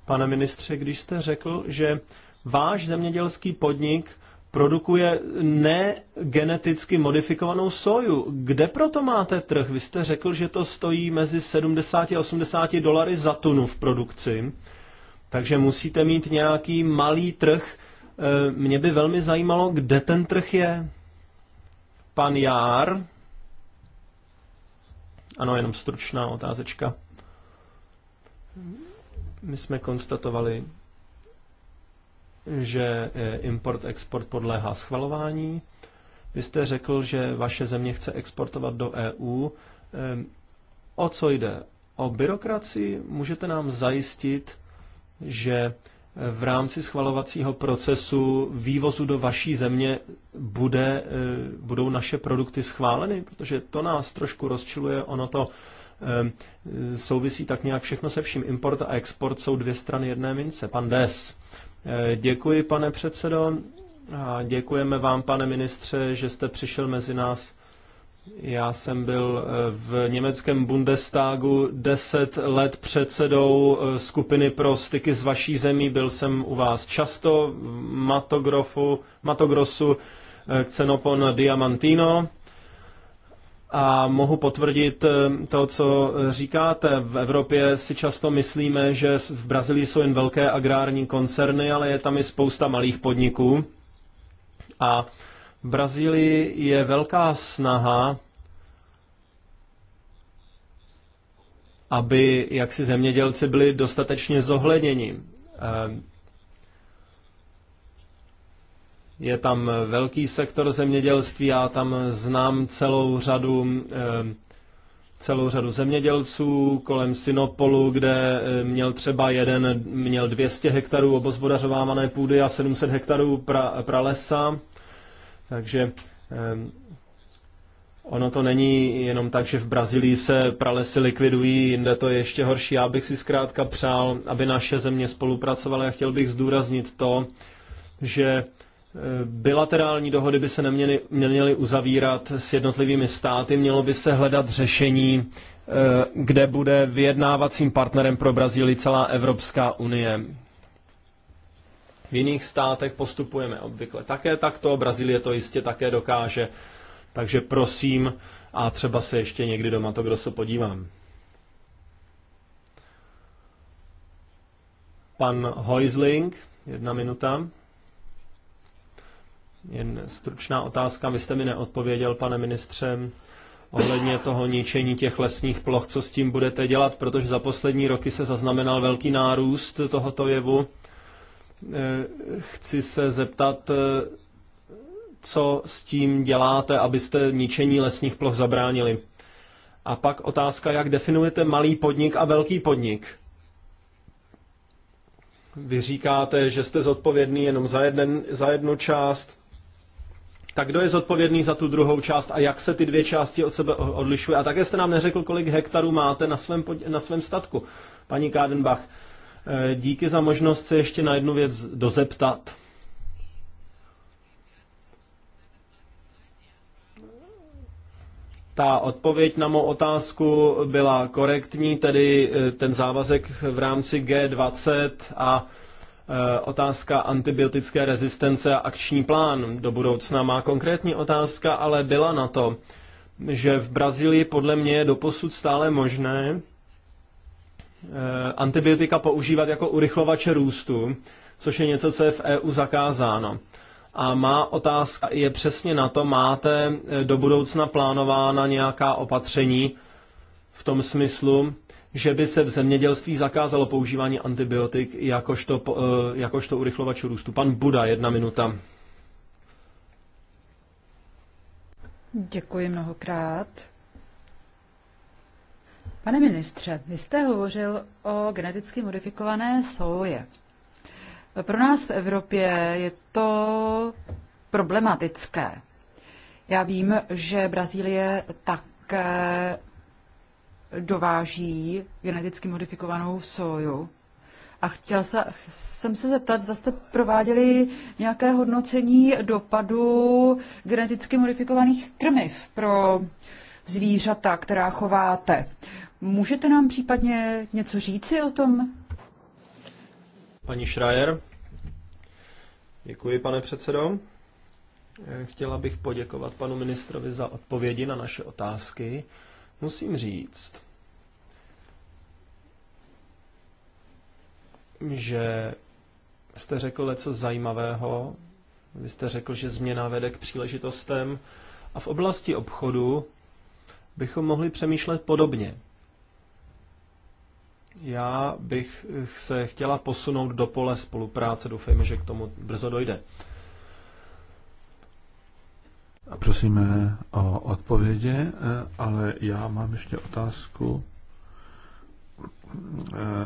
pane ministře, když jste řekl, že váš zemědělský podnik produkuje negeneticky modifikovanou soju. Kde proto máte trh? Vy jste řekl, že to stojí mezi 70 a 80 dolary za tunu v produkci, takže musíte mít nějaký malý trh. E, mě by velmi zajímalo, kde ten trh je. Pan Jár. Ano, jenom stručná otázečka. My jsme konstatovali, že eh, import-export podléhá schvalování. Vy jste řekl, že vaše země chce exportovat do EU. Ehm, o co jde? O byrokracii můžete nám zajistit, že eh, v rámci schvalovacího procesu vývozu do vaší země bude, eh, budou naše produkty schváleny, protože to nás trošku rozčiluje, ono to ehm, souvisí tak nějak všechno se vším. Import a export jsou dvě strany jedné mince. Pan Des. Eh, děkuji, pane předsedo. A děkujeme vám, pane ministře, že jste přišel mezi nás. Já jsem byl eh, v německém Bundestagu deset let předsedou eh, skupiny pro styky z vaší zemí. Byl jsem u vás často v Matogrosu Xenopon Diamantino a mohu potvrdit eh, to, co eh, říkáte. V Evropě si často myslíme, že v Brazílii jsou jen velké agrární koncerny, ale je tam i spousta malých podniků. A v Brazílii je velká snaha, aby jaksi zemědělci byli dostatečně zohledněni. Eh, je tam velký sektor zemědělství, já tam znám celou řadu eh, celou řadu zemědělců kolem Sinopolu, kde eh, měl třeba jeden, měl 200 hektarů obozbodařovávané půdy a 700 hektarů pra, pralesa. Takže eh, Ono to není jenom tak, že v Brazílii se pralesy likvidují, jinde to je ještě horší. Já bych si zkrátka přál, aby naše země spolupracovala a chtěl bych zdůraznit to, že Bilaterální dohody by se neměly měly uzavírat s jednotlivými státy, mělo by se hledat řešení, eh, kde bude vyjednávacím partnerem pro Brazílii celá Evropská unie. V jiných státech postupujeme obvykle také takto, Brazílie to jistě také dokáže, takže prosím a třeba se ještě někdy doma to kdo se podívám. Pan Heusling, jedna minuta. Jen stručná otázka, vy jste mi neodpověděl, pane ministře, ohledně toho ničení těch lesních ploch, co s tím budete dělat, protože za poslední roky se zaznamenal velký nárůst tohoto jevu. Eh, chci se zeptat, eh, co s tím děláte, abyste ničení lesních ploch zabránili. A pak otázka, jak definujete malý podnik a velký podnik. Vy říkáte, že jste zodpovědný jenom za, jeden, za jednu část tak kdo je zodpovědný za tu druhou část a jak se ty dvě části od sebe odlišují A také jste nám neřekl, kolik hektarů máte na svém, na svém statku, paní Kádenbach. Eh, díky za možnost se ještě na jednu věc dozeptat. Ta odpověď na mou otázku byla korektní, tedy eh, ten závazek v rámci G20 a Eh, otázka antibiotické rezistence a akční plán do budoucna. Má konkrétní otázka ale byla na to, že v Brazílii podle mě je doposud stále možné eh, antibiotika používat jako urychlovače růstu, což je něco, co je v EU zakázáno. A má otázka je přesně na to, máte eh, do budoucna plánována nějaká opatření v tom smyslu, že by se v zemědělství zakázalo používání antibiotik jakožto, eh, jakožto urychlovač růstu. Pan Buda, jedna minuta. Děkuji mnohokrát. Pane ministře, vy jste hovořil o geneticky modifikované soje. Pro nás v Evropě je to problematické. Já vím, že Brazílie tak dováží geneticky modifikovanou soju. A chtěl se, jsem se zeptat, zda jste prováděli nějaké hodnocení dopadu geneticky modifikovaných krmiv pro zvířata, která chováte. Můžete nám případně něco říci o tom? Paní Schreier. Děkuji, pane předsedo. Chtěla bych poděkovat panu ministrovi za odpovědi na naše otázky. Musím říct, že jste řekl něco zajímavého. Vy jste řekl, že změna vede k příležitostem a v oblasti obchodu bychom mohli přemýšlet podobně. Já bych se chtěla posunout do pole spolupráce, doufejme, že k tomu brzo dojde. Prosíme o odpovědi, eh, ale já mám ještě otázku, eh,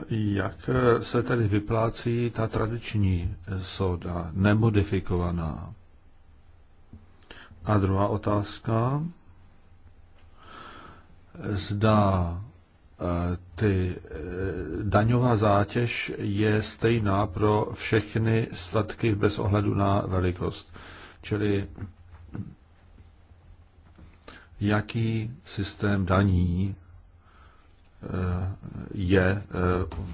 jak se tedy vyplácí ta tradiční soda, nemodifikovaná? A druhá otázka, zda eh, ty daňová zátěž je stejná pro všechny statky bez ohledu na velikost. Čili jaký systém daní eh, je eh,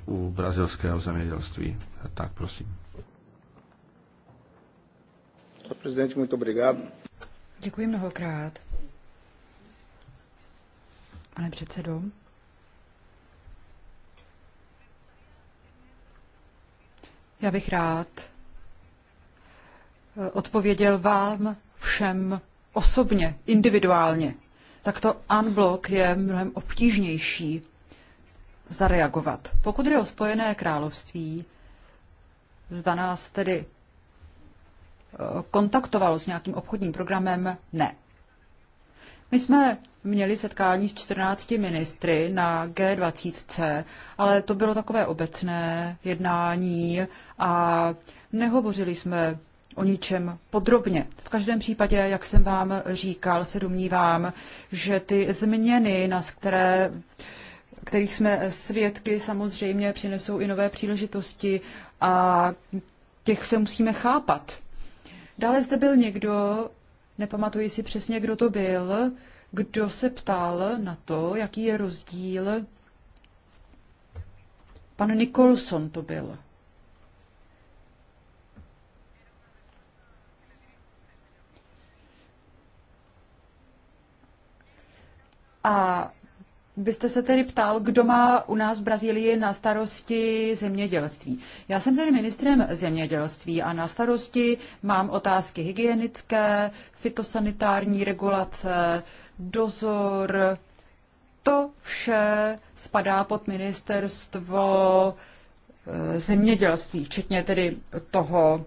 u brazilského zemědělství. Tak prosím. Prezident, muito obrigado. Děkuji mnohokrát. Pane předsedo. Já bych rád eh, odpověděl vám všem osobně, individuálně, tak to unblock je mnohem obtížnější zareagovat. Pokud jde o Spojené království, zda nás tedy eh, kontaktovalo s nějakým obchodním programem, ne. My jsme měli setkání s 14 ministry na G20, ale to bylo takové obecné jednání a nehovořili jsme o ničem podrobně. V každém případě, jak jsem vám říkal, se domnívám, že ty změny, na které kterých jsme svědky, samozřejmě přinesou i nové příležitosti a těch se musíme chápat. Dále zde byl někdo, nepamatuji si přesně, kdo to byl, kdo se ptal na to, jaký je rozdíl. Pan Nicholson to byl. A byste se tedy ptal, kdo má u nás v Brazílii na starosti zemědělství. Já jsem tedy ministrem zemědělství a na starosti mám otázky hygienické, fitosanitární regulace, dozor. To vše spadá pod ministerstvo eh, zemědělství, včetně tedy toho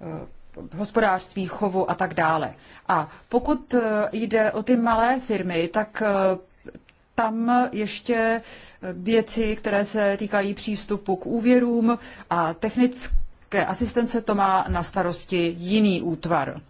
eh, hospodářství, chovu a tak dále. A pokud eh, jde o ty malé firmy, tak eh, tam ještě věci, které se týkají přístupu k úvěrům a technické asistence, to má na starosti jiný útvar.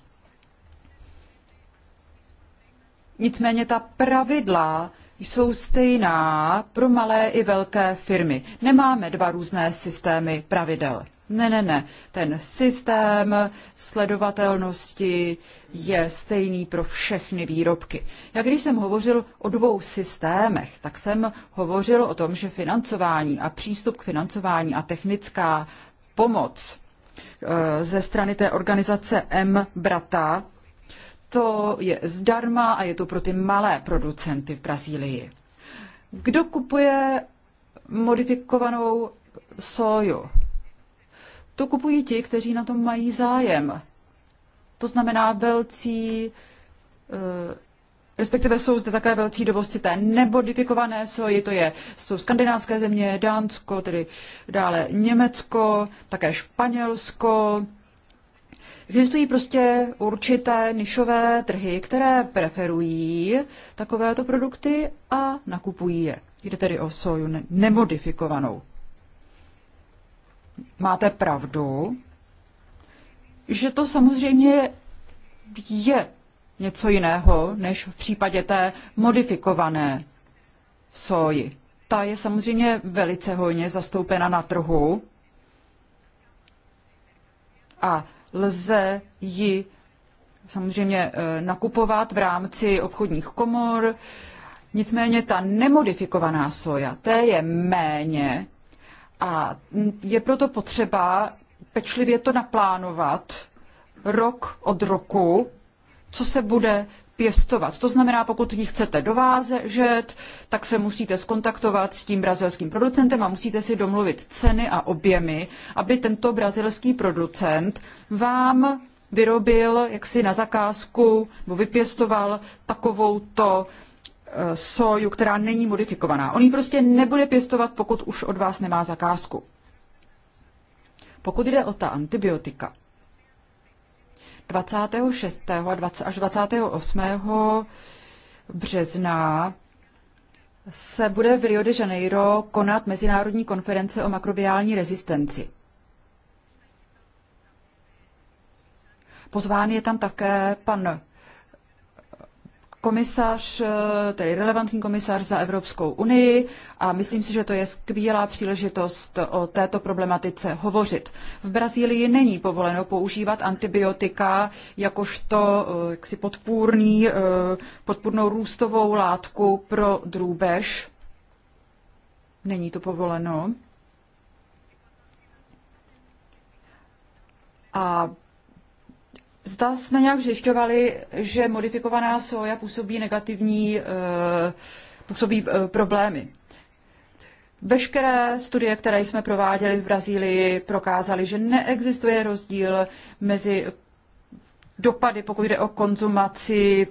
Nicméně ta pravidla jsou stejná pro malé i velké firmy. Nemáme dva různé systémy pravidel. Ne, ne, ne. Ten systém sledovatelnosti je stejný pro všechny výrobky. Já když jsem hovořil o dvou systémech, tak jsem hovořil o tom, že financování a přístup k financování a technická pomoc eh, ze strany té organizace M Brata to je zdarma a je to pro ty malé producenty v Brazílii. Kdo kupuje modifikovanou soju? To kupují ti, kteří na tom mají zájem. To znamená velcí, eh, respektive jsou zde také velcí dovozci té nemodifikované soji, to je, jsou skandinávské země, Dánsko, tedy dále Německo, také Španělsko, Existují prostě určité nišové trhy, které preferují takovéto produkty a nakupují je. Jde tedy o soju nemodifikovanou. Máte pravdu, že to samozřejmě je něco jiného než v případě té modifikované soji. Ta je samozřejmě velice hojně zastoupena na trhu a lze ji samozřejmě eh, nakupovat v rámci obchodních komor. Nicméně ta nemodifikovaná soja, té je méně a je proto potřeba pečlivě to naplánovat rok od roku, co se bude pěstovat. To znamená, pokud ji chcete dovážet, tak se musíte skontaktovat s tím brazilským producentem a musíte si domluvit ceny a objemy, aby tento brazilský producent vám vyrobil, jak si na zakázku, nebo vypěstoval takovouto eh, soju, která není modifikovaná. On ji prostě nebude pěstovat, pokud už od vás nemá zakázku. Pokud jde o ta antibiotika, 26. až 28. března se bude v Rio de Janeiro konat Mezinárodní konference o makrobiální rezistenci. Pozván je tam také pan komisař, eh, tedy relevantní komisař za Evropskou unii a myslím si, že to je skvělá příležitost o této problematice hovořit. V Brazílii není povoleno používat antibiotika jakožto eh, jaksi podpůrný, eh, podpůrnou růstovou látku pro drůbež. Není to povoleno. A Zda jsme nějak zjišťovali, že modifikovaná soja působí negativní, eh, působí eh, problémy. Veškeré studie, které jsme prováděli v Brazílii, prokázaly, že neexistuje rozdíl mezi dopady, pokud jde o konzumaci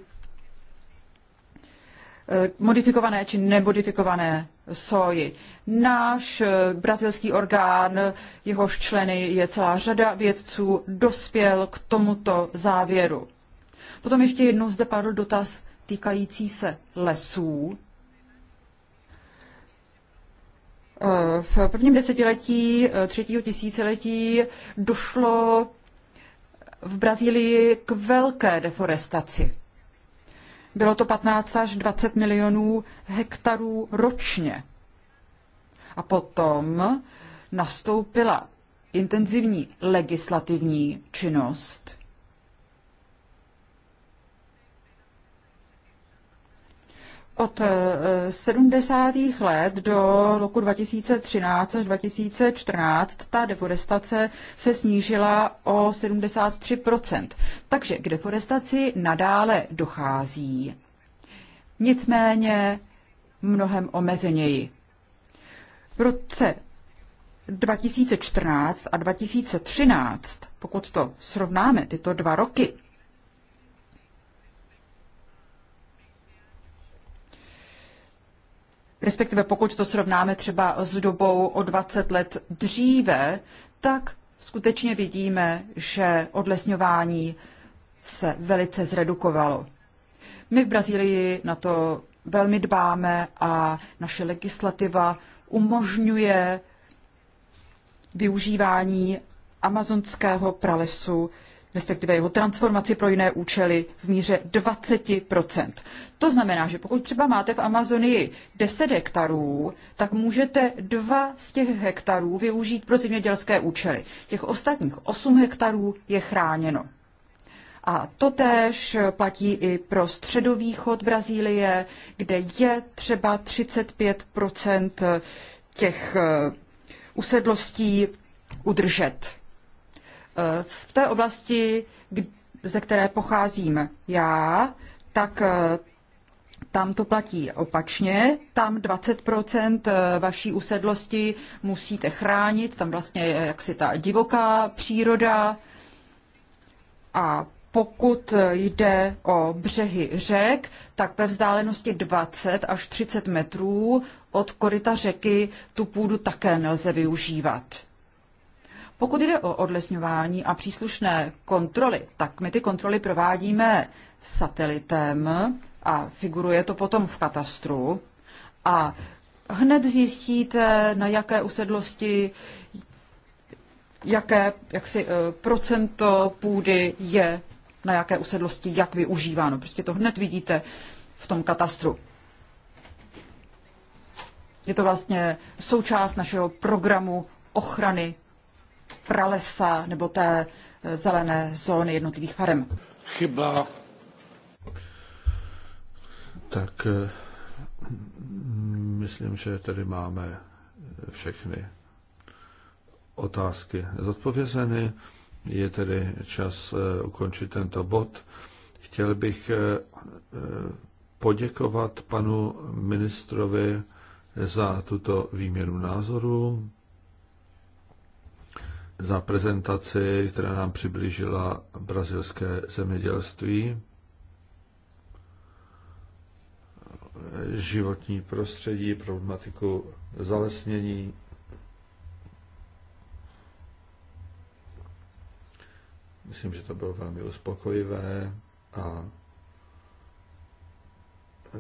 Eh, modifikované či nemodifikované soji. Náš eh, brazilský orgán, jehož členy je celá řada vědců, dospěl k tomuto závěru. Potom ještě jednou zde padl dotaz týkající se lesů. Eh, v prvním desetiletí třetího tisíciletí došlo v Brazílii k velké deforestaci. Bylo to 15 až 20 milionů hektarů ročně. A potom nastoupila intenzivní legislativní činnost, od 70. Eh, let do roku 2013 až 2014 ta deforestace se snížila o 73%. Takže k deforestaci nadále dochází. Nicméně mnohem omezeněji. V roce 2014 a 2013, pokud to srovnáme, tyto dva roky, respektive pokud to srovnáme třeba s dobou o 20 let dříve, tak skutečně vidíme, že odlesňování se velice zredukovalo. My v Brazílii na to velmi dbáme a naše legislativa umožňuje využívání amazonského pralesu respektive jeho transformaci pro jiné účely v míře 20%. To znamená, že pokud třeba máte v Amazonii 10 hektarů, tak můžete dva z těch hektarů využít pro zemědělské účely. Těch ostatních 8 hektarů je chráněno. A to též platí i pro středovýchod Brazílie, kde je třeba 35 těch eh, usedlostí udržet Eh, v té oblasti, ze které pocházím já, tak eh, tam to platí opačně, tam 20% eh, vaší usedlosti musíte chránit, tam vlastně je jaksi ta divoká příroda a pokud jde o břehy řek, tak ve vzdálenosti 20 až 30 metrů od koryta řeky tu půdu také nelze využívat. Pokud jde o odlesňování a příslušné kontroly, tak my ty kontroly provádíme satelitem a figuruje to potom v katastru a hned zjistíte, na jaké usedlosti jaké jaksi, eh, procento půdy je na jaké usedlosti, jak využíváno. Prostě to hned vidíte v tom katastru. Je to vlastně součást našeho programu ochrany pralesa nebo té eh, zelené zóny jednotlivých farem. Chyba. Tak eh, myslím, že tady máme eh, všechny otázky zodpovězeny. Je tedy čas ukončit tento bod. Chtěl bych poděkovat panu ministrovi za tuto výměnu názorů za prezentaci, která nám přiblížila brazilské zemědělství, životní prostředí, problematiku zalesnění. Myslím, že to bylo velmi uspokojivé a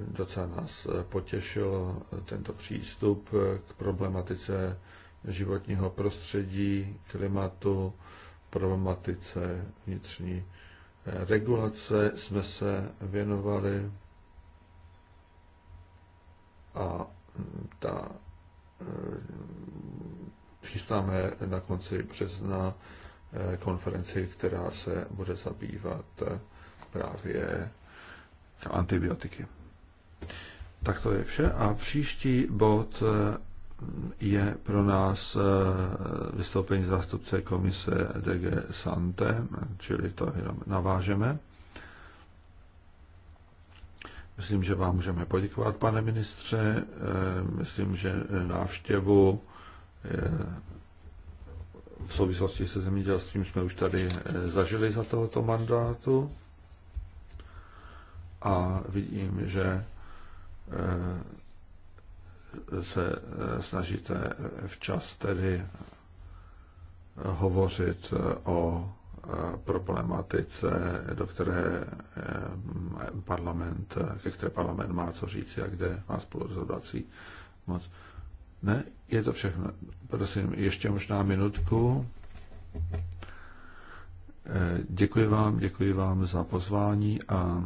docela nás potěšilo tento přístup k problematice životního prostředí, klimatu, problematice vnitřní eh, regulace jsme se věnovali a mm, ta eh, chystáme na konci března eh, konferenci, která se bude zabývat právě antibiotiky. Tak to je vše a příští bod je pro nás eh, vystoupení zástupce komise DG Sante, čili to jenom navážeme. Myslím, že vám můžeme poděkovat, pane ministře. Eh, myslím, že návštěvu eh, v souvislosti se zemědělstvím jsme už tady zažili za tohoto mandátu a vidím, že se eh, snažíte včas tedy hovořit eh, o eh, problematice, do které parlament, ke které parlament má co říct a kde má spolurozhodovací moc. Ne, je to všechno. Prosím, ještě možná minutku. Děkuji vám, děkuji vám za pozvání a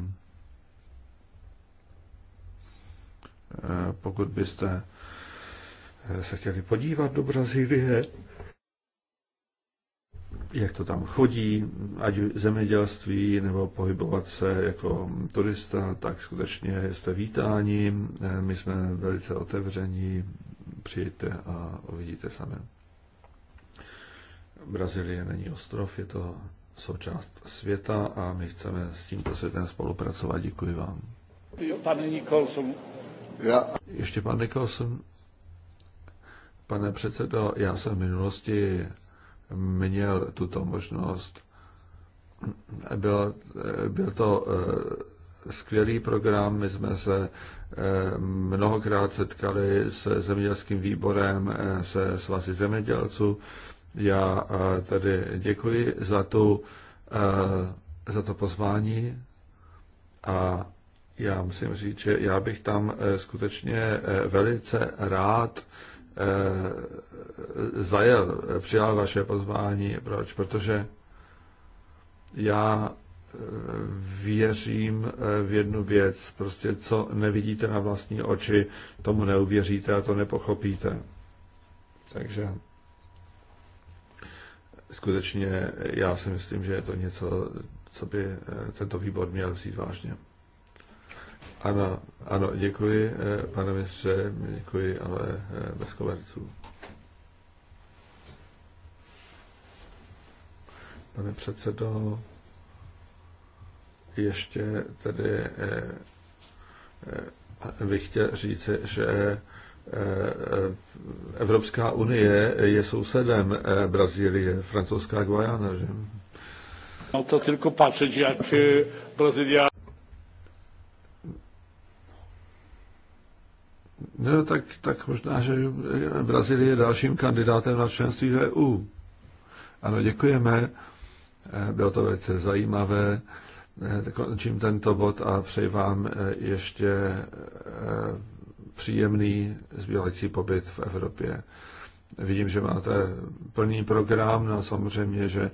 Eh, pokud byste eh, se chtěli podívat do Brazílie, jak to tam chodí, ať zemědělství nebo pohybovat se jako turista, tak skutečně jste vítáni. Eh, my jsme velice otevření, přijďte a uvidíte sami. Brazílie není ostrov, je to součást světa a my chceme s tímto světem spolupracovat. Děkuji vám. Pane Nikolson, já... Ještě pan Nikolson. Pane předsedo, já jsem v minulosti měl tuto možnost. Byl, byl to eh, skvělý program, my jsme se eh, mnohokrát setkali se zemědělským výborem, eh, se svazy zemědělců. Já tedy děkuji za, tu, za to pozvání a já musím říct, že já bych tam eh, skutečně eh, velice rád eh, zajel, přijal vaše pozvání. Proč? Protože já věřím v jednu věc. Prostě co nevidíte na vlastní oči, tomu neuvěříte a to nepochopíte. Takže skutečně já si myslím, že je to něco, co by tento výbor měl vzít vážně. Ano, ano, děkuji, eh, pane ministře, děkuji, ale eh, bez koberců. Pane předsedo, ještě tedy eh, bych chtěl říct, že Evropská unie je sousedem Brazílie, francouzská Guajana, že? No to tylko patrzeć, jak Brazylia... No, tak, tak možná, že Brazílie je dalším kandidátem na členství v EU. Ano, děkujeme. Eh, bylo to velice zajímavé. Eh, končím tento bod a přeji vám eh, ještě příjemný zbývající pobyt v Evropě. Vidím, že máte plný program, no samozřejmě, že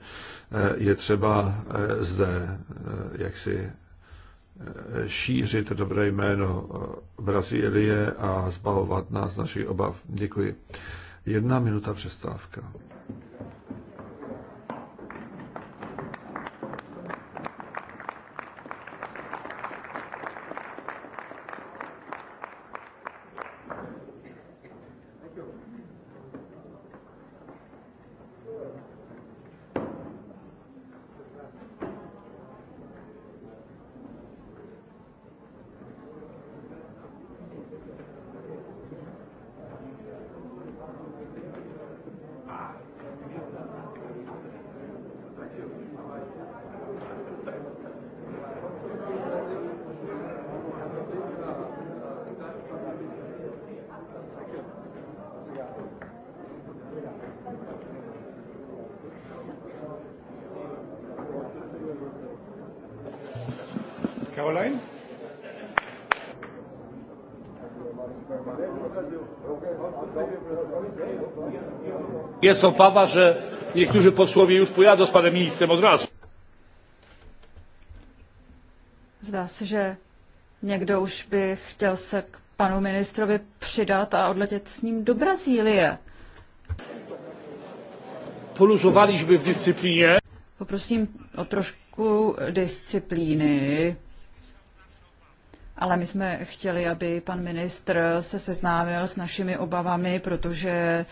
je třeba zde jaksi šířit dobré jméno Brazílie a zbavovat nás našich obav. Děkuji. Jedna minuta přestávka. jest obawa, że niektórzy posłowie już pojadą z panem ministrem od razu. Zdá se, že někdo už by chtěl se k panu ministrovi přidat a odletět s ním do Brazílie. Poluzovaliśmy v disciplíně. Poprosím o trošku disciplíny. Ale my jsme chtěli, aby pan ministr se seznámil s našimi obavami, protože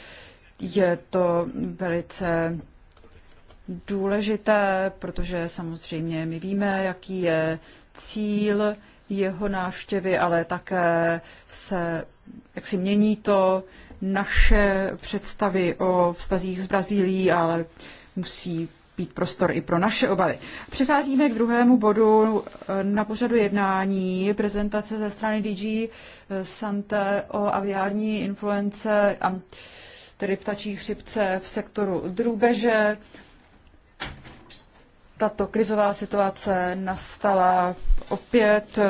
je to velice důležité, protože samozřejmě my víme, jaký je cíl jeho návštěvy, ale také se, jak si mění to naše představy o vztazích s Brazílií, ale musí být prostor i pro naše obavy. Přecházíme k druhému bodu na pořadu jednání. Prezentace ze strany DG Sante o aviární influence a tedy ptačí chřipce v sektoru drůbeže. Tato krizová situace nastala opět eh,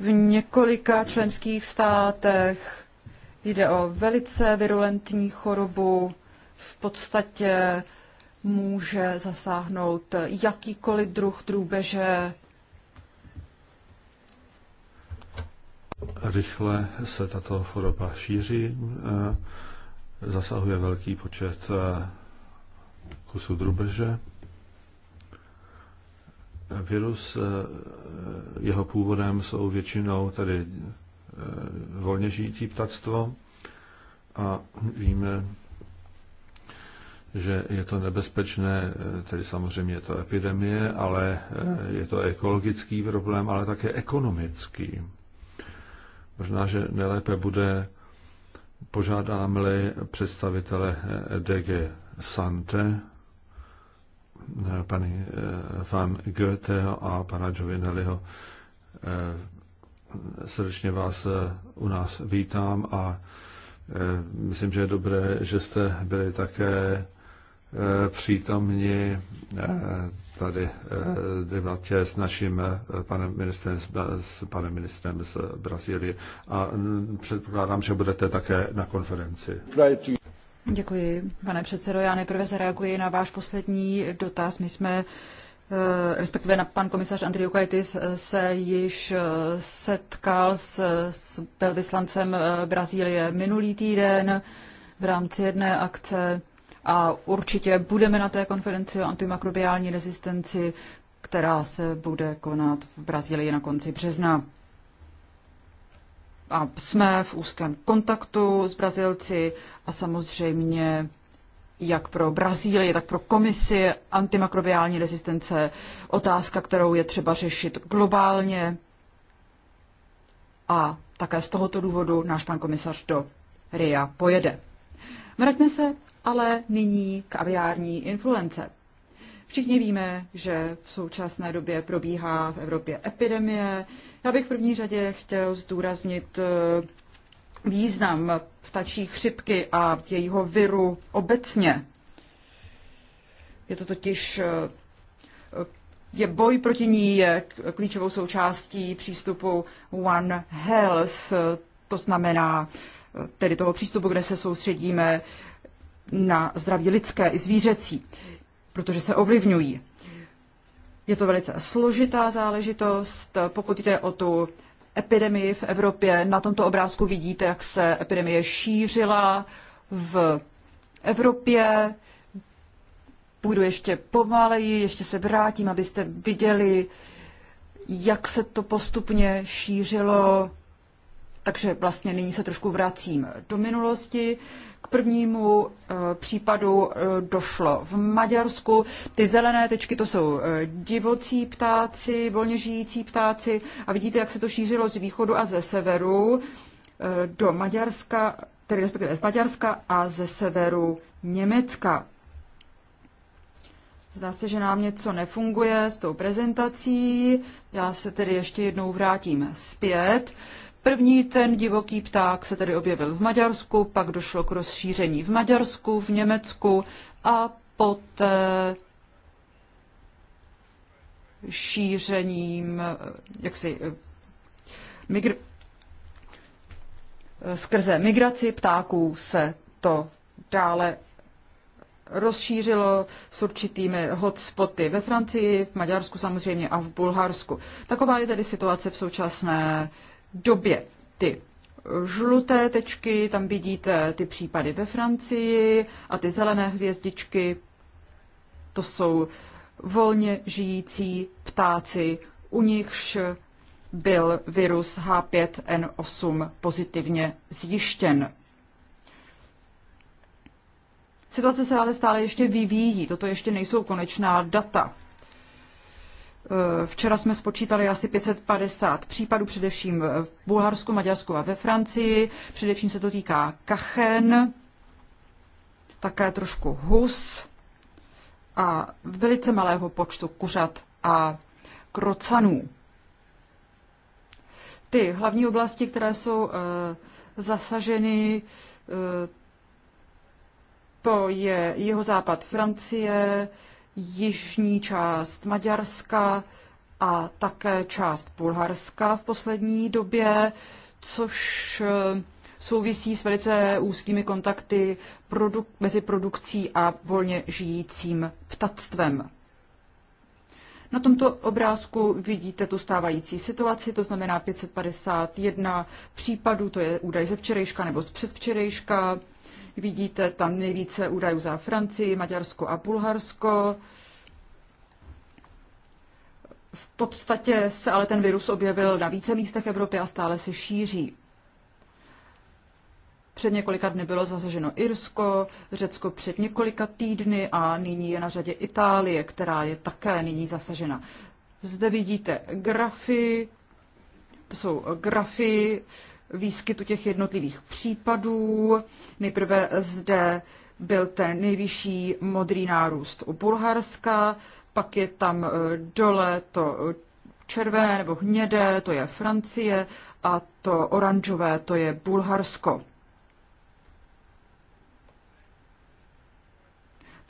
v několika členských státech. Jde o velice virulentní chorobu, v podstatě může zasáhnout jakýkoliv druh drůbeže, Rychle se tato choroba šíří, eh, zasahuje velký počet eh, kusů drubeže. Virus, eh, jeho původem jsou většinou tedy volně žijící ptactvo a víme, že je to nebezpečné, tedy samozřejmě je to epidemie, ale je to ekologický problém, ale také ekonomický. Možná, že nejlépe bude, požádáme-li představitele eh, DG Sante, eh, paní eh, Van Goethe a pana Giovinelliho. Srdečně vás u nás vítám a myslím, že je dobré, že jste byli také přítomni tady eh, debatě s naším eh, panem ministrem, s panem ministrem z Brazílie a předpokládám, že budete také na konferenci. Děkuji, pane předsedo. Já nejprve zareaguji na váš poslední dotaz. My jsme eh, respektive na pan komisař Andriukaitis se již setkal s, s velvyslancem Brazílie minulý týden v rámci jedné akce a určitě budeme na té konferenci o antimakrobiální rezistenci, která se bude konat v Brazílii na konci března. A jsme v úzkém kontaktu s Brazilci a samozřejmě jak pro Brazílii, tak pro komisi antimakrobiální rezistence otázka, kterou je třeba řešit globálně. A také z tohoto důvodu náš pan komisař do RIA pojede. Vraťme se ale nyní k aviární influence. Všichni víme, že v současné době probíhá v Evropě epidemie. Já bych v první řadě chtěl zdůraznit eh, význam ptačí chřipky a jejího viru obecně. Je to totiž eh, je boj proti ní je klíčovou součástí přístupu One Health, to znamená tedy toho přístupu, kde se soustředíme na zdraví lidské i zvířecí, protože se ovlivňují. Je to velice složitá záležitost, pokud jde o tu epidemii v Evropě. Na tomto obrázku vidíte, jak se epidemie šířila v Evropě. Půjdu ještě pomaleji, ještě se vrátím, abyste viděli, jak se to postupně šířilo takže vlastně nyní se trošku vracím do minulosti. K prvnímu eh, případu eh, došlo v Maďarsku. Ty zelené tečky to jsou eh, divocí ptáci, volně žijící ptáci a vidíte, jak se to šířilo z východu a ze severu do Maďarska, tedy respektive z Maďarska a ze severu Německa. Zdá se, že nám něco nefunguje s tou prezentací. Já se tedy ještě jednou vrátím zpět. První ten divoký pták se tedy objevil v Maďarsku, pak došlo k rozšíření v Maďarsku, v Německu a poté šířením eh, jaksi eh, migr- eh, skrze migraci ptáků se to dále rozšířilo s určitými hotspoty ve Francii, v Maďarsku samozřejmě a v Bulharsku. Taková je tedy situace v současné době. Ty žluté tečky, tam vidíte ty případy ve Francii a ty zelené hvězdičky, to jsou volně žijící ptáci, u nichž byl virus H5N8 pozitivně zjištěn. Situace se ale stále ještě vyvíjí, toto ještě nejsou konečná data. Eh, včera jsme spočítali asi 550 případů, především v Bulharsku, Maďarsku a ve Francii. Především se to týká kachen, také trošku hus a velice malého počtu kuřat a krocanů. Ty hlavní oblasti, které jsou eh, zasaženy, eh, to je jeho západ Francie, jižní část Maďarska a také část Bulharska v poslední době, což eh, souvisí s velice úzkými kontakty produk- mezi produkcí a volně žijícím ptactvem. Na tomto obrázku vidíte tu stávající situaci, to znamená 551 případů, to je údaj ze včerejška nebo z předvčerejška. Vidíte tam nejvíce údajů za Francii, Maďarsko a Bulharsko. V podstatě se ale ten virus objevil na více místech Evropy a stále se šíří. Před několika dny bylo zasaženo Irsko, Řecko před několika týdny a nyní je na řadě Itálie, která je také nyní zasažena. Zde vidíte grafy, to jsou grafy výskytu těch jednotlivých případů. Nejprve zde byl ten nejvyšší modrý nárůst u Bulharska, pak je tam e, dole to e, červené nebo hnědé, to je Francie, a to oranžové, to je Bulharsko.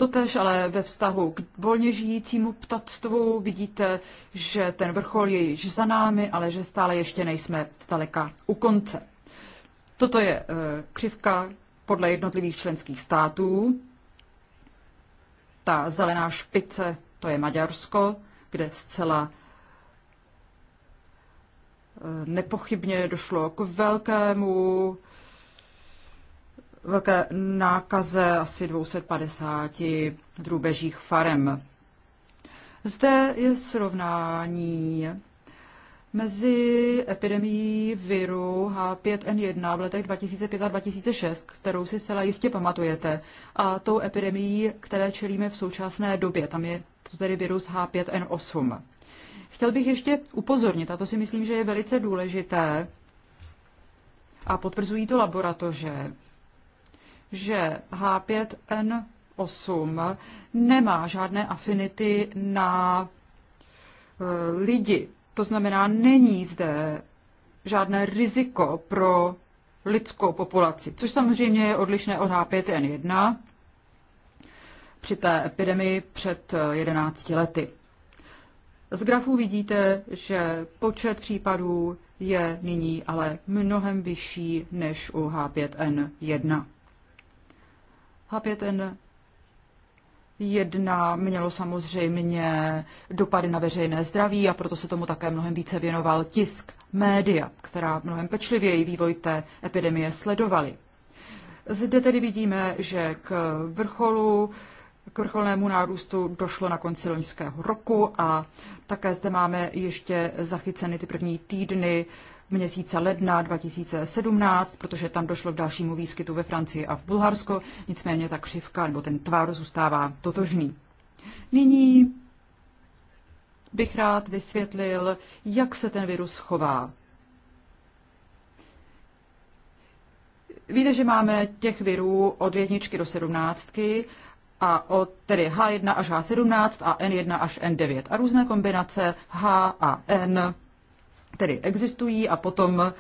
Totež ale ve vztahu k volně žijícímu ptactvu vidíte, že ten vrchol je již za námi, ale že stále ještě nejsme zdaleka u konce. Toto je e, křivka podle jednotlivých členských států. Ta zelená špice, to je Maďarsko, kde zcela e, nepochybně došlo k velkému velké nákaze asi 250 drůbežích farem. Zde je srovnání mezi epidemií viru H5N1 v letech 2005 a 2006, kterou si zcela jistě pamatujete, a tou epidemií, které čelíme v současné době. Tam je to tedy virus H5N8. Chtěl bych ještě upozornit, a to si myslím, že je velice důležité, a potvrzují to laboratoře, že H5N8 nemá žádné afinity na eh, lidi. To znamená, není zde žádné riziko pro lidskou populaci, což samozřejmě je odlišné od H5N1 při té epidemii před 11 eh, lety. Z grafu vidíte, že počet případů je nyní ale mnohem vyšší než u H5N1. H5N1 mělo samozřejmě dopady na veřejné zdraví a proto se tomu také mnohem více věnoval tisk, média, která mnohem pečlivěji vývoj té epidemie sledovaly. Zde tedy vidíme, že k vrcholu k vrcholnému nárůstu došlo na konci loňského roku a také zde máme ještě zachyceny ty první týdny měsíce ledna 2017, protože tam došlo k dalšímu výskytu ve Francii a v Bulharsko, nicméně ta křivka nebo ten tvar zůstává totožný. Nyní bych rád vysvětlil, jak se ten virus chová. Víte, že máme těch virů od jedničky do sedmnáctky a od tedy H1 až H17 a N1 až N9 a různé kombinace H a N tedy existují a potom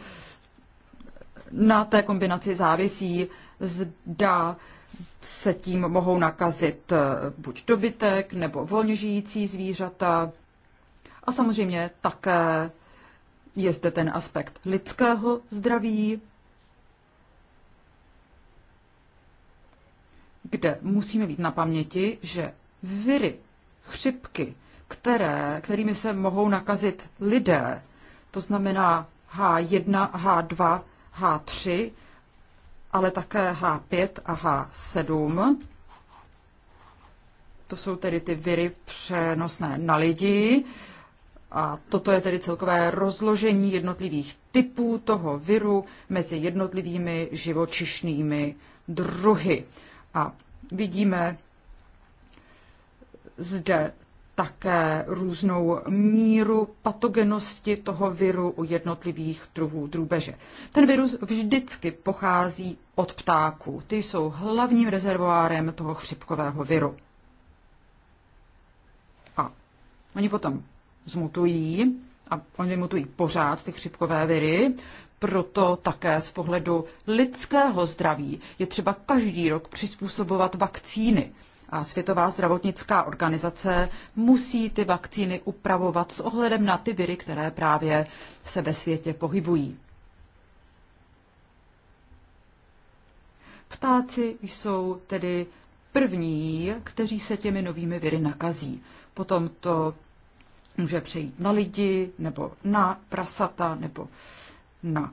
na té kombinaci závisí, zda se tím mohou nakazit eh, buď dobytek nebo volně žijící zvířata. A samozřejmě také je zde ten aspekt lidského zdraví, kde musíme být na paměti, že viry, chřipky, které, kterými se mohou nakazit lidé, to znamená H1, H2, H3, ale také H5 a H7. To jsou tedy ty viry přenosné na lidi. A toto je tedy celkové rozložení jednotlivých typů toho viru mezi jednotlivými živočišnými druhy. A vidíme zde také různou míru patogenosti toho viru u jednotlivých druhů drůbeže. Ten virus vždycky pochází od ptáků. Ty jsou hlavním rezervoárem toho chřipkového viru. A oni potom zmutují, a oni mutují pořád ty chřipkové viry, proto také z pohledu lidského zdraví je třeba každý rok přizpůsobovat vakcíny a Světová zdravotnická organizace musí ty vakcíny upravovat s ohledem na ty viry, které právě se ve světě pohybují. Ptáci jsou tedy první, kteří se těmi novými viry nakazí. Potom to může přejít na lidi, nebo na prasata, nebo na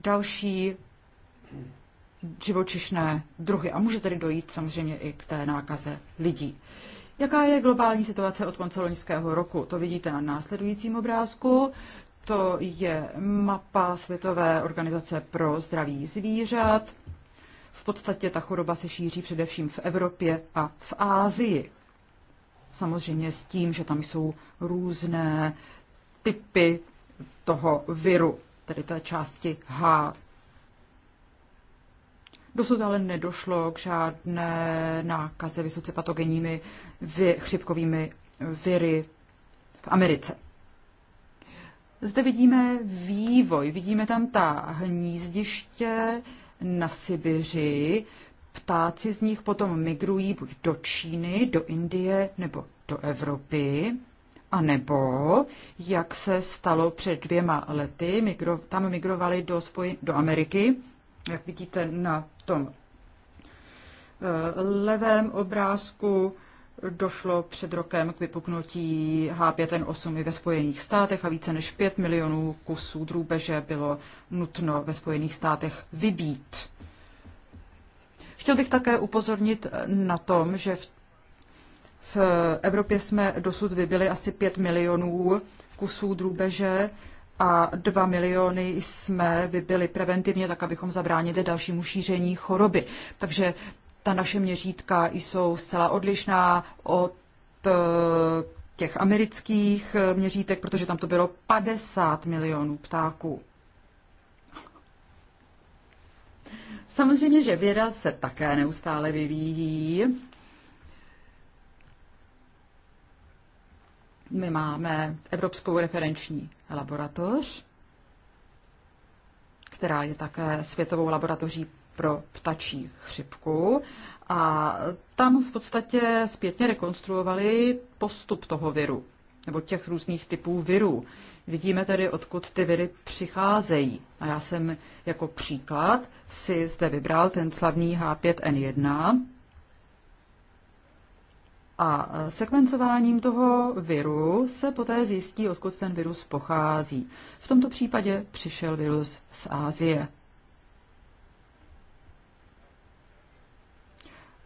další živočišné druhy a může tedy dojít samozřejmě i k té nákaze lidí. Jaká je globální situace od konce loňského roku? To vidíte na následujícím obrázku. To je mapa Světové organizace pro zdraví zvířat. V podstatě ta choroba se šíří především v Evropě a v Ázii. Samozřejmě s tím, že tam jsou různé typy toho viru, tedy té části H Dosud ale nedošlo k žádné nákaze vysoce patogenními vy, chřipkovými viry v Americe. Zde vidíme vývoj, vidíme tam ta hnízdiště na Sibiři, ptáci z nich potom migrují buď do Číny, do Indie nebo do Evropy, a nebo, jak se stalo před dvěma lety, migro, tam migrovali do, spoj, do Ameriky, jak vidíte na tom eh, levém obrázku, došlo před rokem k vypuknutí H5N8 i ve Spojených státech a více než 5 milionů kusů drůbeže bylo nutno ve Spojených státech vybít. Chtěl bych také upozornit na tom, že v, v Evropě jsme dosud vybili asi 5 milionů kusů drůbeže, a 2 miliony jsme vybili preventivně, tak abychom zabránili dalšímu šíření choroby. Takže ta naše měřítka jsou zcela odlišná od eh, těch amerických eh, měřítek, protože tam to bylo 50 milionů ptáků. Samozřejmě, že věda se také neustále vyvíjí. My máme Evropskou referenční laboratoř, která je také světovou laboratoří pro ptačí chřipku a tam v podstatě zpětně rekonstruovali postup toho viru nebo těch různých typů virů. Vidíme tedy, odkud ty viry přicházejí. A já jsem jako příklad si zde vybral ten slavný H5N1, a sekvencováním toho viru se poté zjistí, odkud ten virus pochází. V tomto případě přišel virus z Ázie.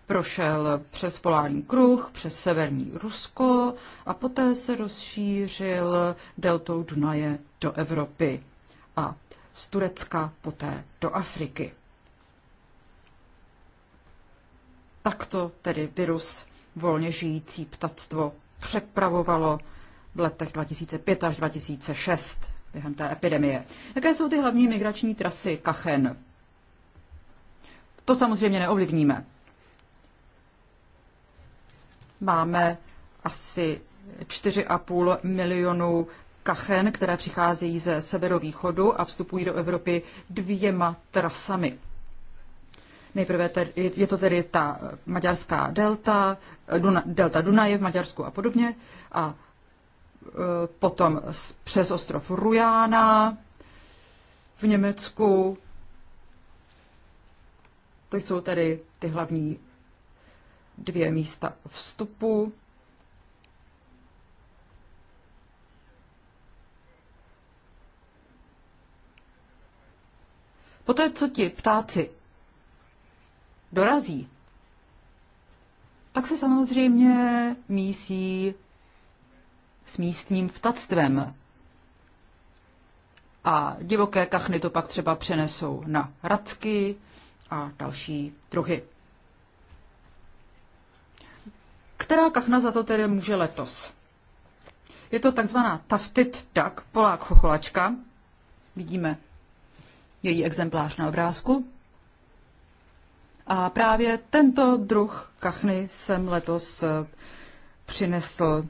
Prošel přes polární kruh, přes severní Rusko a poté se rozšířil deltou Dunaje do Evropy a z Turecka poté do Afriky. Takto tedy virus volně žijící ptactvo přepravovalo v letech 2005 až 2006 během té epidemie. Jaké jsou ty hlavní migrační trasy Kachen? To samozřejmě neovlivníme. Máme asi 4,5 milionu kachen, které přicházejí ze severovýchodu a vstupují do Evropy dvěma trasami. Nejprve tedy, je to tedy ta maďarská delta, Duna, delta Dunaje v Maďarsku a podobně. A e, potom přes ostrov Rujána v Německu. To jsou tedy ty hlavní dvě místa vstupu. Poté, co ti ptáci dorazí, Tak se samozřejmě mísí s místním ptactvem. A divoké kachny to pak třeba přenesou na racky a další druhy. Která kachna za to tedy může letos? Je to takzvaná taftit duck, polák chocholačka. Vidíme její exemplář na obrázku. A právě tento druh kachny jsem letos eh, přinesl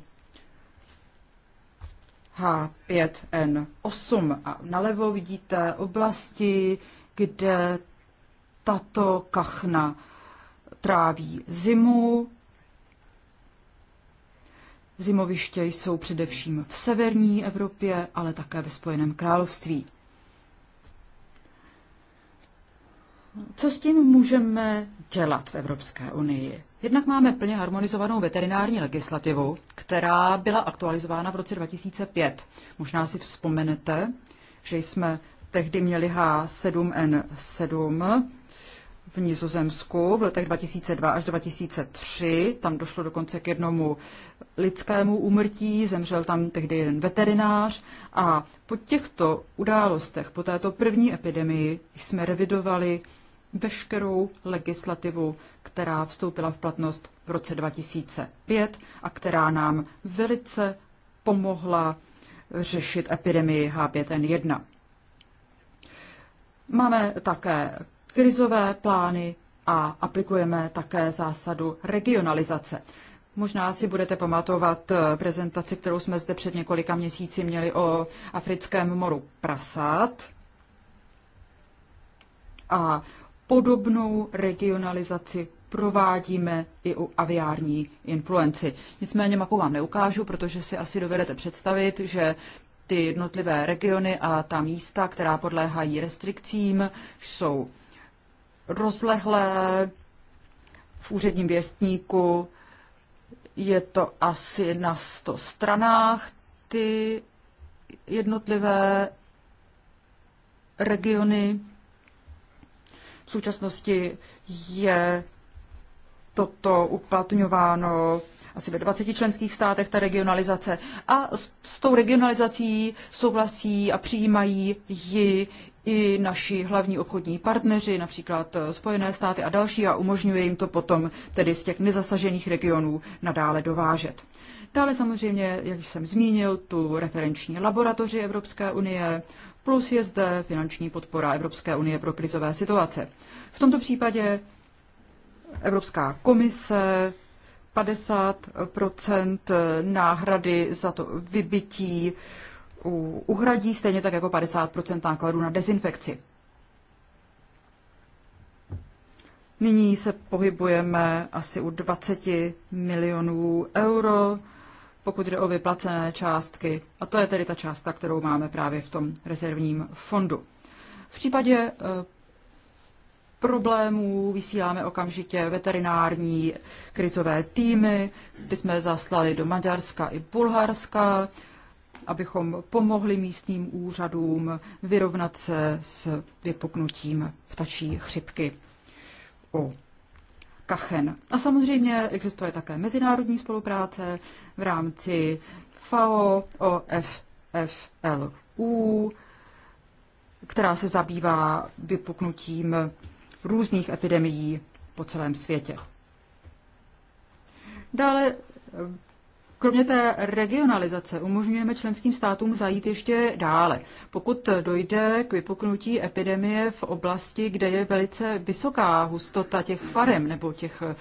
H5N8. A nalevo vidíte oblasti, kde tato kachna tráví zimu. Zimoviště jsou především v severní Evropě, ale také ve Spojeném království. Co s tím můžeme dělat v Evropské unii? Jednak máme plně harmonizovanou veterinární legislativu, která byla aktualizována v roce 2005. Možná si vzpomenete, že jsme tehdy měli H7N7 v Nizozemsku v letech 2002 až 2003. Tam došlo dokonce k jednomu lidskému úmrtí, zemřel tam tehdy jeden veterinář a po těchto událostech, po této první epidemii jsme revidovali veškerou legislativu, která vstoupila v platnost v roce 2005 a která nám velice pomohla řešit epidemii H5N1. Máme také krizové plány a aplikujeme také zásadu regionalizace. Možná si budete pamatovat prezentaci, kterou jsme zde před několika měsíci měli o africkém moru prasat. A podobnou regionalizaci provádíme i u aviární influenci. Nicméně mapu vám neukážu, protože si asi dovedete představit, že ty jednotlivé regiony a ta místa, která podléhají restrikcím, jsou rozlehlé. V úředním věstníku je to asi na 100 stranách ty jednotlivé regiony. V současnosti je toto uplatňováno asi ve 20 členských státech ta regionalizace. A s, s tou regionalizací souhlasí a přijímají ji i naši hlavní obchodní partneři, například Spojené státy a další, a umožňuje jim to potom tedy z těch nezasažených regionů nadále dovážet. Dále samozřejmě, jak jsem zmínil, tu referenční laboratoři Evropské unie, plus je zde finanční podpora Evropské unie pro krizové situace. V tomto případě Evropská komise 50 náhrady za to vybití uhradí, stejně tak jako 50 nákladů na dezinfekci. Nyní se pohybujeme asi u 20 milionů euro pokud jde o vyplacené částky. A to je tedy ta částka, kterou máme právě v tom rezervním fondu. V případě eh, problémů vysíláme okamžitě veterinární krizové týmy, ty jsme zaslali do Maďarska i Bulharska, abychom pomohli místním úřadům vyrovnat se s vypuknutím ptačí chřipky u Kachen. A samozřejmě existuje také mezinárodní spolupráce v rámci FAO, OFFLU, která se zabývá vypuknutím různých epidemií po celém světě. Dále Kromě té regionalizace umožňujeme členským státům zajít ještě dále. Pokud dojde k vypuknutí epidemie v oblasti, kde je velice vysoká hustota těch farem nebo těch eh,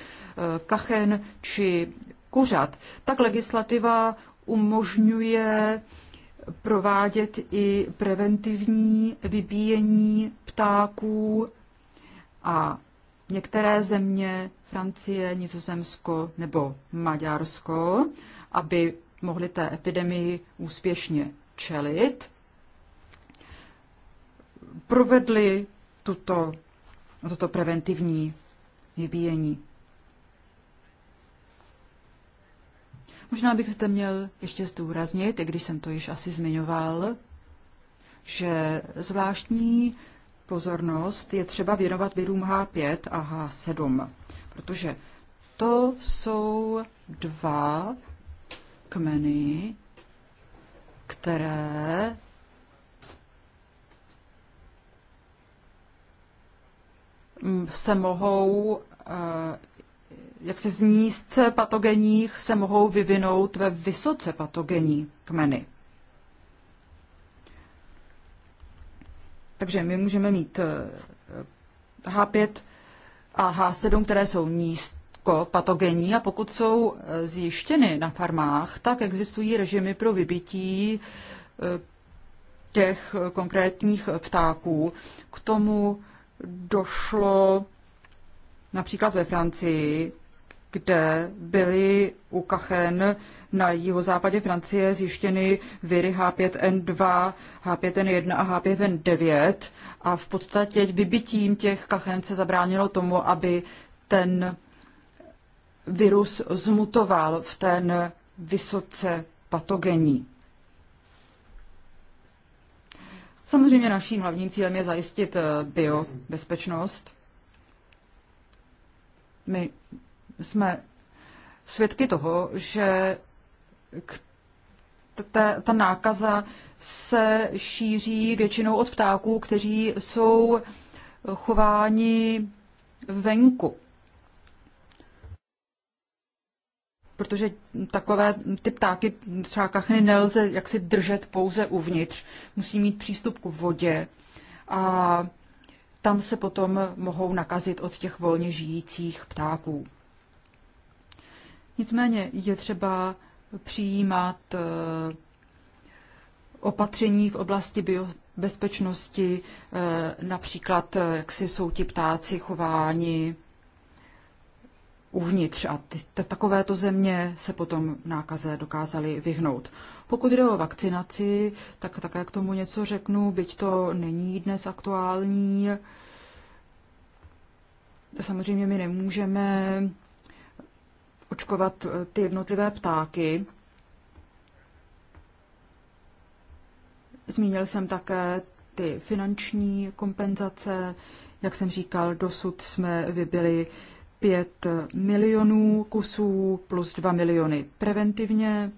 kachen či kuřat, tak legislativa umožňuje provádět i preventivní vybíjení ptáků a některé země, Francie, Nizozemsko nebo Maďarsko, aby mohli té epidemii úspěšně čelit, provedli tuto, toto preventivní vybíjení. Možná bych zde měl ještě zdůraznit, i když jsem to již asi zmiňoval, že zvláštní pozornost je třeba věnovat virům H5 a H7, protože to jsou dva kmeny, které mm, se mohou eh, jak se z nízce patogeních, se mohou vyvinout ve vysoce patogení kmeny. Takže my můžeme mít H5 eh, a H7, které jsou nízkopatogenní a pokud jsou eh, zjištěny na farmách, tak existují režimy pro vybití eh, těch konkrétních ptáků. K tomu došlo například ve Francii, kde byly u kachen na jihozápadě Francie zjištěny viry H5N2, H5N1 a H5N9 a v podstatě vybitím těch kachen se zabránilo tomu, aby ten virus zmutoval v ten vysoce patogenní. Samozřejmě naším hlavním cílem je zajistit eh, biobezpečnost. My jsme svědky toho, že ta, ta nákaza se šíří většinou od ptáků, kteří jsou chováni venku. Protože takové ty ptáky, třeba kachny, nelze jaksi držet pouze uvnitř. Musí mít přístup k vodě a tam se potom mohou nakazit od těch volně žijících ptáků. Nicméně je třeba přijímat eh, opatření v oblasti biobezpečnosti, eh, například eh, jak si jsou ti ptáci chováni uvnitř a ty, takovéto země se potom nákaze dokázaly vyhnout. Pokud jde o vakcinaci, tak také k tomu něco řeknu, byť to není dnes aktuální. Samozřejmě my nemůžeme očkovat eh, ty jednotlivé ptáky. Zmínil jsem také ty finanční kompenzace. Jak jsem říkal, dosud jsme vybili 5 milionů kusů plus 2 miliony preventivně.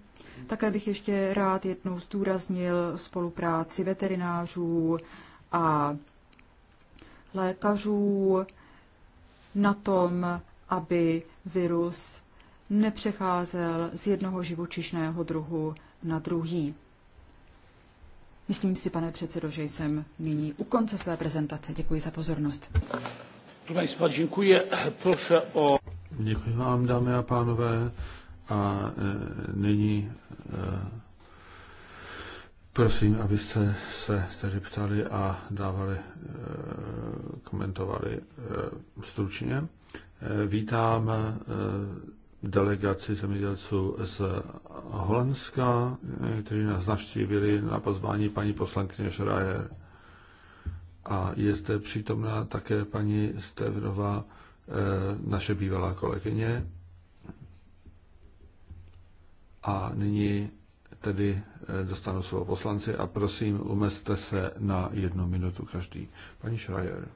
Také bych ještě rád jednou zdůraznil spolupráci veterinářů a lékařů na tom, aby virus nepřecházel z jednoho živočišného druhu na druhý. Myslím si, pane předsedo, že jsem nyní u konce své prezentace. Děkuji za pozornost. Děkuji, o... Děkuji vám, dámy a pánové. A e, nyní e, prosím, abyste se tedy ptali a dávali, e, komentovali e, stručně. E, vítám e, delegaci zemědělců z Holandska, kteří nás navštívili na pozvání paní poslankyně Šrajer. A je zde přítomná také paní Stevnova, eh, naše bývalá kolegyně. A nyní tedy eh, dostanu slovo poslanci a prosím, umeste se na jednu minutu každý. Paní Schreier.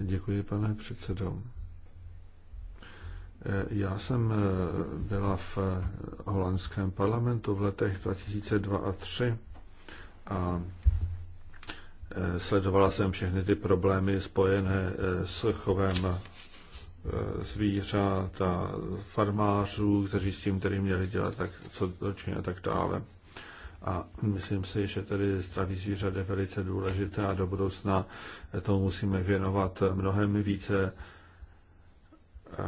Děkuji, pane předsedo. Eh, já jsem eh, byla v eh, holandském parlamentu v letech 2002 a 2003 a sledovala jsem všechny ty problémy spojené s chovem zvířat a farmářů, kteří s tím který měli dělat tak, co a tak dále. A myslím si, že tedy zdraví zvířat je velice důležité a do budoucna to musíme věnovat mnohem více.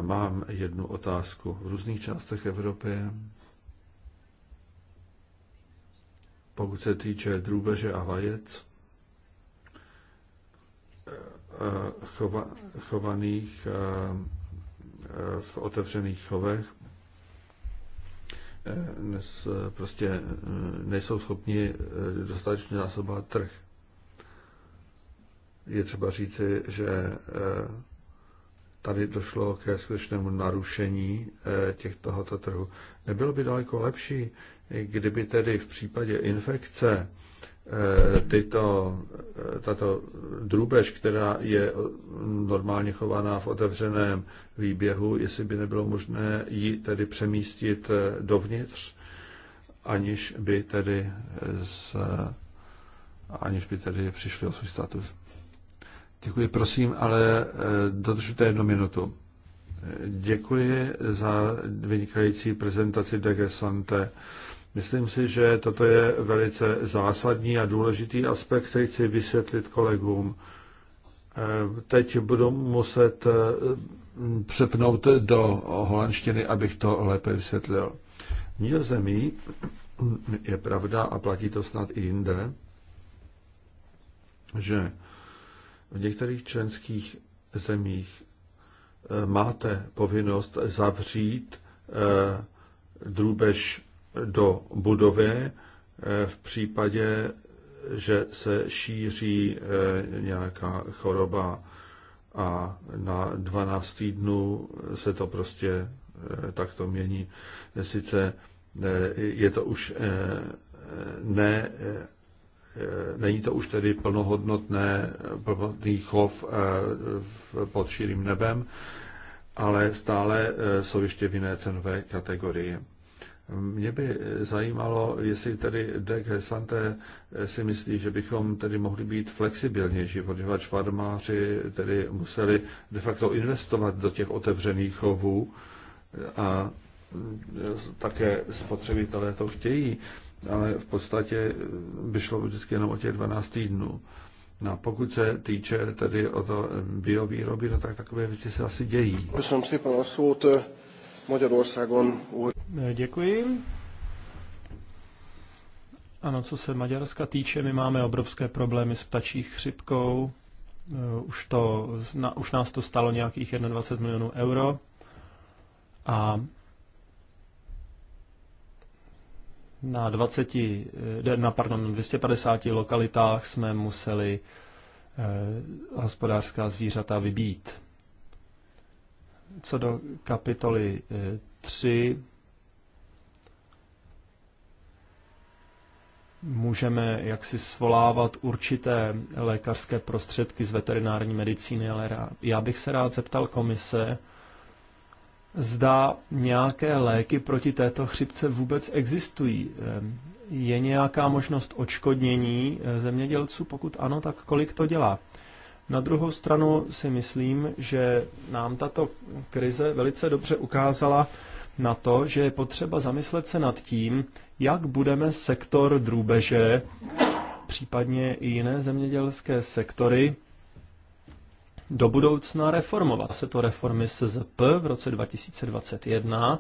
Mám jednu otázku. V různých částech Evropy, pokud se týče drůbeže a vajec, eh, chovaných eh, v otevřených chovech, Eh, prostě eh, nejsou schopni eh, dostatečně zásobovat trh. Je třeba říci, že tady došlo ke skutečnému narušení těch tohoto trhu. Nebylo by daleko lepší, kdyby tedy v případě infekce Eh, tyto, eh, tato drůbež, která je eh, normálně chovaná v otevřeném výběhu, jestli by nebylo možné ji tedy přemístit dovnitř, aniž by tedy, z, aniž by tedy přišli o svůj status. Děkuji, prosím, ale dodržte jednu minutu. Děkuji za vynikající prezentaci Degesante. Sante Myslím si, že toto je velice zásadní a důležitý aspekt, který chci vysvětlit kolegům. Eh, teď budu muset eh, přepnout do holandštiny, abych to lépe vysvětlil. V zemí je pravda a platí to snad i jinde, že v některých členských zemích eh, máte povinnost zavřít drůbež do budovy eh, v případě, že se šíří eh, nějaká choroba a na 12 týdnů se to prostě eh, takto mění. Sice je to už ne, není to už tedy plnohodnotné, plnohodnotný chov pod širým nebem, ale stále jsou ještě v jiné cenové kategorii. Mě by zajímalo, jestli tedy Dek Santé si myslí, že bychom tedy mohli být flexibilnější, poněvadž farmáři tedy museli de facto investovat do těch otevřených chovů a také spotřebitelé to chtějí, ale v podstatě by šlo vždycky jenom o těch 12 týdnů. No, pokud se týče tedy o to biovýroby, no tak takové věci se asi dějí. Jsem si pana Magyarországon úr. Děkuji. Ano, co se Maďarska týče, my máme obrovské problémy s ptačí chřipkou. Eh, už, to, už nás to stalo nějakých 21 milionů euro. A na 20, eh, na, pardon, 250 lokalitách jsme museli eh, hospodářská zvířata vybít. Co do kapitoly 3, eh, můžeme jaksi svolávat určité lékařské prostředky z veterinární medicíny, ale já bych se rád zeptal komise, zda nějaké léky proti této chřipce vůbec existují. Eh, je nějaká možnost odškodnění eh, zemědělců? Pokud ano, tak kolik to dělá? Na druhou stranu si myslím, že nám tato krize velice dobře ukázala na to, že je potřeba zamyslet se nad tím, jak budeme sektor drůbeže, případně i jiné zemědělské sektory, do budoucna reformovat. Se to reformy SZP v roce 2021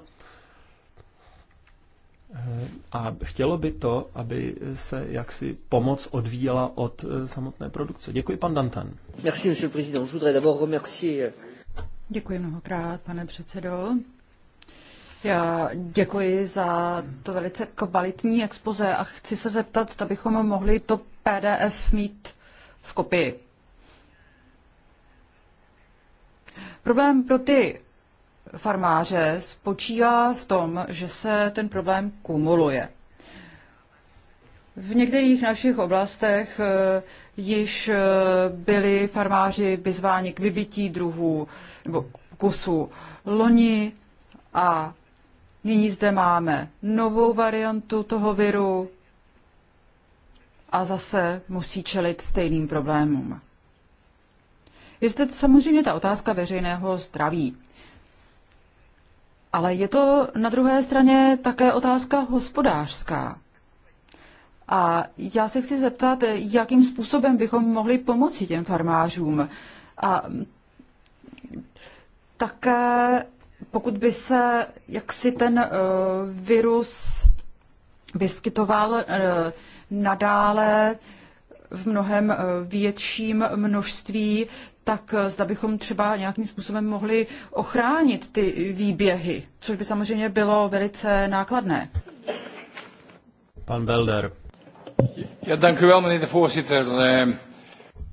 a chtělo by to, aby se jaksi pomoc odvíjela od eh, samotné produkce. Děkuji, pan Dantan. Merci, monsieur président. Je voudrais d'abord remercier... Eh, děkuji mnohokrát, pane předsedo. Já děkuji za to velice kvalitní expoze a chci se zeptat, zda bychom mohli to PDF mít v kopii. Problém pro ty farmáře spočívá v tom, že se ten problém kumuluje. V některých našich oblastech eh, již eh, byli farmáři vyzváni k vybití druhů nebo kusů loni a nyní zde máme novou variantu toho viru a zase musí čelit stejným problémům. Je zde samozřejmě ta otázka veřejného zdraví. Ale je to na druhé straně také otázka hospodářská. A já se chci zeptat, jakým způsobem bychom mohli pomoci těm farmářům. A také pokud by se jaksi ten uh, virus vyskytoval uh, nadále v mnohem eh, větším množství, tak eh, zda bychom třeba nějakým způsobem mohli ochránit ty výběhy, což by samozřejmě bylo velice nákladné. Pan Belder. Ja, dank u wel, voorzitter. Eh,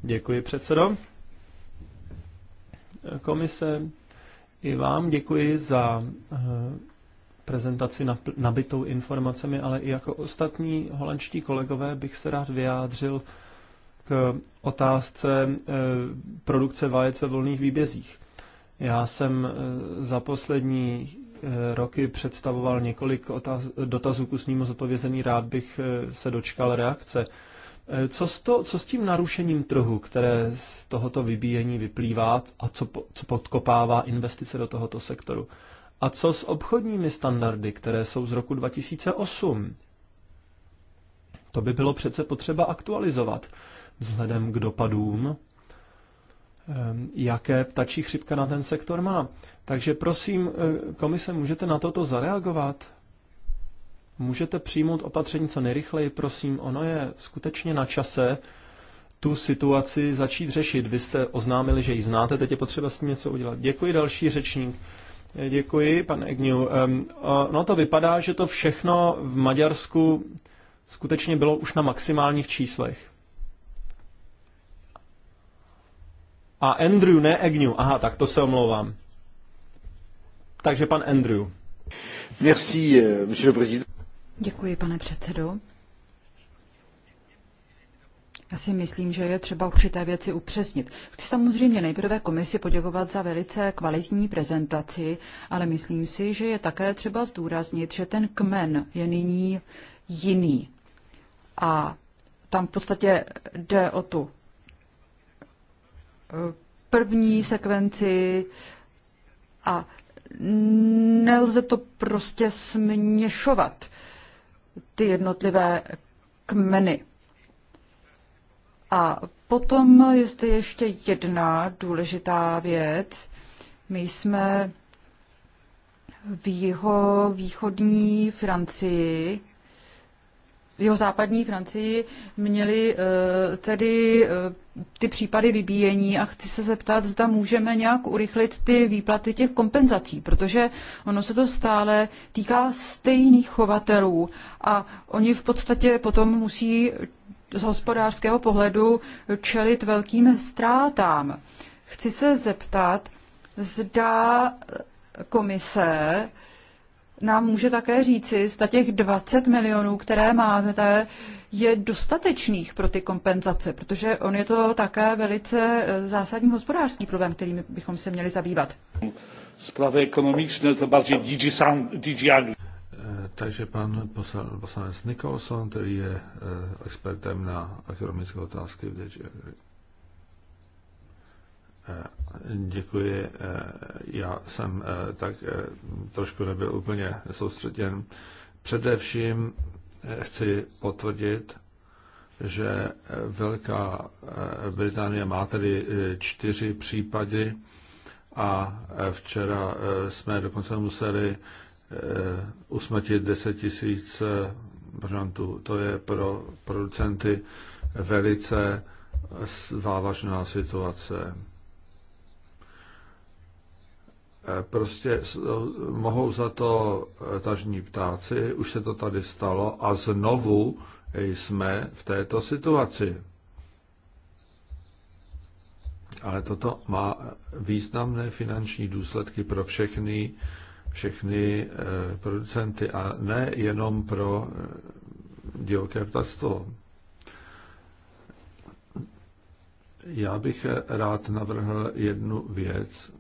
děkuji, předsedo. Komise, i vám děkuji za eh, prezentaci nabitou informacemi, ale i jako ostatní holandští kolegové bych se rád vyjádřil k eh, otázce eh, produkce vajec ve volných výbězích. Já jsem eh, za poslední roky představoval několik otáz- dotazů k ústnímu zodpovězení, rád bych se dočkal reakce. Co s, to, co s tím narušením trhu, které z tohoto vybíjení vyplývá a co, co podkopává investice do tohoto sektoru? A co s obchodními standardy, které jsou z roku 2008? To by bylo přece potřeba aktualizovat vzhledem k dopadům, eh, jaké ptačí chřipka na ten sektor má. Takže prosím, eh, komise, můžete na toto zareagovat? Můžete přijmout opatření co nejrychleji, prosím, ono je skutečně na čase tu situaci začít řešit. Vy jste oznámili, že ji znáte, teď je potřeba s tím něco udělat. Děkuji, další řečník. Eh, děkuji, pan Egniu. Ehm, no to vypadá, že to všechno v Maďarsku skutečně bylo už na maximálních číslech. A Andrew, ne Agnew. Aha, tak to se omlouvám. Takže pan Andrew. Merci, eh, monsieur le président. Děkuji, pane předsedo. Já si myslím, že je třeba určité věci upřesnit. Chci samozřejmě nejprve komisi poděkovat za velice kvalitní prezentaci, ale myslím si, že je také třeba zdůraznit, že ten kmen je nyní jiný. A tam v podstatě jde o tu první sekvenci a nelze to prostě směšovat, ty jednotlivé kmeny. A potom je zde ještě jedna důležitá věc. My jsme v jeho východní Francii jeho západní Francii měli eh, tedy eh, ty případy vybíjení a chci se zeptat, zda můžeme nějak urychlit ty výplaty těch kompenzací, protože ono se to stále týká stejných chovatelů a oni v podstatě potom musí z hospodářského pohledu čelit velkým ztrátám. Chci se zeptat, zda komise nám může také říci, zda těch 20 milionů, které máte, je dostatečných pro ty kompenzace, protože on je to také velice eh, zásadní hospodářský problém, kterým bychom se měli zabývat. Zprávy ekonomické, to bardziej DG, San, DG eh, Takže pan poslanec Nikolson, který je eh, expertem na ekonomické otázky v DG Děkuji. Já jsem eh, tak eh, trošku nebyl úplně soustředěn. Především eh, chci potvrdit, že Velká Británie má tedy čtyři případy a včera jsme dokonce museli usmrtit 10 tisíc bržantů. To je pro producenty velice závažná situace prostě mohou za to eh, tažní ptáci, už se to tady stalo a znovu jsme v této situaci. Ale toto má významné finanční důsledky pro všechny, všechny eh, producenty a ne jenom pro eh, divoké ptactvo. Já bych rád navrhl jednu věc,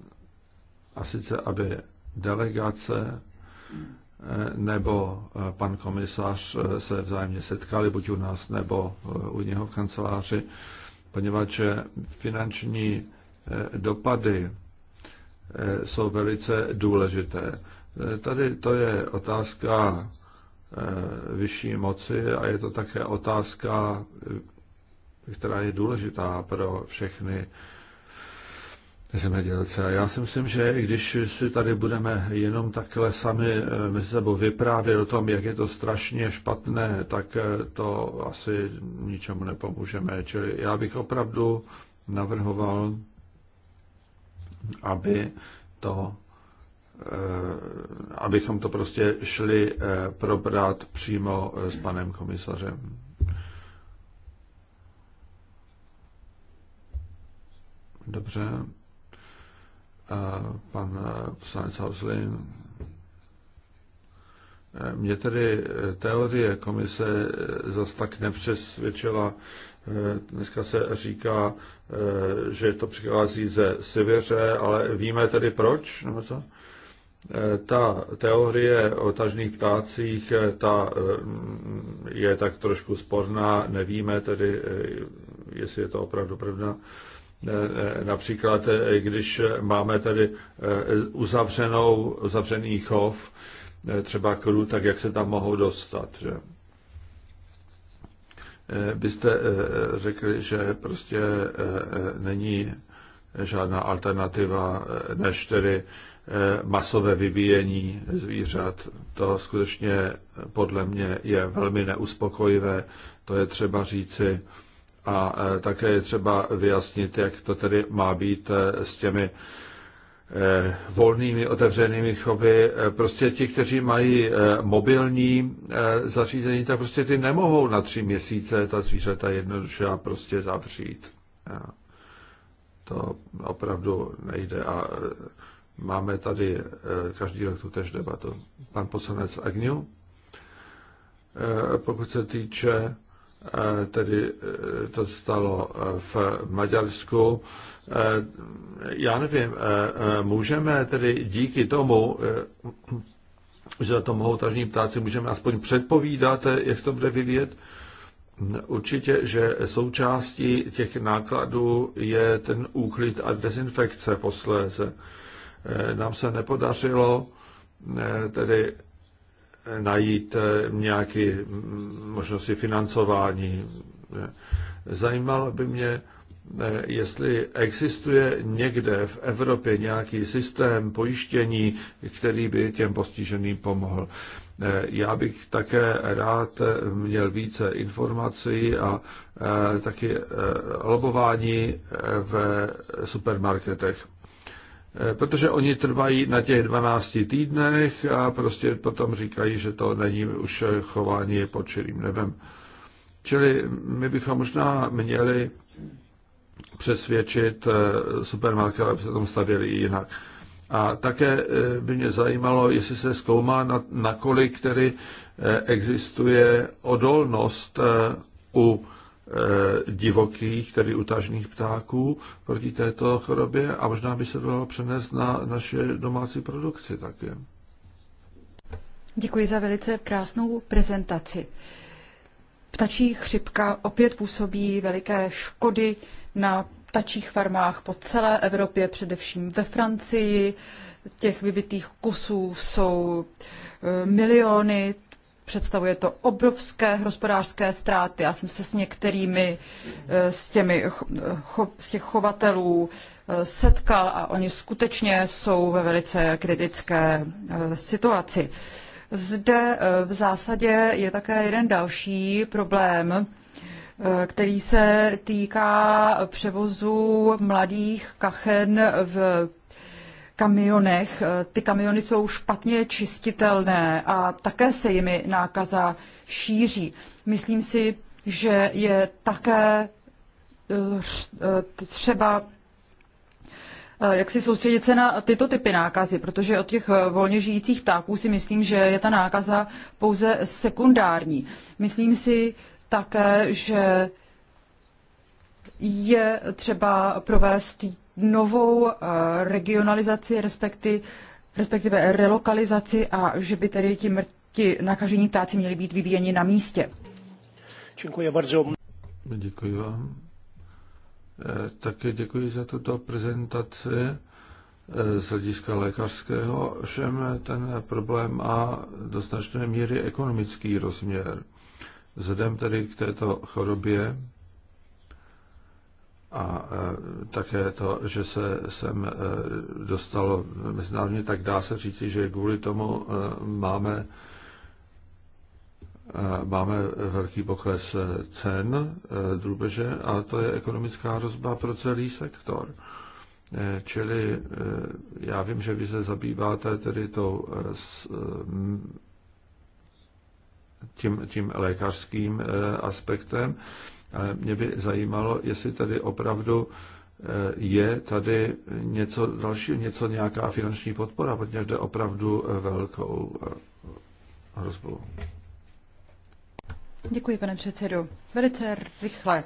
a sice, aby delegace eh, nebo eh, pan komisař eh, se vzájemně setkali, buď u nás nebo u něho v kanceláři, poněvadž finanční dopady jsou velice důležité. Tady to je otázka vyšší moci a je to také otázka, která je důležitá pro všechny zemědělce. já si myslím, že když si tady budeme jenom takhle sami eh, mezi sebou vyprávět o tom, jak je to strašně špatné, tak eh, to asi ničemu nepomůžeme. Čili já bych opravdu navrhoval, aby to eh, abychom to prostě šli probrat přímo s panem komisařem. Dobře pan poslanec Hauslin. Mě tedy teorie komise zas tak nepřesvědčila. Dneska se říká, že to přichází ze Sivěře, ale víme tedy proč, nebo co? Ta teorie o tažných ptácích, ta mm, je tak trošku sporná, nevíme tedy, jestli je to opravdu pravda. Eh, eh, například, eh, když máme tady uzavřenou, uzavřený chov, třeba krů, tak jak se tam mohou dostat. Že? Byste řekli, že prostě není žádná alternativa než tedy masové vybíjení zvířat. To skutečně podle mě je velmi neuspokojivé, to je třeba říci. A e, také je třeba vyjasnit, jak to tedy má být e, s těmi e, volnými, otevřenými chovy. Prostě ti, kteří mají mobilní zařízení, tak prostě ty nemohou na tři měsíce ta zvířata jednoduše a prostě zavřít. To opravdu nejde a máme tady každý rok tu tež debatu. Pan poslanec Agniu, pokud se týče tedy eh, to stalo eh, v Maďarsku. Eh, já nevím, můžeme tedy díky tomu, že to mohou tažní ptáci, můžeme aspoň předpovídat, jak to bude vyvíjet. Určitě, že součástí těch nákladů je ten úklid a dezinfekce posléze. Nám se nepodařilo tedy najít eh, nějaké mm, možnosti financování. Zajímalo by mě, eh, jestli existuje někde v Evropě nějaký systém pojištění, který by těm postiženým pomohl. Eh, já bych také rád měl více informací a taky lobování v supermarketech. Eh, protože oni trvají na těch 12 týdnech a prostě potom říkají, že to není už eh, chování pod čirým nebem. Čili my bychom možná měli přesvědčit eh, supermarket, aby se tam stavěli jinak. A také by mě zajímalo, jestli se zkoumá, nakolik tedy existuje odolnost u Eh, divokých, tedy utažných ptáků proti této chorobě a možná by se dalo přenést na naše domácí produkci také. Děkuji za velice krásnou prezentaci. Ptačí chřipka opět působí veliké škody na ptačích farmách po celé Evropě, především ve Francii. Těch vybitých kusů jsou eh, miliony, Představuje to obrovské hospodářské ztráty. Já jsem se s některými z, eh, těmi, z eh, těch chovatelů eh, setkal a oni skutečně jsou ve velice kritické situaci. Zde v zásadě je také jeden další problém, který se týká převozu mladých kachen v kamionech. Eh, ty kamiony jsou špatně čistitelné a také se jimi nákaza šíří. Myslím si, že je také eh, eh, třeba jak si soustředit se na tyto typy nákazy, protože od těch volně žijících ptáků si myslím, že je ta nákaza pouze sekundární. Myslím si také, že je třeba provést novou eh, regionalizaci, respektive, relokalizaci a že by tedy ti, mrti, nakažení ptáci měli být vyvíjeni na místě. Děkuji bardzo. Děkuji vám. Eh, také děkuji za tuto prezentaci eh, z hlediska lékařského, všem ten problém má do značné míry ekonomický rozměr. Vzhledem tedy k této chorobě a e, také to, že se sem e, dostalo mezinárodně, tak dá se říci, že kvůli tomu e, máme, máme velký pokles cen drůbeže a to je ekonomická hrozba pro celý sektor. Čili já vím, že vy se zabýváte tedy tou, tím, tím lékařským aspektem, ale mě by zajímalo, jestli tady opravdu eh, je tady něco další, něco, nějaká finanční podpora, protože jde opravdu eh, velkou eh, hrozbu. Děkuji, pane předsedo. Velice rychle.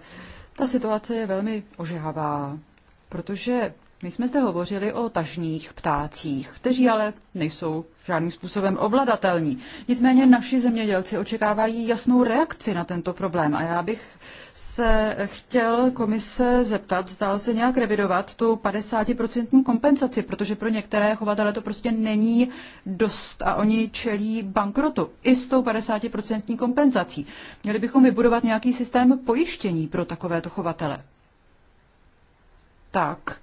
Ta situace je velmi ožehavá, protože my jsme zde hovořili o tažních ptácích, kteří ale nejsou žádným způsobem ovladatelní. Nicméně naši zemědělci očekávají jasnou reakci na tento problém a já bych se chtěl komise zeptat, zdál se nějak revidovat tu 50% kompenzaci, protože pro některé chovatele to prostě není dost a oni čelí bankrotu i s tou 50% kompenzací. Měli bychom vybudovat nějaký systém pojištění pro takovéto chovatele. Tak,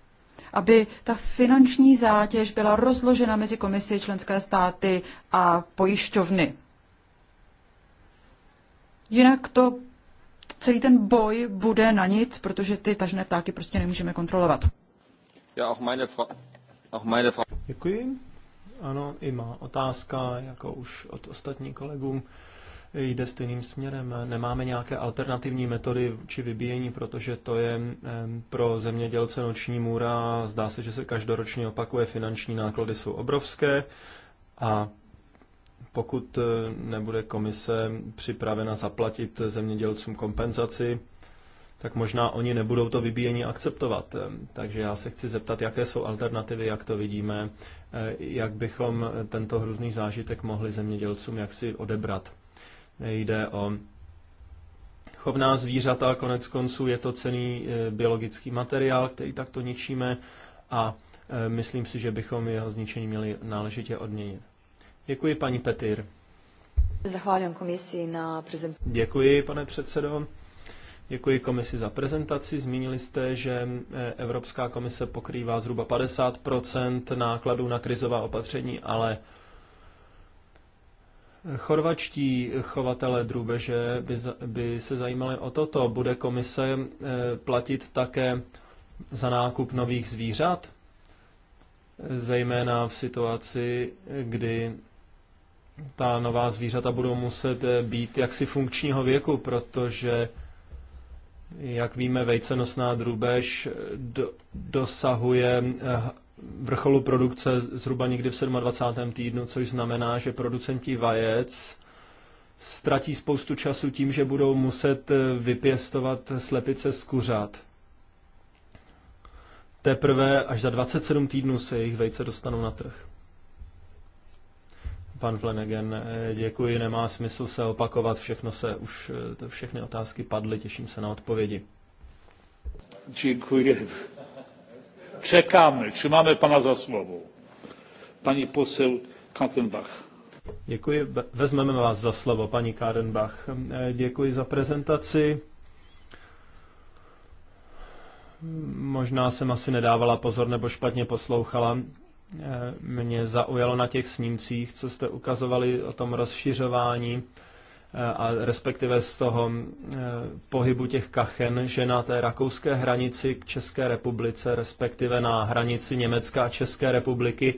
aby ta finanční zátěž byla rozložena mezi komisi, členské státy a pojišťovny. Jinak to celý ten boj bude na nic, protože ty tažné ptáky prostě nemůžeme kontrolovat. Já auch meine auch meine Děkuji. Ano, i má otázka, jako už od ostatních kolegů, jde stejným směrem. Nemáme nějaké alternativní metody či vybíjení, protože to je pro zemědělce noční můra. Zdá se, že se každoročně opakuje, finanční náklady jsou obrovské a pokud eh, nebude komise připravena zaplatit zemědělcům kompenzaci, tak možná oni nebudou to vybíjení akceptovat. Eh, takže já se chci zeptat, jaké jsou alternativy, jak to vidíme, eh, jak bychom tento hrůzný zážitek mohli zemědělcům jaksi odebrat. Jde o chovná zvířata, konec konců je to cený biologický materiál, který takto ničíme a myslím si, že bychom jeho zničení měli náležitě odměnit. Děkuji, paní Petýr. Zahválím komisi na prezentaci. Děkuji, pane předsedo. Děkuji komisi za prezentaci. Zmínili jste, že eh, Evropská komise pokrývá zhruba 50 nákladů na krizová opatření, ale Chorvačtí chovatele drůbeže by, by se zajímali o toto. Bude komise eh, platit také za nákup nových zvířat? Zejména v situaci, kdy ta nová zvířata budou muset eh, být jaksi funkčního věku, protože, jak víme, vejcenosná drůbež eh, do, dosahuje eh, vrcholu produkce zhruba někdy v 27. týdnu, což znamená, že producenti vajec ztratí spoustu času tím, že budou muset vypěstovat slepice z kuřat. Teprve až za 27 týdnů se jejich vejce dostanou na trh. Pan Flanagan, eh, děkuji, nemá smysl se opakovat, všechno se už, eh, všechny otázky padly, těším se na odpovědi. Děkuji. Čekáme, trzymáme pana za slovo. Paní posel Kantenbach. Děkuji, vezmeme vás za slovo, paní Kádenbach. Eh, děkuji za prezentaci. Možná jsem asi nedávala pozor nebo špatně poslouchala. Eh, mě zaujalo na těch snímcích, co jste ukazovali o tom rozšiřování eh, a respektive z toho eh, pohybu těch kachen, že na té rakouské hranici k České republice, respektive na hranici Německa a České republiky,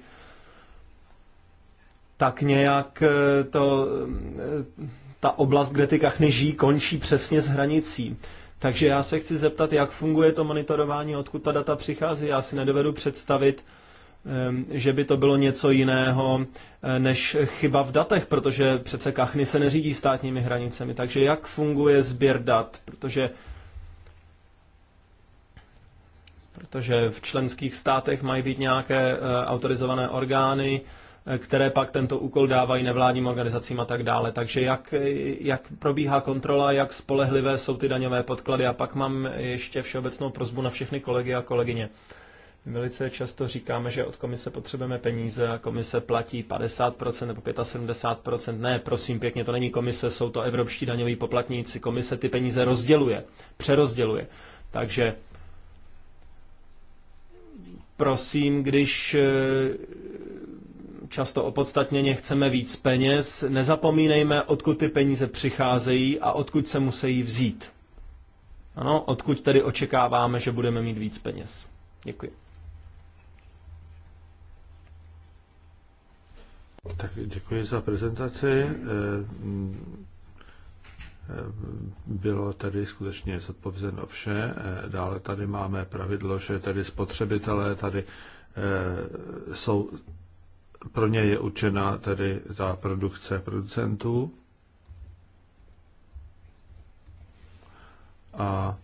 tak nějak to, ta oblast, kde ty kachny žijí, končí přesně s hranicí. Takže já se chci zeptat, jak funguje to monitorování, odkud ta data přichází. Já si nedovedu představit, Ehm, že by to bylo něco jiného eh, než chyba v datech, protože přece kachny se neřídí státními hranicemi. Takže jak funguje sběr dat? Protože protože v členských státech mají být nějaké eh, autorizované orgány, eh, které pak tento úkol dávají nevládním organizacím a tak dále. Takže jak, jak probíhá kontrola, jak spolehlivé jsou ty daňové podklady a pak mám ještě všeobecnou prozbu na všechny kolegy a kolegyně. Velice často říkáme, že od komise potřebujeme peníze a komise platí 50% nebo 75%. Ne, prosím, pěkně, to není komise, jsou to evropští daňoví poplatníci. Komise ty peníze rozděluje, přerozděluje. Takže prosím, když eh, často opodstatněně chceme víc peněz, nezapomínejme, odkud ty peníze přicházejí a odkud se musí vzít. Ano, odkud tedy očekáváme, že budeme mít víc peněz. Děkuji. Tak děkuji za prezentaci. Eh, eh, bylo tady skutečně zodpovězeno vše. Eh, dále tady máme pravidlo, že tady spotřebitelé tady jsou, pro ně je určena tedy ta produkce producentů. A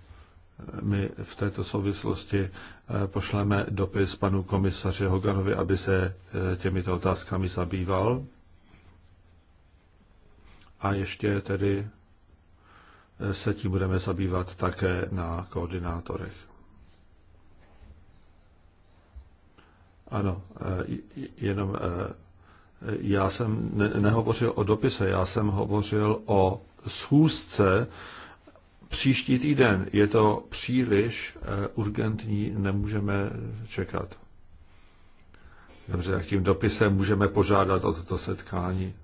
my v této souvislosti eh, pošleme dopis panu komisaři Hoganovi, aby se eh, těmito otázkami zabýval. A ještě tedy eh, se tím budeme zabývat také na koordinátorech. Ano, jenom já jsem nehovořil o dopise, já jsem hovořil o schůzce, příští týden. Je to příliš eh, urgentní, nemůžeme čekat. Dobře, tak tím dopisem můžeme požádat o toto setkání.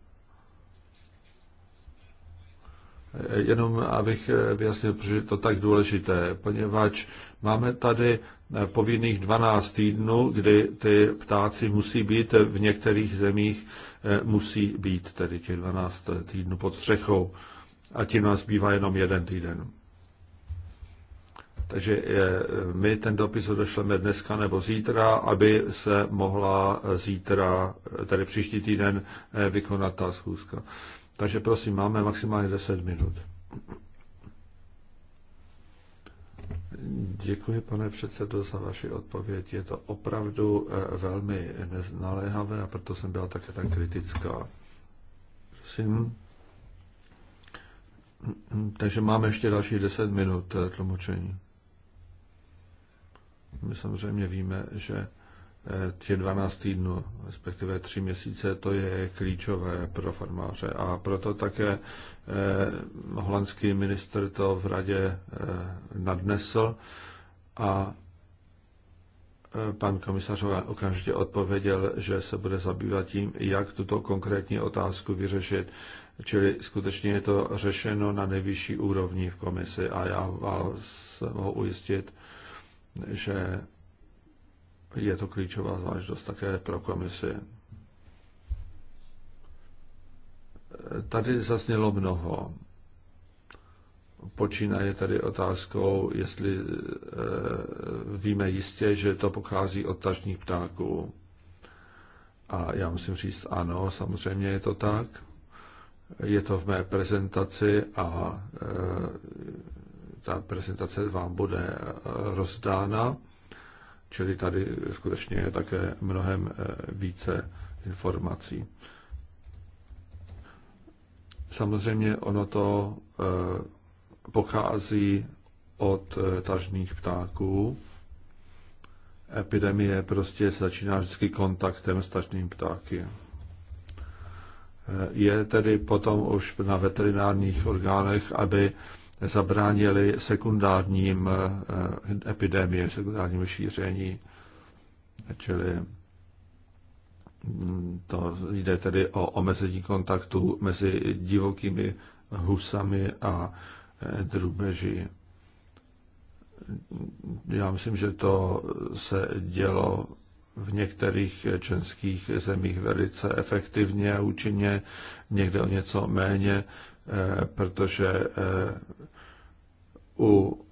Eh, jenom abych eh, vyjasnil, protože je to tak důležité, poněvadž máme tady povinných 12 týdnů, kdy ty ptáci musí být v některých zemích, musí být tedy těch 12 týdnů pod střechou a tím nám zbývá jenom jeden týden. Takže eh, my ten dopis odešleme dneska nebo zítra, aby se mohla zítra, tedy příští týden, eh, vykonat ta schůzka. Takže prosím, máme maximálně 10 minut. Děkuji, pane předsedo, za vaši odpověď. Je to opravdu eh, velmi naléhavé a proto jsem byla také tak kritická. Prosím. Takže máme ještě další 10 minut eh, tlumočení. My samozřejmě víme, že eh, tě 12 týdnů, respektive 3 měsíce, to je klíčové pro farmáře. A proto také eh, holandský minister to v radě nadnesl a pan komisař okamžitě odpověděl, že se bude zabývat tím, jak tuto konkrétní otázku vyřešit. Čili skutečně je to řešeno na nejvyšší úrovni v komisi a já vás mohu ujistit, že je to klíčová záležitost také pro komisi. Tady zaznělo mnoho. Počínaje tady otázkou, jestli e, víme jistě, že to pochází od tažních ptáků. A já musím říct ano, samozřejmě je to tak. Je to v mé prezentaci a e, ta prezentace vám bude rozdána, čili tady skutečně je také mnohem e, více informací. Samozřejmě ono to e, pochází od tažných ptáků. Epidemie prostě začíná vždycky kontaktem s tažným ptáky je tedy potom už na veterinárních orgánech, aby zabránili sekundárním eh, epidemie, sekundárnímu šíření. Čili mm, to jde tedy o omezení kontaktu mezi divokými husami a eh, drubeží. Já myslím, že to se dělo v některých členských zemích velice efektivně a účinně, někde o něco méně, eh, protože eh, u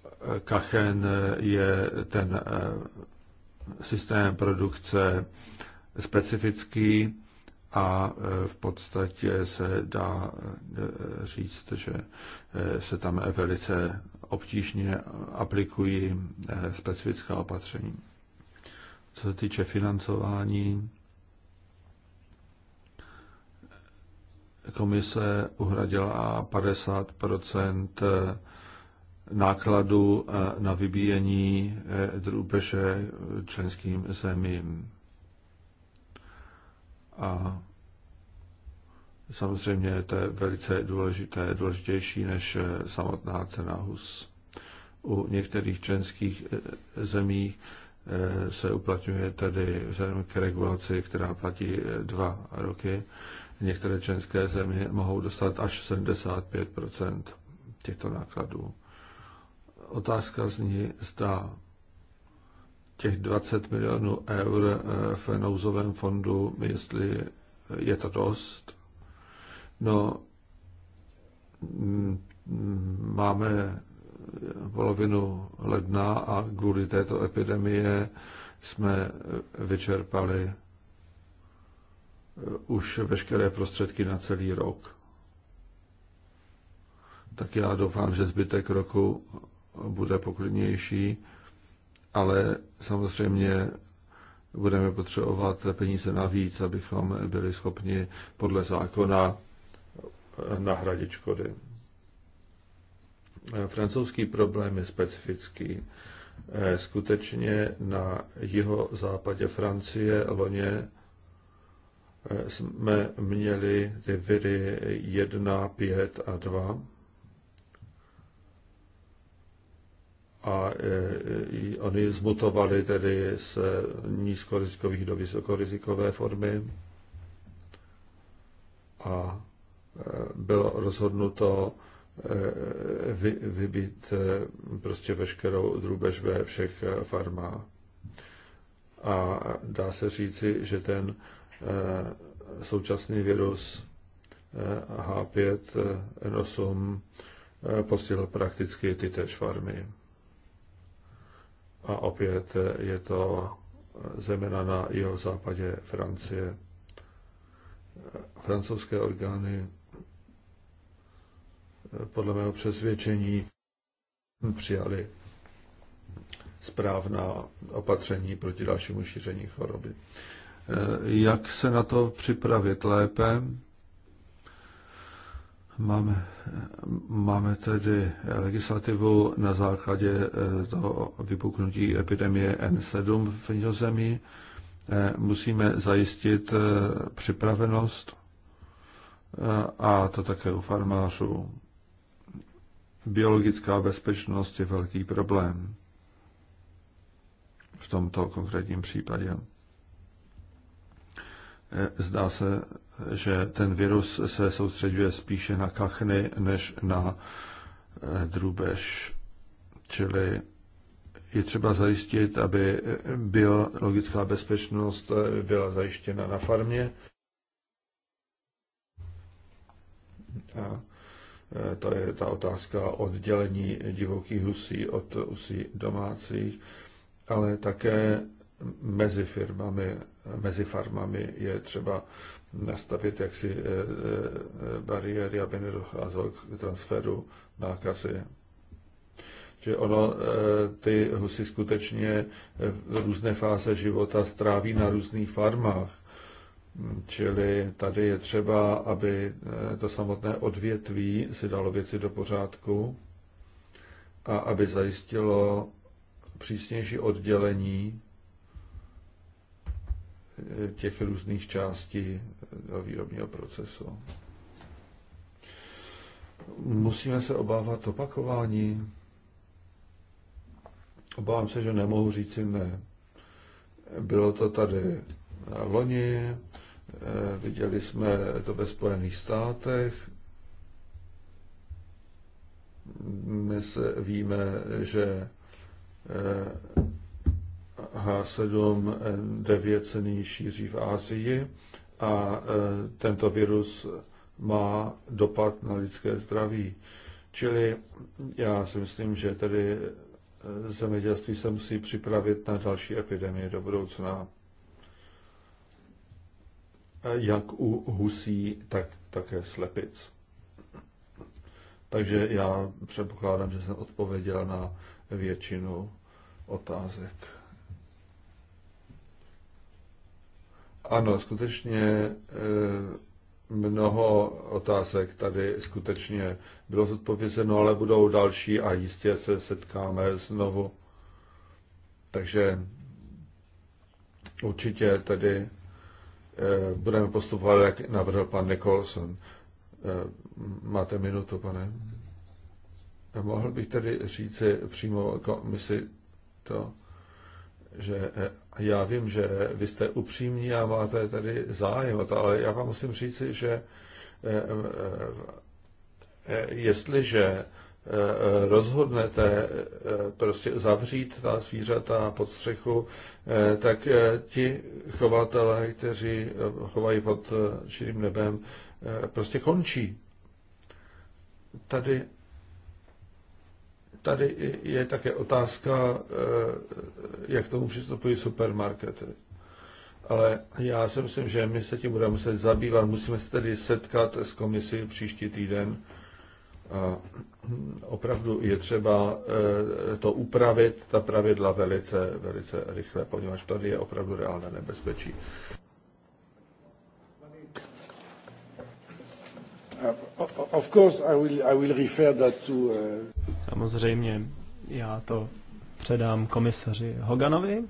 kachen je ten eh, systém produkce specifický a v podstatě se dá říct, že se tam velice obtížně aplikují specifická opatření co se týče financování, komise uhradila 50 nákladu na vybíjení drůbeže členským zemím. A samozřejmě to je velice důležité, důležitější než samotná cena hus. U některých členských zemích. Eh, se uplatňuje tedy vzhledem k regulaci, která platí eh, dva roky. Některé členské země mohou dostat až 75 těchto nákladů. Otázka zní, zda těch 20 milionů eur eh, v nouzovém fondu, jestli je to dost. No, máme polovinu ledna a kvůli této epidemie jsme vyčerpali eh, už veškeré prostředky na celý rok. Tak já doufám, že zbytek roku bude poklidnější, ale samozřejmě budeme potřebovat peníze navíc, abychom byli schopni podle zákona nahradit škody. Eh, francouzský problém je specifický. Eh, skutečně na jeho západě Francie loně eh, jsme měli ty viry 1, 5 a 2. A oni zmutovali tedy z nízkorizikových do vysokorizikové formy. A bylo rozhodnuto Eh, vy, vybít eh, prostě veškerou drůbež ve všech eh, farmách. A dá se říci, že ten současný virus H5N8 postihl prakticky ty též farmy. A opět je to zeměna na jeho západě Francie. Francouzské orgány podle mého přesvědčení přijali správná opatření proti dalšímu šíření choroby. Eh, jak se na to připravit lépe? Máme, máme tedy legislativu na základě eh, toho vypuknutí epidemie N7 v Nizozemí. Eh, musíme zajistit připravenost a to také u farmářů biologická bezpečnost je velký problém v tomto konkrétním případě. E, zdá se, že ten virus se soustředuje spíše na kachny než na e, drůbež. Čili je třeba zajistit, aby biologická bezpečnost byla zajištěna na farmě. A Eh, to je ta otázka oddělení divokých husí od husí domácích, ale také mezi firmami, mezi farmami je třeba nastavit jaksi eh, eh, bariéry, aby nedocházelo k transferu nákazy. Že ono, ty husy skutečně v různé fáze života stráví na různých farmách. Čili tady je třeba, aby eh, to samotné odvětví si dalo věci do pořádku a aby zajistilo přísnější oddělení eh, těch různých částí eh, výrobního procesu. Musíme se obávat opakování. Obávám se, že nemohu říci ne. Bylo to tady loni, Eh, viděli jsme to ve Spojených státech. My se víme, že H7N9 eh, se nyní šíří v Ázii a eh, tento virus má dopad na lidské zdraví. Čili já si myslím, že tedy zemědělství se musí připravit na další epidemie do budoucna jak u husí, tak také slepic. Takže já předpokládám, že jsem odpověděl na většinu otázek. Ano, skutečně e, mnoho otázek tady skutečně bylo zodpovězeno, ale budou další a jistě se setkáme znovu. Takže určitě tedy Eh, budeme postupovat, jak navrhl pan Nicholson. Eh, máte minutu, pane. Mohl bych tedy říct, přímo komisi to, že eh, já vím, že vy jste upřímní a máte tady zájem, ale já vám musím říci, že jestliže rozhodnete eh, prostě zavřít ta zvířata pod střechu, eh, tak eh, ti chovatelé, kteří chovají pod širým nebem, prostě končí. Tady, tady je také otázka, jak tomu přistupují supermarkety. Ale já si myslím, že my se tím budeme muset zabývat. Musíme se tedy setkat s komisí příští týden, Hm, opravdu je třeba eh, to upravit, ta pravidla velice, velice rychle, poněvadž tady je opravdu reálné nebezpečí. Uh, of course I will, I will refer that to, uh, Samozřejmě, já to předám komisaři Hoganovi,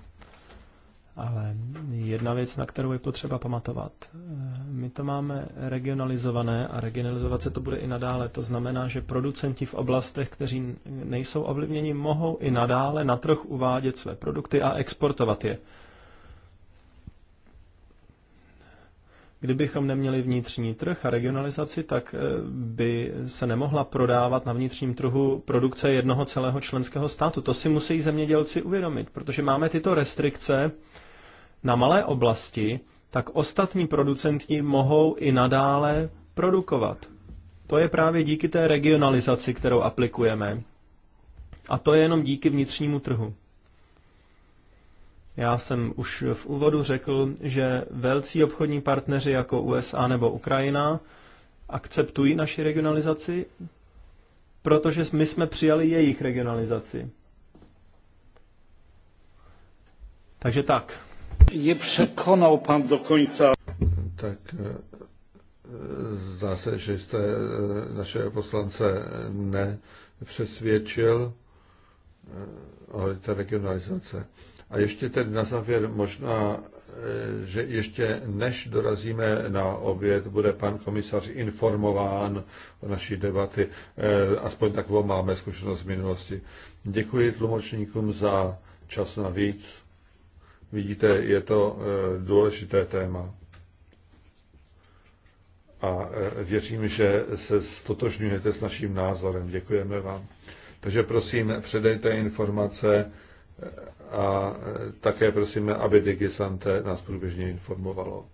ale jedna věc, na kterou je potřeba pamatovat. Eh, my to máme regionalizované a regionalizovat se to bude i nadále. To znamená, že producenti v oblastech, kteří nejsou ovlivněni, mohou i nadále na trh uvádět své produkty a exportovat je. Kdybychom neměli vnitřní trh a regionalizaci, tak eh, by se nemohla prodávat na vnitřním trhu produkce jednoho celého členského státu. To si musí zemědělci uvědomit, protože máme tyto restrikce na malé oblasti, tak ostatní producenti mohou i nadále produkovat. To je právě díky té regionalizaci, kterou aplikujeme. A to je jenom díky vnitřnímu trhu. Já jsem už v úvodu řekl, že velcí obchodní partneři jako USA nebo Ukrajina akceptují naši regionalizaci, protože my jsme přijali jejich regionalizaci. Takže tak. Je překonal pan do konce. Tak e, zdá se, že jste e, naše poslance nepřesvědčil e, o té regionalizace. A ještě tedy na závěr možná, eh, že ještě než dorazíme na oběd, bude pan komisař informován o naší debaty. Eh, aspoň takovou máme zkušenost z minulosti. Děkuji tlumočníkům za čas na víc. Vidíte, je to eh, důležité téma. A věřím, že se stotožňujete s naším názorem. Děkujeme vám. Takže prosím, předejte informace a také prosíme, aby DigiSante nás průběžně informovalo.